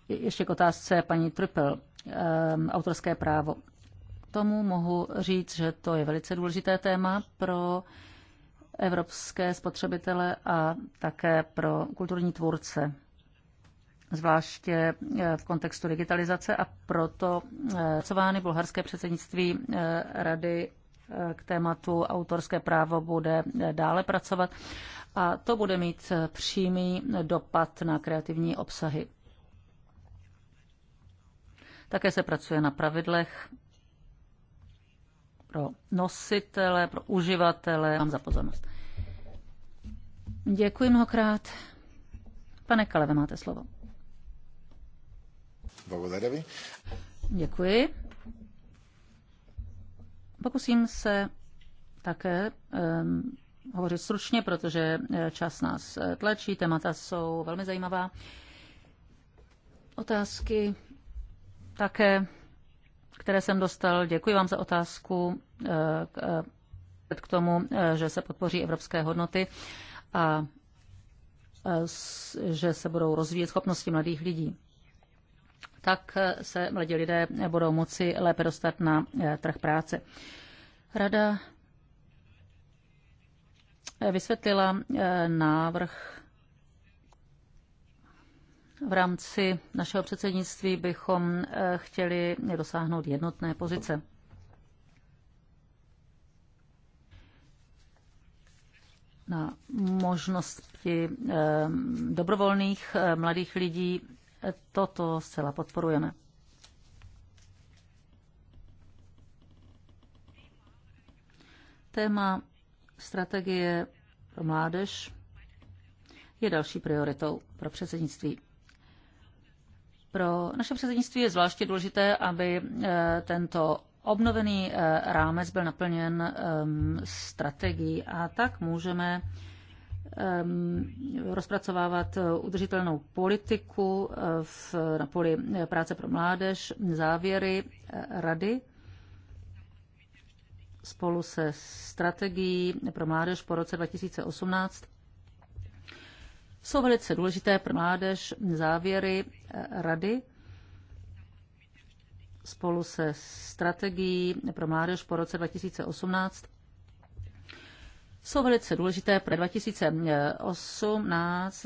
Ještě k otázce paní Triple, autorské právo. K tomu mohu říct, že to je velice důležité téma pro evropské spotřebitele a také pro kulturní tvůrce zvláště eh, v kontextu digitalizace a proto pracovány eh, bulharské předsednictví eh, rady k tématu autorské právo bude dále pracovat a to bude mít přímý dopad na kreativní obsahy. Také se pracuje na pravidlech pro nositele, pro uživatele. Mám za pozornost. Děkuji mnohokrát. Pane Kaleve, máte slovo. Děkuji. Pokusím se také um, hovořit stručně, protože eh, čas nás eh, tlačí, témata jsou velmi zajímavá. Otázky také, které jsem dostal. Děkuji vám za otázku eh, k tomu, že se podpoří evropské hodnoty a že se budou rozvíjet schopnosti mladých lidí. Tak se mladí lidé budou moci lépe dostat na e, trh práce. Rada e, vysvětlila e, návrh v rámci našeho předsednictví bychom chtěli dosáhnout jednotné pozice. na možnosti eh, dobrovolných eh, mladých lidí. Toto zcela podporujeme. Téma strategie pro mládež je další prioritou pro předsednictví. Pro naše předsednictví je zvláště důležité, aby eh, tento Obnovený eh, rámec byl naplněn ehm, strategií a tak můžeme ehm, rozpracovávat eh, udržitelnou politiku eh, v, na poli práce pro mládež, závěry rady spolu se strategií pro mládež po roce 2018 jsou velice důležité pro mládež závěry rady spolu se strategií pro mládež po roce 2018 jsou velice důležité. Pro 2018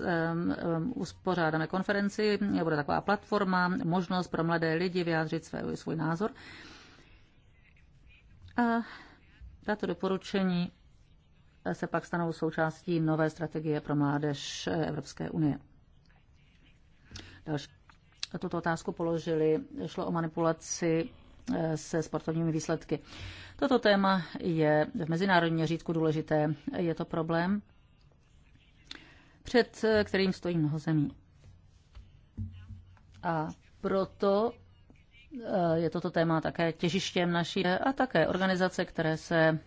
uspořádáme konferenci, bude taková platforma, možnost pro mladé lidi vyjádřit své, svůj názor. A tato doporučení se pak stanou součástí nové strategie pro mládež Evropské unie. Další tuto otázku položili. Šlo o manipulaci eh, se sportovními výsledky. Toto téma je v mezinárodním řídku důležité. Je to problém, před eh, kterým stojí mnoho zemí. A proto eh, je toto téma také těžištěm naší a také organizace, které se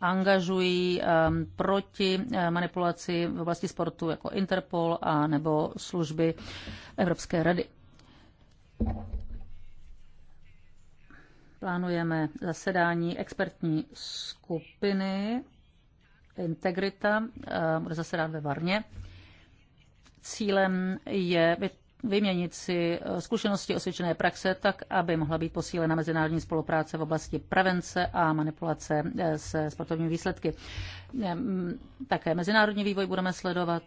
angažují ehm, proti eh, manipulaci v oblasti sportu jako Interpol a nebo služby Evropské rady. Plánujeme zasedání expertní skupiny Integrita, eh, bude zasedat ve Varně. Cílem je vyměnit si eh, zkušenosti osvědčené praxe tak, aby mohla být posílena mezinárodní spolupráce v oblasti prevence a manipulace eh, se sportovními výsledky. Ehm, také mezinárodní vývoj budeme sledovat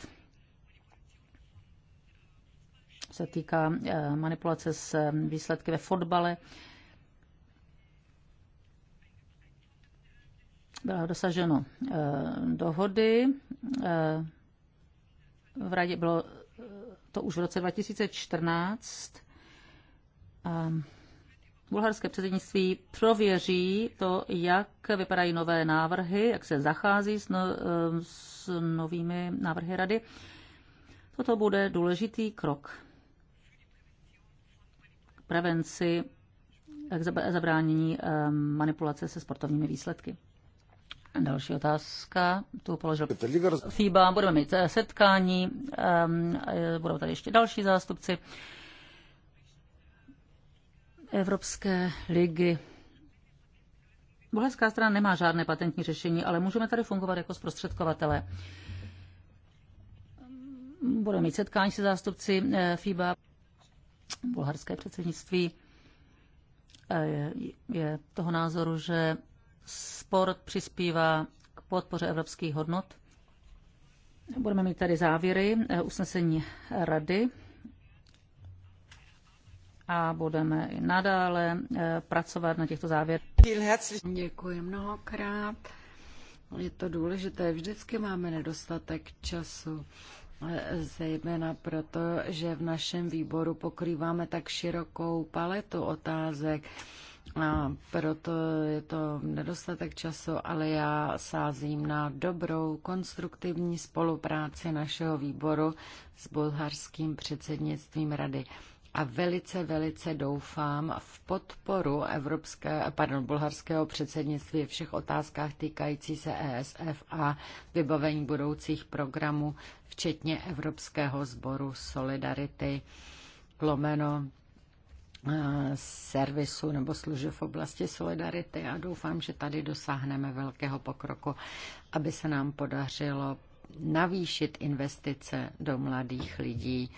se týká eh, manipulace s výsledky ve fotbale. Bylo dosaženo dohody. V radě bylo to už v roce 2014. Ehm, bulharské předsednictví prověří to, jak vypadají nové návrhy, jak se zachází s, no, ehm, s novými návrhy rady. Toto bude důležitý krok prevenci k zabránění ehm, manipulace se sportovními výsledky. Další otázka, tu položil FIBA. Budeme mít eh, setkání, ehm, eh, budou tady ještě další zástupci Evropské ligy. Bulharská strana nemá žádné patentní řešení, ale můžeme tady fungovat jako zprostředkovatele. Budeme mít setkání se zástupci eh, FIBA, bulharské předsednictví je, je toho názoru, že sport přispívá k podpoře evropských hodnot. Budeme mít tady závěry eh, usnesení rady a budeme i nadále eh, pracovat na těchto závěrech. Děkuji mnohokrát. Je to důležité, vždycky máme nedostatek času. Eh, zejména proto, že v našem výboru pokrýváme tak širokou paletu otázek a proto je to nedostatek času, ale já sázím na dobrou konstruktivní spolupráci našeho výboru s bulharským předsednictvím rady. A velice, velice doufám v podporu evropské, pardon, bulharského předsednictví v všech otázkách týkající se ESF a vybavení budoucích programů, včetně Evropského sboru Solidarity, lomeno Eh, servisu nebo služeb v oblasti solidarity a doufám, že tady dosáhneme velkého pokroku, aby se nám podařilo navýšit investice do mladých lidí,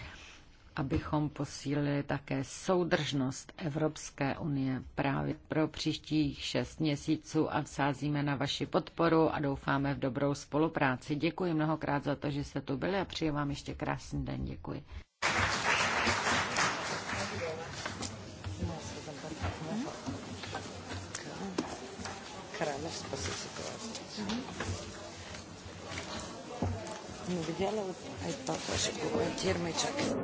abychom posílili také soudržnost Evropské unie právě pro příštích šest měsíců a vsázíme na vaši podporu a doufáme v dobrou spolupráci. Děkuji mnohokrát za to, že jste tu byli a přeji vám ještě krásný den. Děkuji. Не видела, а это похоже, было термичек.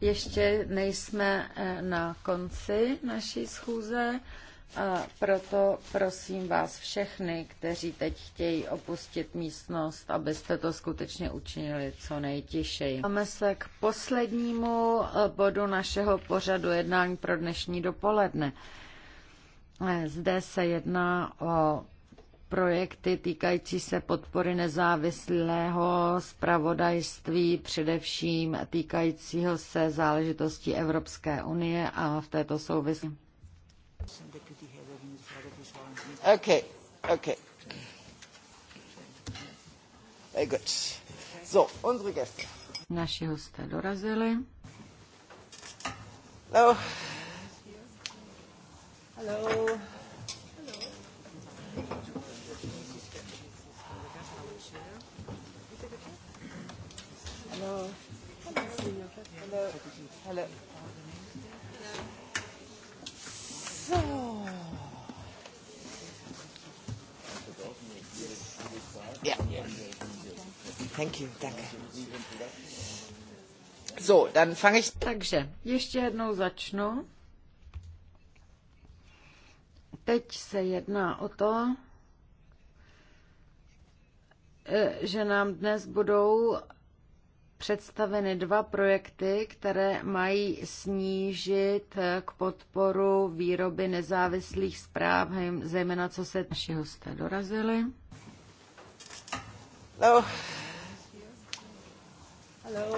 Ještě nejsme eh, na konci naší schůze, a proto prosím vás všechny, kteří teď chtějí opustit místnost, abyste to skutečně učinili co nejtišeji. Máme se k poslednímu eh, bodu našeho pořadu jednání pro dnešní dopoledne. Eh, zde se jedná o projekty týkající se podpory nezávislého zpravodajství, především týkajícího se záležitostí Evropské unie a v této souvislosti. Okay, okay. Very good. So, unsere Gäste. Naši hosté dorazili. Hello. Hello. Hello. Hello. Hello. So. Ja. Thank you. Danke. So, dann fange ich. Takže ještě jednou začnu. Teď se jedná o to, eh, že nám dnes budou představeny dva projekty, které mají snížit eh, k podporu výroby nezávislých zpráv, hm, zejména co se naši hosté dorazili. Hello. Hello. Hello.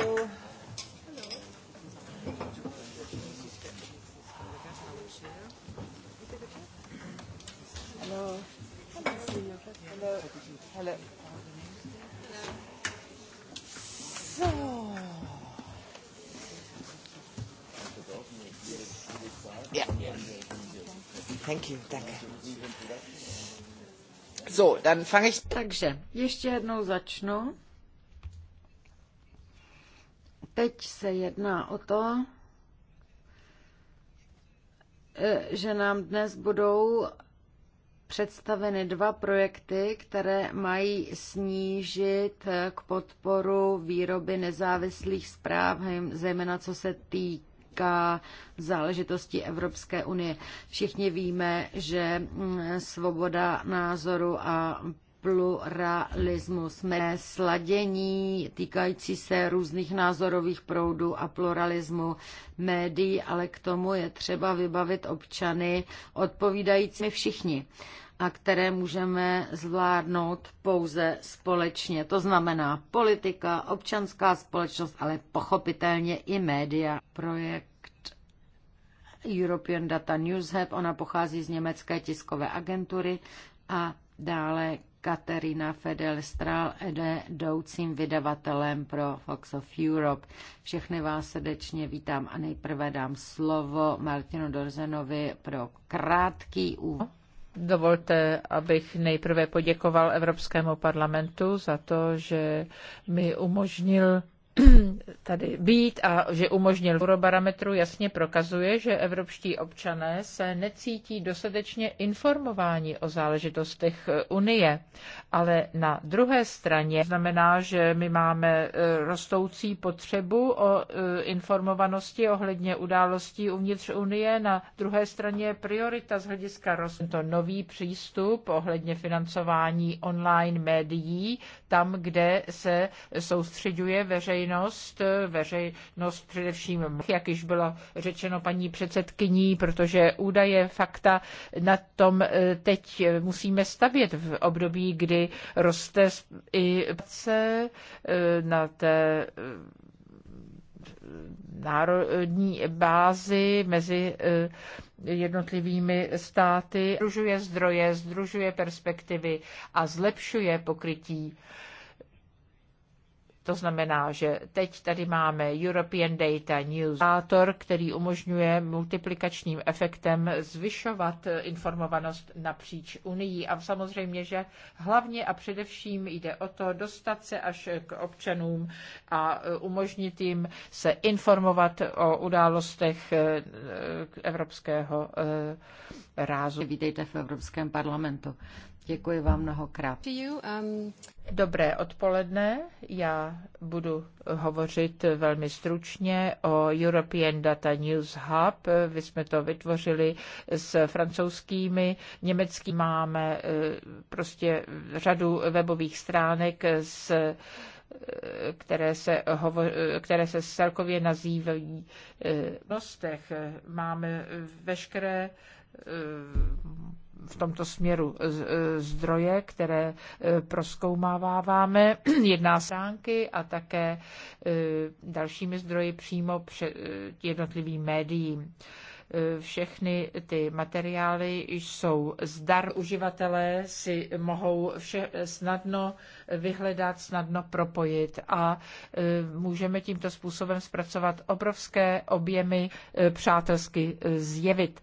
Hello. Hello. Hello. So. Ja. Thank you, danke. So, dann fange ich... Takže ještě jednou začnu. Teď se jedná o to, eh, že nám dnes budou představeny dva projekty, které mají snížit eh, k podporu výroby nezávislých zpráv, hm, zejména co se týká záležitosti Evropské unie. Všichni víme, že hm, svoboda názoru a pluralismus, sladění týkající se různých názorových proudů a pluralismu médií, ale k tomu je třeba vybavit občany odpovídajícími všichni a které můžeme zvládnout pouze společně. To znamená politika, občanská společnost, ale pochopitelně i média. Projekt European Data News Hub, ona pochází z německé tiskové agentury a dále Katerina Fedelstral, doucím vydavatelem pro Fox of Europe. Všechny vás srdečně vítám a nejprve dám slovo Martinu Dorzenovi pro krátký úvod. Dovolte, abych nejprve poděkoval Evropskému parlamentu za to, že mi umožnil tady být a že umožnil Eurobarometru jasně prokazuje, že evropští občané se necítí dostatečně informováni o záležitostech Unie. Ale na druhé straně znamená, že my máme e, rostoucí potřebu o e, informovanosti ohledně událostí uvnitř Unie. Na druhé straně je priorita z hlediska rostoucí. to nový přístup ohledně financování online médií, tam, kde se soustředuje veřejnost veřejnost, veřejnost především, jak již bylo řečeno paní předsedkyní, protože údaje, fakta na tom eh, teď musíme stavět v období, kdy roste i eh, na té eh, národní bázi mezi jednotlivými státy, združuje zdroje, združuje perspektivy a zlepšuje pokrytí to znamená, že teď tady máme European Data News, který umožňuje multiplikačním efektem zvyšovat informovanost napříč Unii. A samozřejmě, že hlavně a především jde o to dostat se až k občanům a umožnit jim se informovat o událostech eh, evropského eh, rázu. Vítejte v Evropském parlamentu. Děkuji vám mnohokrát. Um, Dobré odpoledne. Já budu hovořit velmi stručně o European Data News Hub. Vy jsme to vytvořili s francouzskými, německý máme eh, prostě řadu webových stránek s eh, které se, hovo, které se celkově nazývají eh, nostech. Máme veškeré v tomto směru e, zdroje, které e, proskoumáváme, jedná sánky a také e, dalšími zdroji přímo před jednotlivým médiím všechny ty materiály jsou zdar. Uživatelé si mohou vše snadno vyhledat, snadno propojit a můžeme tímto způsobem zpracovat obrovské objemy přátelsky zjevit.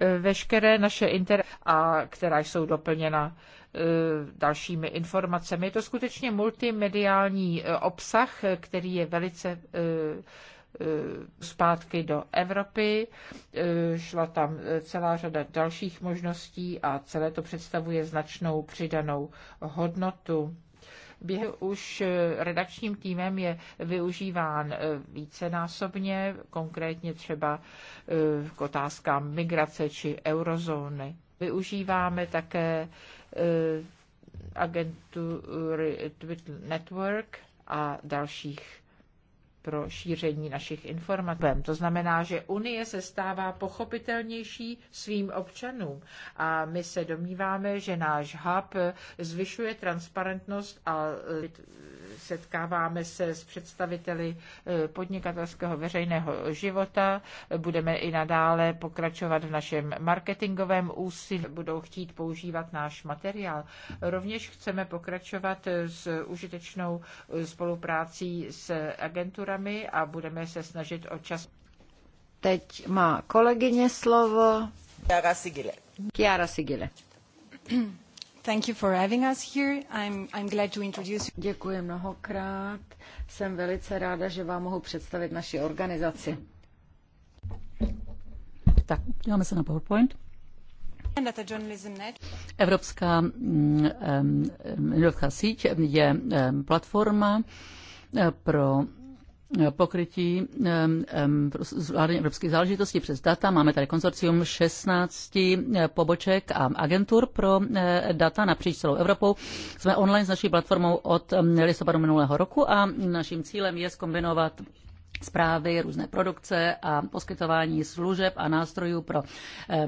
Eh, veškeré naše inter a která jsou doplněna eh, dalšími informacemi. Je to skutečně multimediální eh, obsah, který je velice zpátky do Evropy. Šla tam celá řada dalších možností a celé to představuje značnou přidanou hodnotu během už eh, redakčním týmem je využíván eh, vícenásobně, konkrétně třeba eh, k otázkám migrace či eurozóny. Využíváme také agentury Network a dalších pro šíření našich informací. To znamená, že Unie se stává pochopitelnější svým občanům a my se domníváme, že náš hub zvyšuje transparentnost a setkáváme se s představiteli eh, podnikatelského veřejného života. Budeme i nadále pokračovat v našem marketingovém úsilí. Budou chtít používat náš materiál. Rovněž chceme pokračovat s užitečnou eh, spoluprácí s agenturami programy a budeme se snažit o čas. Teď má kolegyně slovo. Chiara Sigile. Chiara Sigile. Thank you for having us here. I'm, I'm glad to introduce you. Děkuji mnohokrát. Jsem velice ráda, že vám mohu představit naši organizaci. Tak, děláme se na PowerPoint. Evropská, um, um, síť je platforma eh, pro pokrytí zvládání evropských záležitostí přes data. Máme tady konzorcium 16 e, poboček a agentur pro e, data napříč celou Evropou. Jsme online s naší platformou od listopadu minulého roku a naším cílem je zkombinovat zprávy, různé produkce a poskytování služeb a nástrojů pro eh,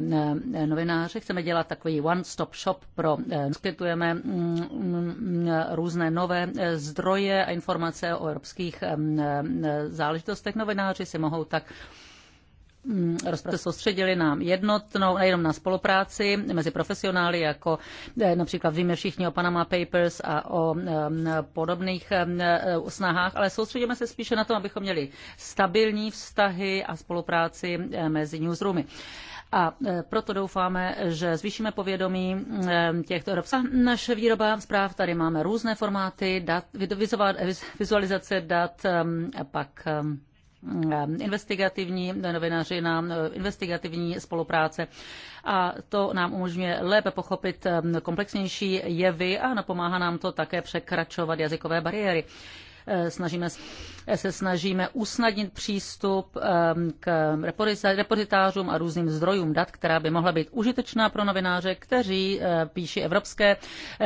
novináře. Chceme dělat takový one-stop shop pro eh, poskytujeme mm, mm, různé nové eh, zdroje a informace o evropských záležitostech. Novináři si mohou tak Mm, rozpravy soustředili na jednotnou, nejenom na spolupráci mezi profesionály, jako eh, například víme všichni o Panama Papers a o eh, podobných eh, snahách, ale soustředíme se spíše na to, abychom měli stabilní vztahy a spolupráci mezi newsroomy a proto doufáme, že zvýšíme povědomí těchto evropských. Naše výroba zpráv, tady máme různé formáty, dat, vizualizace dat, pak Eh, investigativní novináři, novinařina, eh, investigativní spolupráce a to nám umožňuje lépe pochopit eh, komplexnější jevy a napomáhá nám to také překračovat jazykové bariéry snažíme, se snažíme usnadnit přístup k repozitářům a různým zdrojům dat, která by mohla být užitečná pro novináře, kteří píší evropské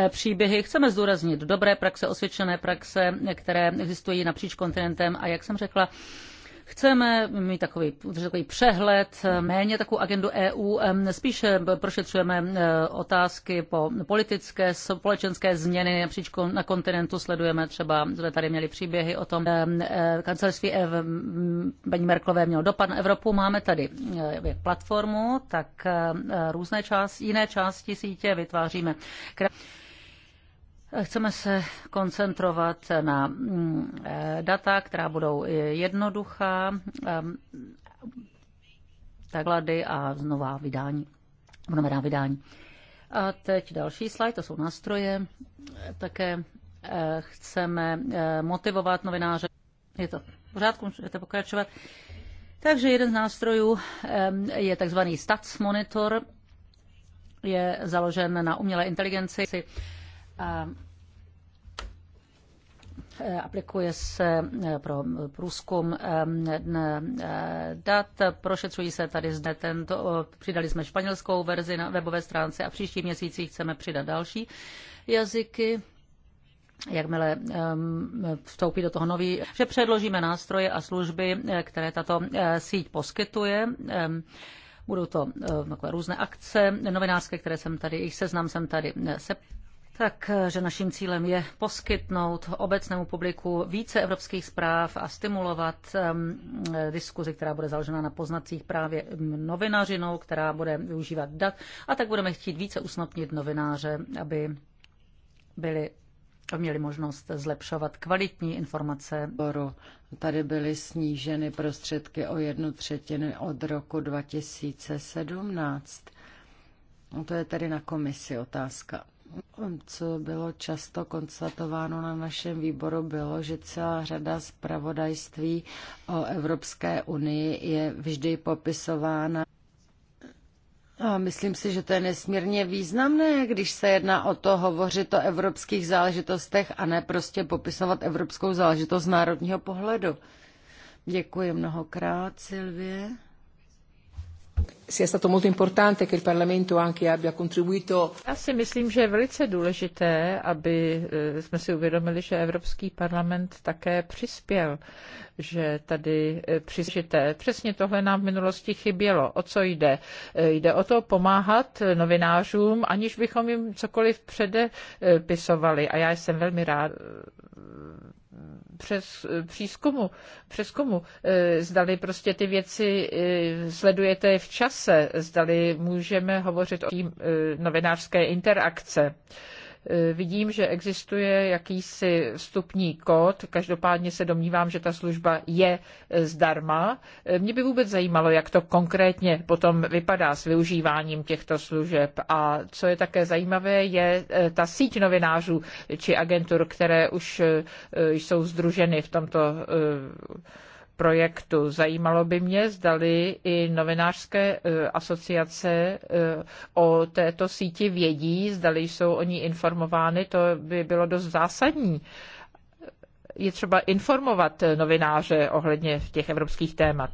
příběhy. Chceme zdůraznit dobré praxe, osvědčené praxe, které existují napříč kontinentem a jak jsem řekla, Chceme mít takový, takový přehled, eh, méně takovou agendu EU, spíše prošetřujeme eh, otázky po politické, společenské změny napříč na kontinentu, sledujeme třeba, jsme tady měli příběhy o tom, eh, kancelářství paní Merklové mělo dopad na Evropu, máme tady platformu, tak různé části, jiné části sítě vytváříme. Chceme se koncentrovat na mm, data, která budou jednoduchá, taklady mm, a nová vydání, nová vydání. A teď další slide, to jsou nástroje. Také eh, chceme eh, motivovat novináře. Je to v pořádku, můžete pokračovat. Takže jeden z nástrojů eh, je takzvaný Stats Monitor, je založen na umělé inteligenci a e, aplikuje se e, pro průzkum e, dat, prošetřují se tady zde tento, přidali jsme španělskou verzi na webové stránce a příští měsíci chceme přidat další jazyky jakmile vstoupí do toho nový, že předložíme nástroje a služby, které tato síť poskytuje. budou to různé akce novinářské, které jsem tady, jejich seznam jsem tady se takže naším cílem je poskytnout obecnému publiku více evropských zpráv a stimulovat diskuzi, která bude založena na poznacích právě novinařinou, která bude využívat dat. A tak budeme chtít více usnopnit novináře, aby byli měli možnost zlepšovat kvalitní informace. Tady byly sníženy prostředky o jednu třetinu od roku 2017. No to je tedy na komisi otázka co bylo často konstatováno na našem výboru, bylo, že celá řada zpravodajství o Evropské unii je vždy popisována. A myslím si, že to je nesmírně významné, když se jedná o to hovořit o evropských záležitostech a ne prostě popisovat evropskou záležitost z národního pohledu. Děkuji mnohokrát, Silvie sia stato molto importante che il Parlamento anche abbia contribuito. Já si myslím, že je velice důležité, aby eh, jsme si uvědomili, že Evropský parlament také přispěl, že tady eh, přispěte. Přesně tohle nám v minulosti chybělo. O co jde? Eh, jde o to pomáhat novinářům, aniž bychom jim cokoliv předepisovali. A já jsem velmi rád přes přízkumu, přeskumu, eh, zdali prostě ty věci eh, sledujete v čase, zdali můžeme hovořit o tím eh, novinářské interakce. E, vidím, že existuje jakýsi vstupní kód, každopádně se domnívám, že ta služba je e, zdarma. E, mě by vůbec zajímalo, jak to konkrétně potom vypadá s využíváním těchto služeb a co je také zajímavé, je ta síť novinářů či agentur, které už jsou združeny v tomto projektu. Zajímalo by mě, zdali i novinářské e, asociace e, o této síti vědí, zdali jsou o ní informovány, to by bylo dost zásadní. Je třeba informovat e, novináře ohledně těch evropských témat.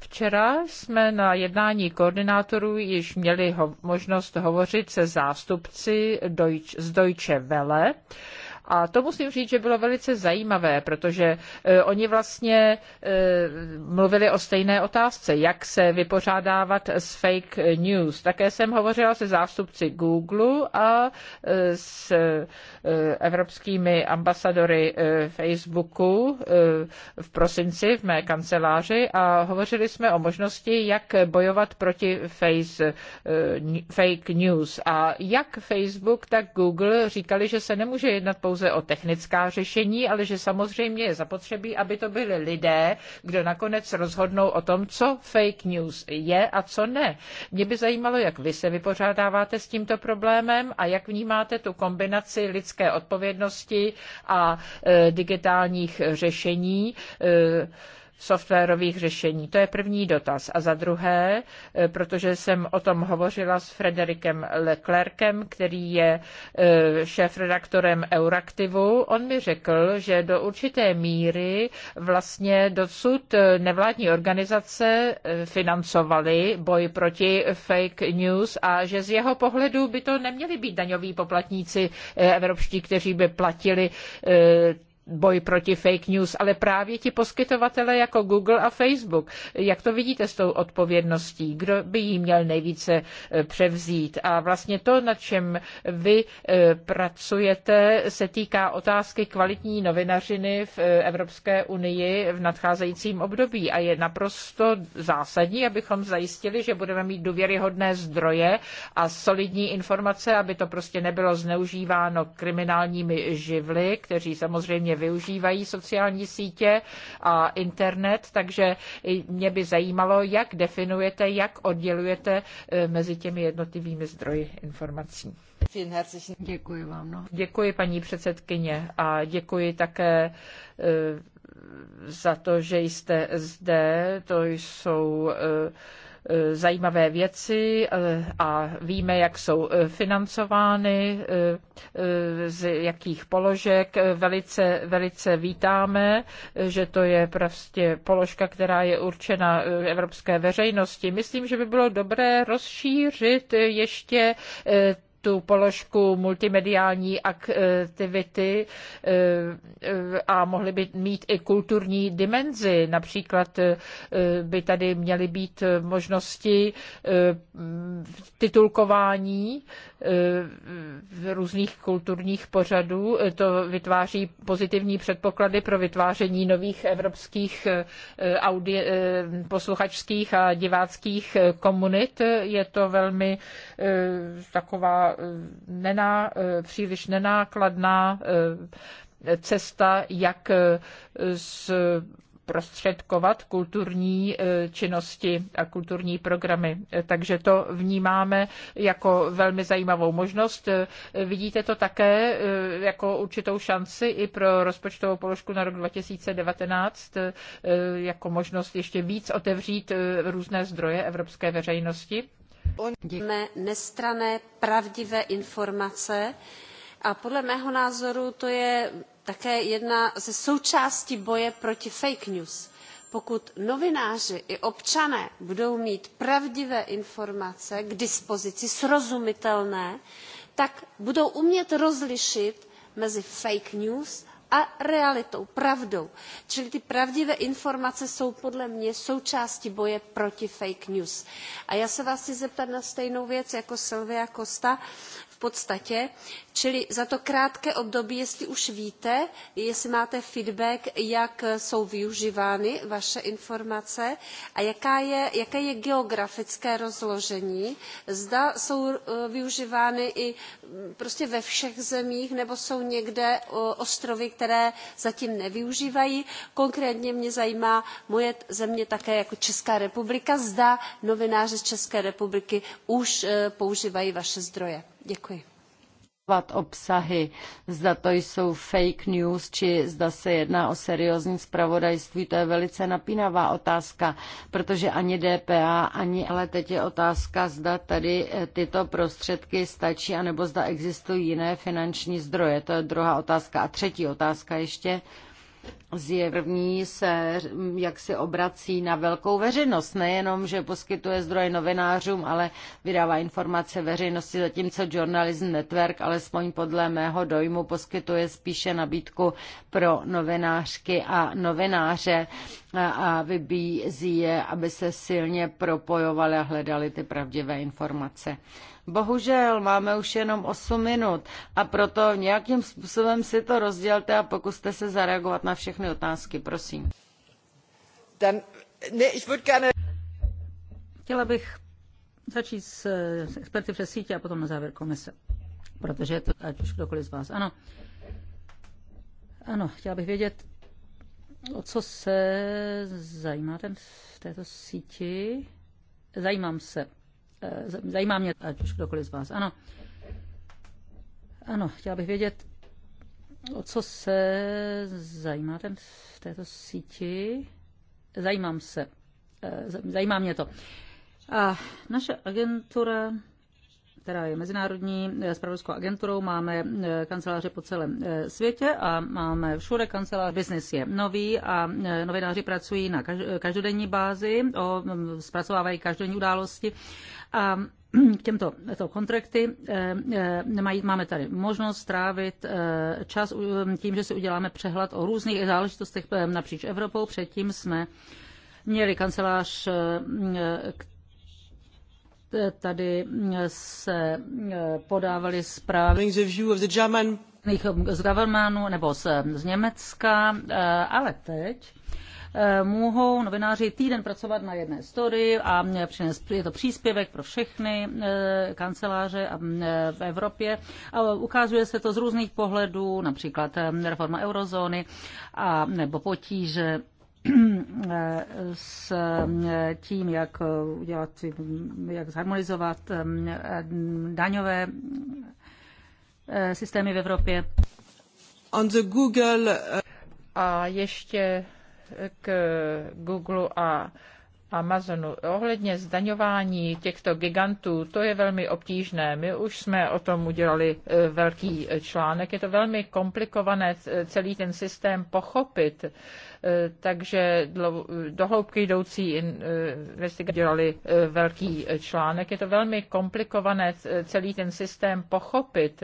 Včera jsme na jednání koordinátorů již měli ho- možnost hovořit se zástupci Deutsch, z Deutsche Welle a to musím říct, že bylo velice zajímavé, protože e, oni vlastně e, mluvili o stejné otázce, jak se vypořádávat s fake news. Také jsem hovořila se zástupci Google a e, s evropskými ambasadory Facebooku v prosinci v mé kanceláři a hovořili jsme o možnosti, jak bojovat proti face, fake news. A jak Facebook, tak Google říkali, že se nemůže jednat pouze pouze o technická řešení, ale že samozřejmě je zapotřebí, aby to byli lidé, kdo nakonec rozhodnou o tom, co fake news je a co ne. Mě by zajímalo, jak vy se vypořádáváte s tímto problémem a jak vnímáte tu kombinaci lidské odpovědnosti a e, digitálních řešení. E, softwarových řešení. To je první dotaz. A za druhé, eh, protože jsem o tom hovořila s Frederikem Leclerkem, který je eh, šéf-redaktorem Euraktivu, on mi řekl, že do určité míry vlastně dosud eh, nevládní organizace financovaly boj proti fake news a že z jeho pohledu by to neměli být daňoví poplatníci evropští, kteří by platili boj proti fake news, ale právě ti poskytovatele jako Google a Facebook. Jak to vidíte s tou odpovědností? Kdo by ji měl nejvíce e, převzít? A vlastně to, na čem vy e, pracujete, se týká otázky kvalitní novinařiny v e, Evropské unii v nadcházejícím období a je naprosto zásadní, abychom zajistili, že budeme mít důvěryhodné zdroje a solidní informace, aby to prostě nebylo zneužíváno kriminálními živly, kteří samozřejmě využívají sociální sítě a internet, takže mě by zajímalo, jak definujete, jak oddělujete eh, mezi těmi jednotlivými zdroji informací. Děkuji vám. No. Děkuji paní předsedkyně a děkuji také eh, za to, že jste zde. To jsou eh, Eh, zajímavé věci eh, a víme, jak jsou eh, financovány, z jakých položek. Velice, velice vítáme, že to je prostě položka, která je určena evropské veřejnosti. Myslím, že by bylo dobré rozšířit ještě tu položku multimediální aktivity eh, a mohly by mít i kulturní dimenzi. Například eh, by tady měly být možnosti eh, titulkování v různých kulturních pořadů. To vytváří pozitivní předpoklady pro vytváření nových evropských audi- posluchačských a diváckých komunit. Je to velmi taková nená, eh, příliš nenákladná eh, cesta, jak s eh, prostředkovat kulturní činnosti a kulturní programy. Takže to vnímáme jako velmi zajímavou možnost. Vidíte to také jako určitou šanci i pro rozpočtovou položku na rok 2019, jako možnost ještě víc otevřít různé zdroje evropské veřejnosti. Děkujeme nestrané, pravdivé informace a podle mého názoru to je také jedna ze součástí boje proti fake news. Pokud novináři i občané budou mít pravdivé informace k dispozici, srozumitelné, tak budou umět rozlišit mezi fake news a realitou, pravdou. Čili ty pravdivé informace jsou podle mě součástí boje proti fake news. A já se vás chci zeptat na stejnou věc jako Silvia Costa podstatě. Čili za to krátké období, jestli už víte, jestli máte feedback, jak jsou využívány vaše informace a jaká je, jaké je geografické rozložení, zda jsou eh, využívány i mm, prostě ve všech zemích, nebo jsou někde ostrovy, které zatím nevyužívají. Konkrétně mě zajímá moje země také jako Česká republika, zda novináři z České republiky už eh, používají vaše zdroje. Děkuji obsahy, zda to jsou fake news, či zda se jedná o seriózní zpravodajství, to je velice napínavá otázka, protože ani DPA, ani, ale teď je otázka, zda tady eh, tyto prostředky stačí, anebo zda existují jiné finanční zdroje, to je druhá otázka. A třetí otázka ještě, zjevní se jak si obrací na velkou veřejnost. Nejenom, že poskytuje zdroje novinářům, ale vydává informace veřejnosti, zatímco Journalism Network, alespoň podle mého dojmu, poskytuje spíše nabídku pro novinářky a novináře a vybízí je, aby se silně propojovali a hledali ty pravdivé informace. Bohužel máme už jenom 8 minut a proto nějakým způsobem si to rozdělte a pokuste se zareagovat na všechny otázky, prosím. Dan, ne, ich gerne... Chtěla bych začít s, s experty přes sítě a potom na závěr komise, protože je to ať už kdokoliv z vás. Ano, ano, chtěla bych vědět, o co se zajímáte v této síti. Zajímám se Eh, zajímá mě, ať už kdokoliv z vás. Ano. Ano, chtěla bych vědět, o co se zajímáte v této síti. Zajímám se. Eh, zajímá mě to. A naše agentura která je mezinárodní eh, spravodajskou agenturou. Máme eh, kanceláře po celém eh, světě a máme všude kancelář. Biznis je nový a novináři pracují na každodenní bázi, o, mm, zpracovávají každodenní události. A k těmto to kontrakty mají, máme tady možnost strávit čas mm, tím, že si uděláme přehled o různých záležitostech napříč Evropou. Předtím jsme měli kancelář, mm, Tady se eh, podávaly zprávy eh, z Gavermanu nebo z, eh, z Německa, ale teď mohou novináři týden pracovat na jedné story a je to příspěvek pro všechny kanceláře mm, v Evropě. A ukazuje se to z různých pohledů, například reforma eurozóny a nebo potíže s eh, tím, jak udělat, jak zharmonizovat eh, daňové eh, systémy v Evropě. On the Google. A ještě k Google a Amazonu. Ohledně zdaňování těchto gigantů, to je velmi obtížné. My už jsme o tom udělali velký článek. Je to velmi komplikované celý ten systém pochopit. Eh, takže dohloubky jdoucí investigace eh, dělali eh, velký článek. Je to velmi komplikované celý ten systém pochopit,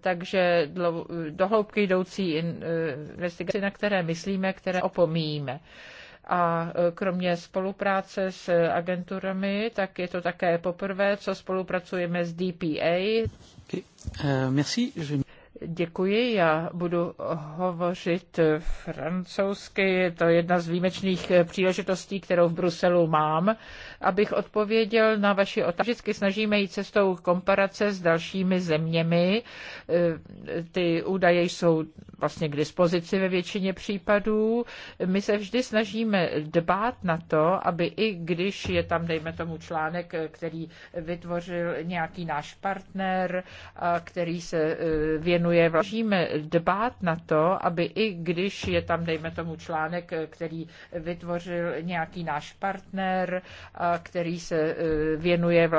takže dohloubky jdoucí investigace, na které myslíme, které opomíjíme a kromě spolupráce s agenturami, tak je to také poprvé, co spolupracujeme s DPA. Okay. Uh, merci. Je... Děkuji, já budu hovořit francouzsky. Je to jedna z výjimečných eh, příležitostí, kterou v Bruselu mám. Abych odpověděl na vaši otázku, vždycky snažíme jít cestou komparace s dalšími zeměmi. E, ty údaje jsou vlastně k dispozici ve většině případů. My se vždy snažíme dbát na to, aby i když je tam, dejme tomu, článek, který vytvořil nějaký náš partner, který se e, věnuje, snažíme dbát na to, aby i když je tam, dejme tomu, článek, který vytvořil nějaký náš partner, který se eh, věnuje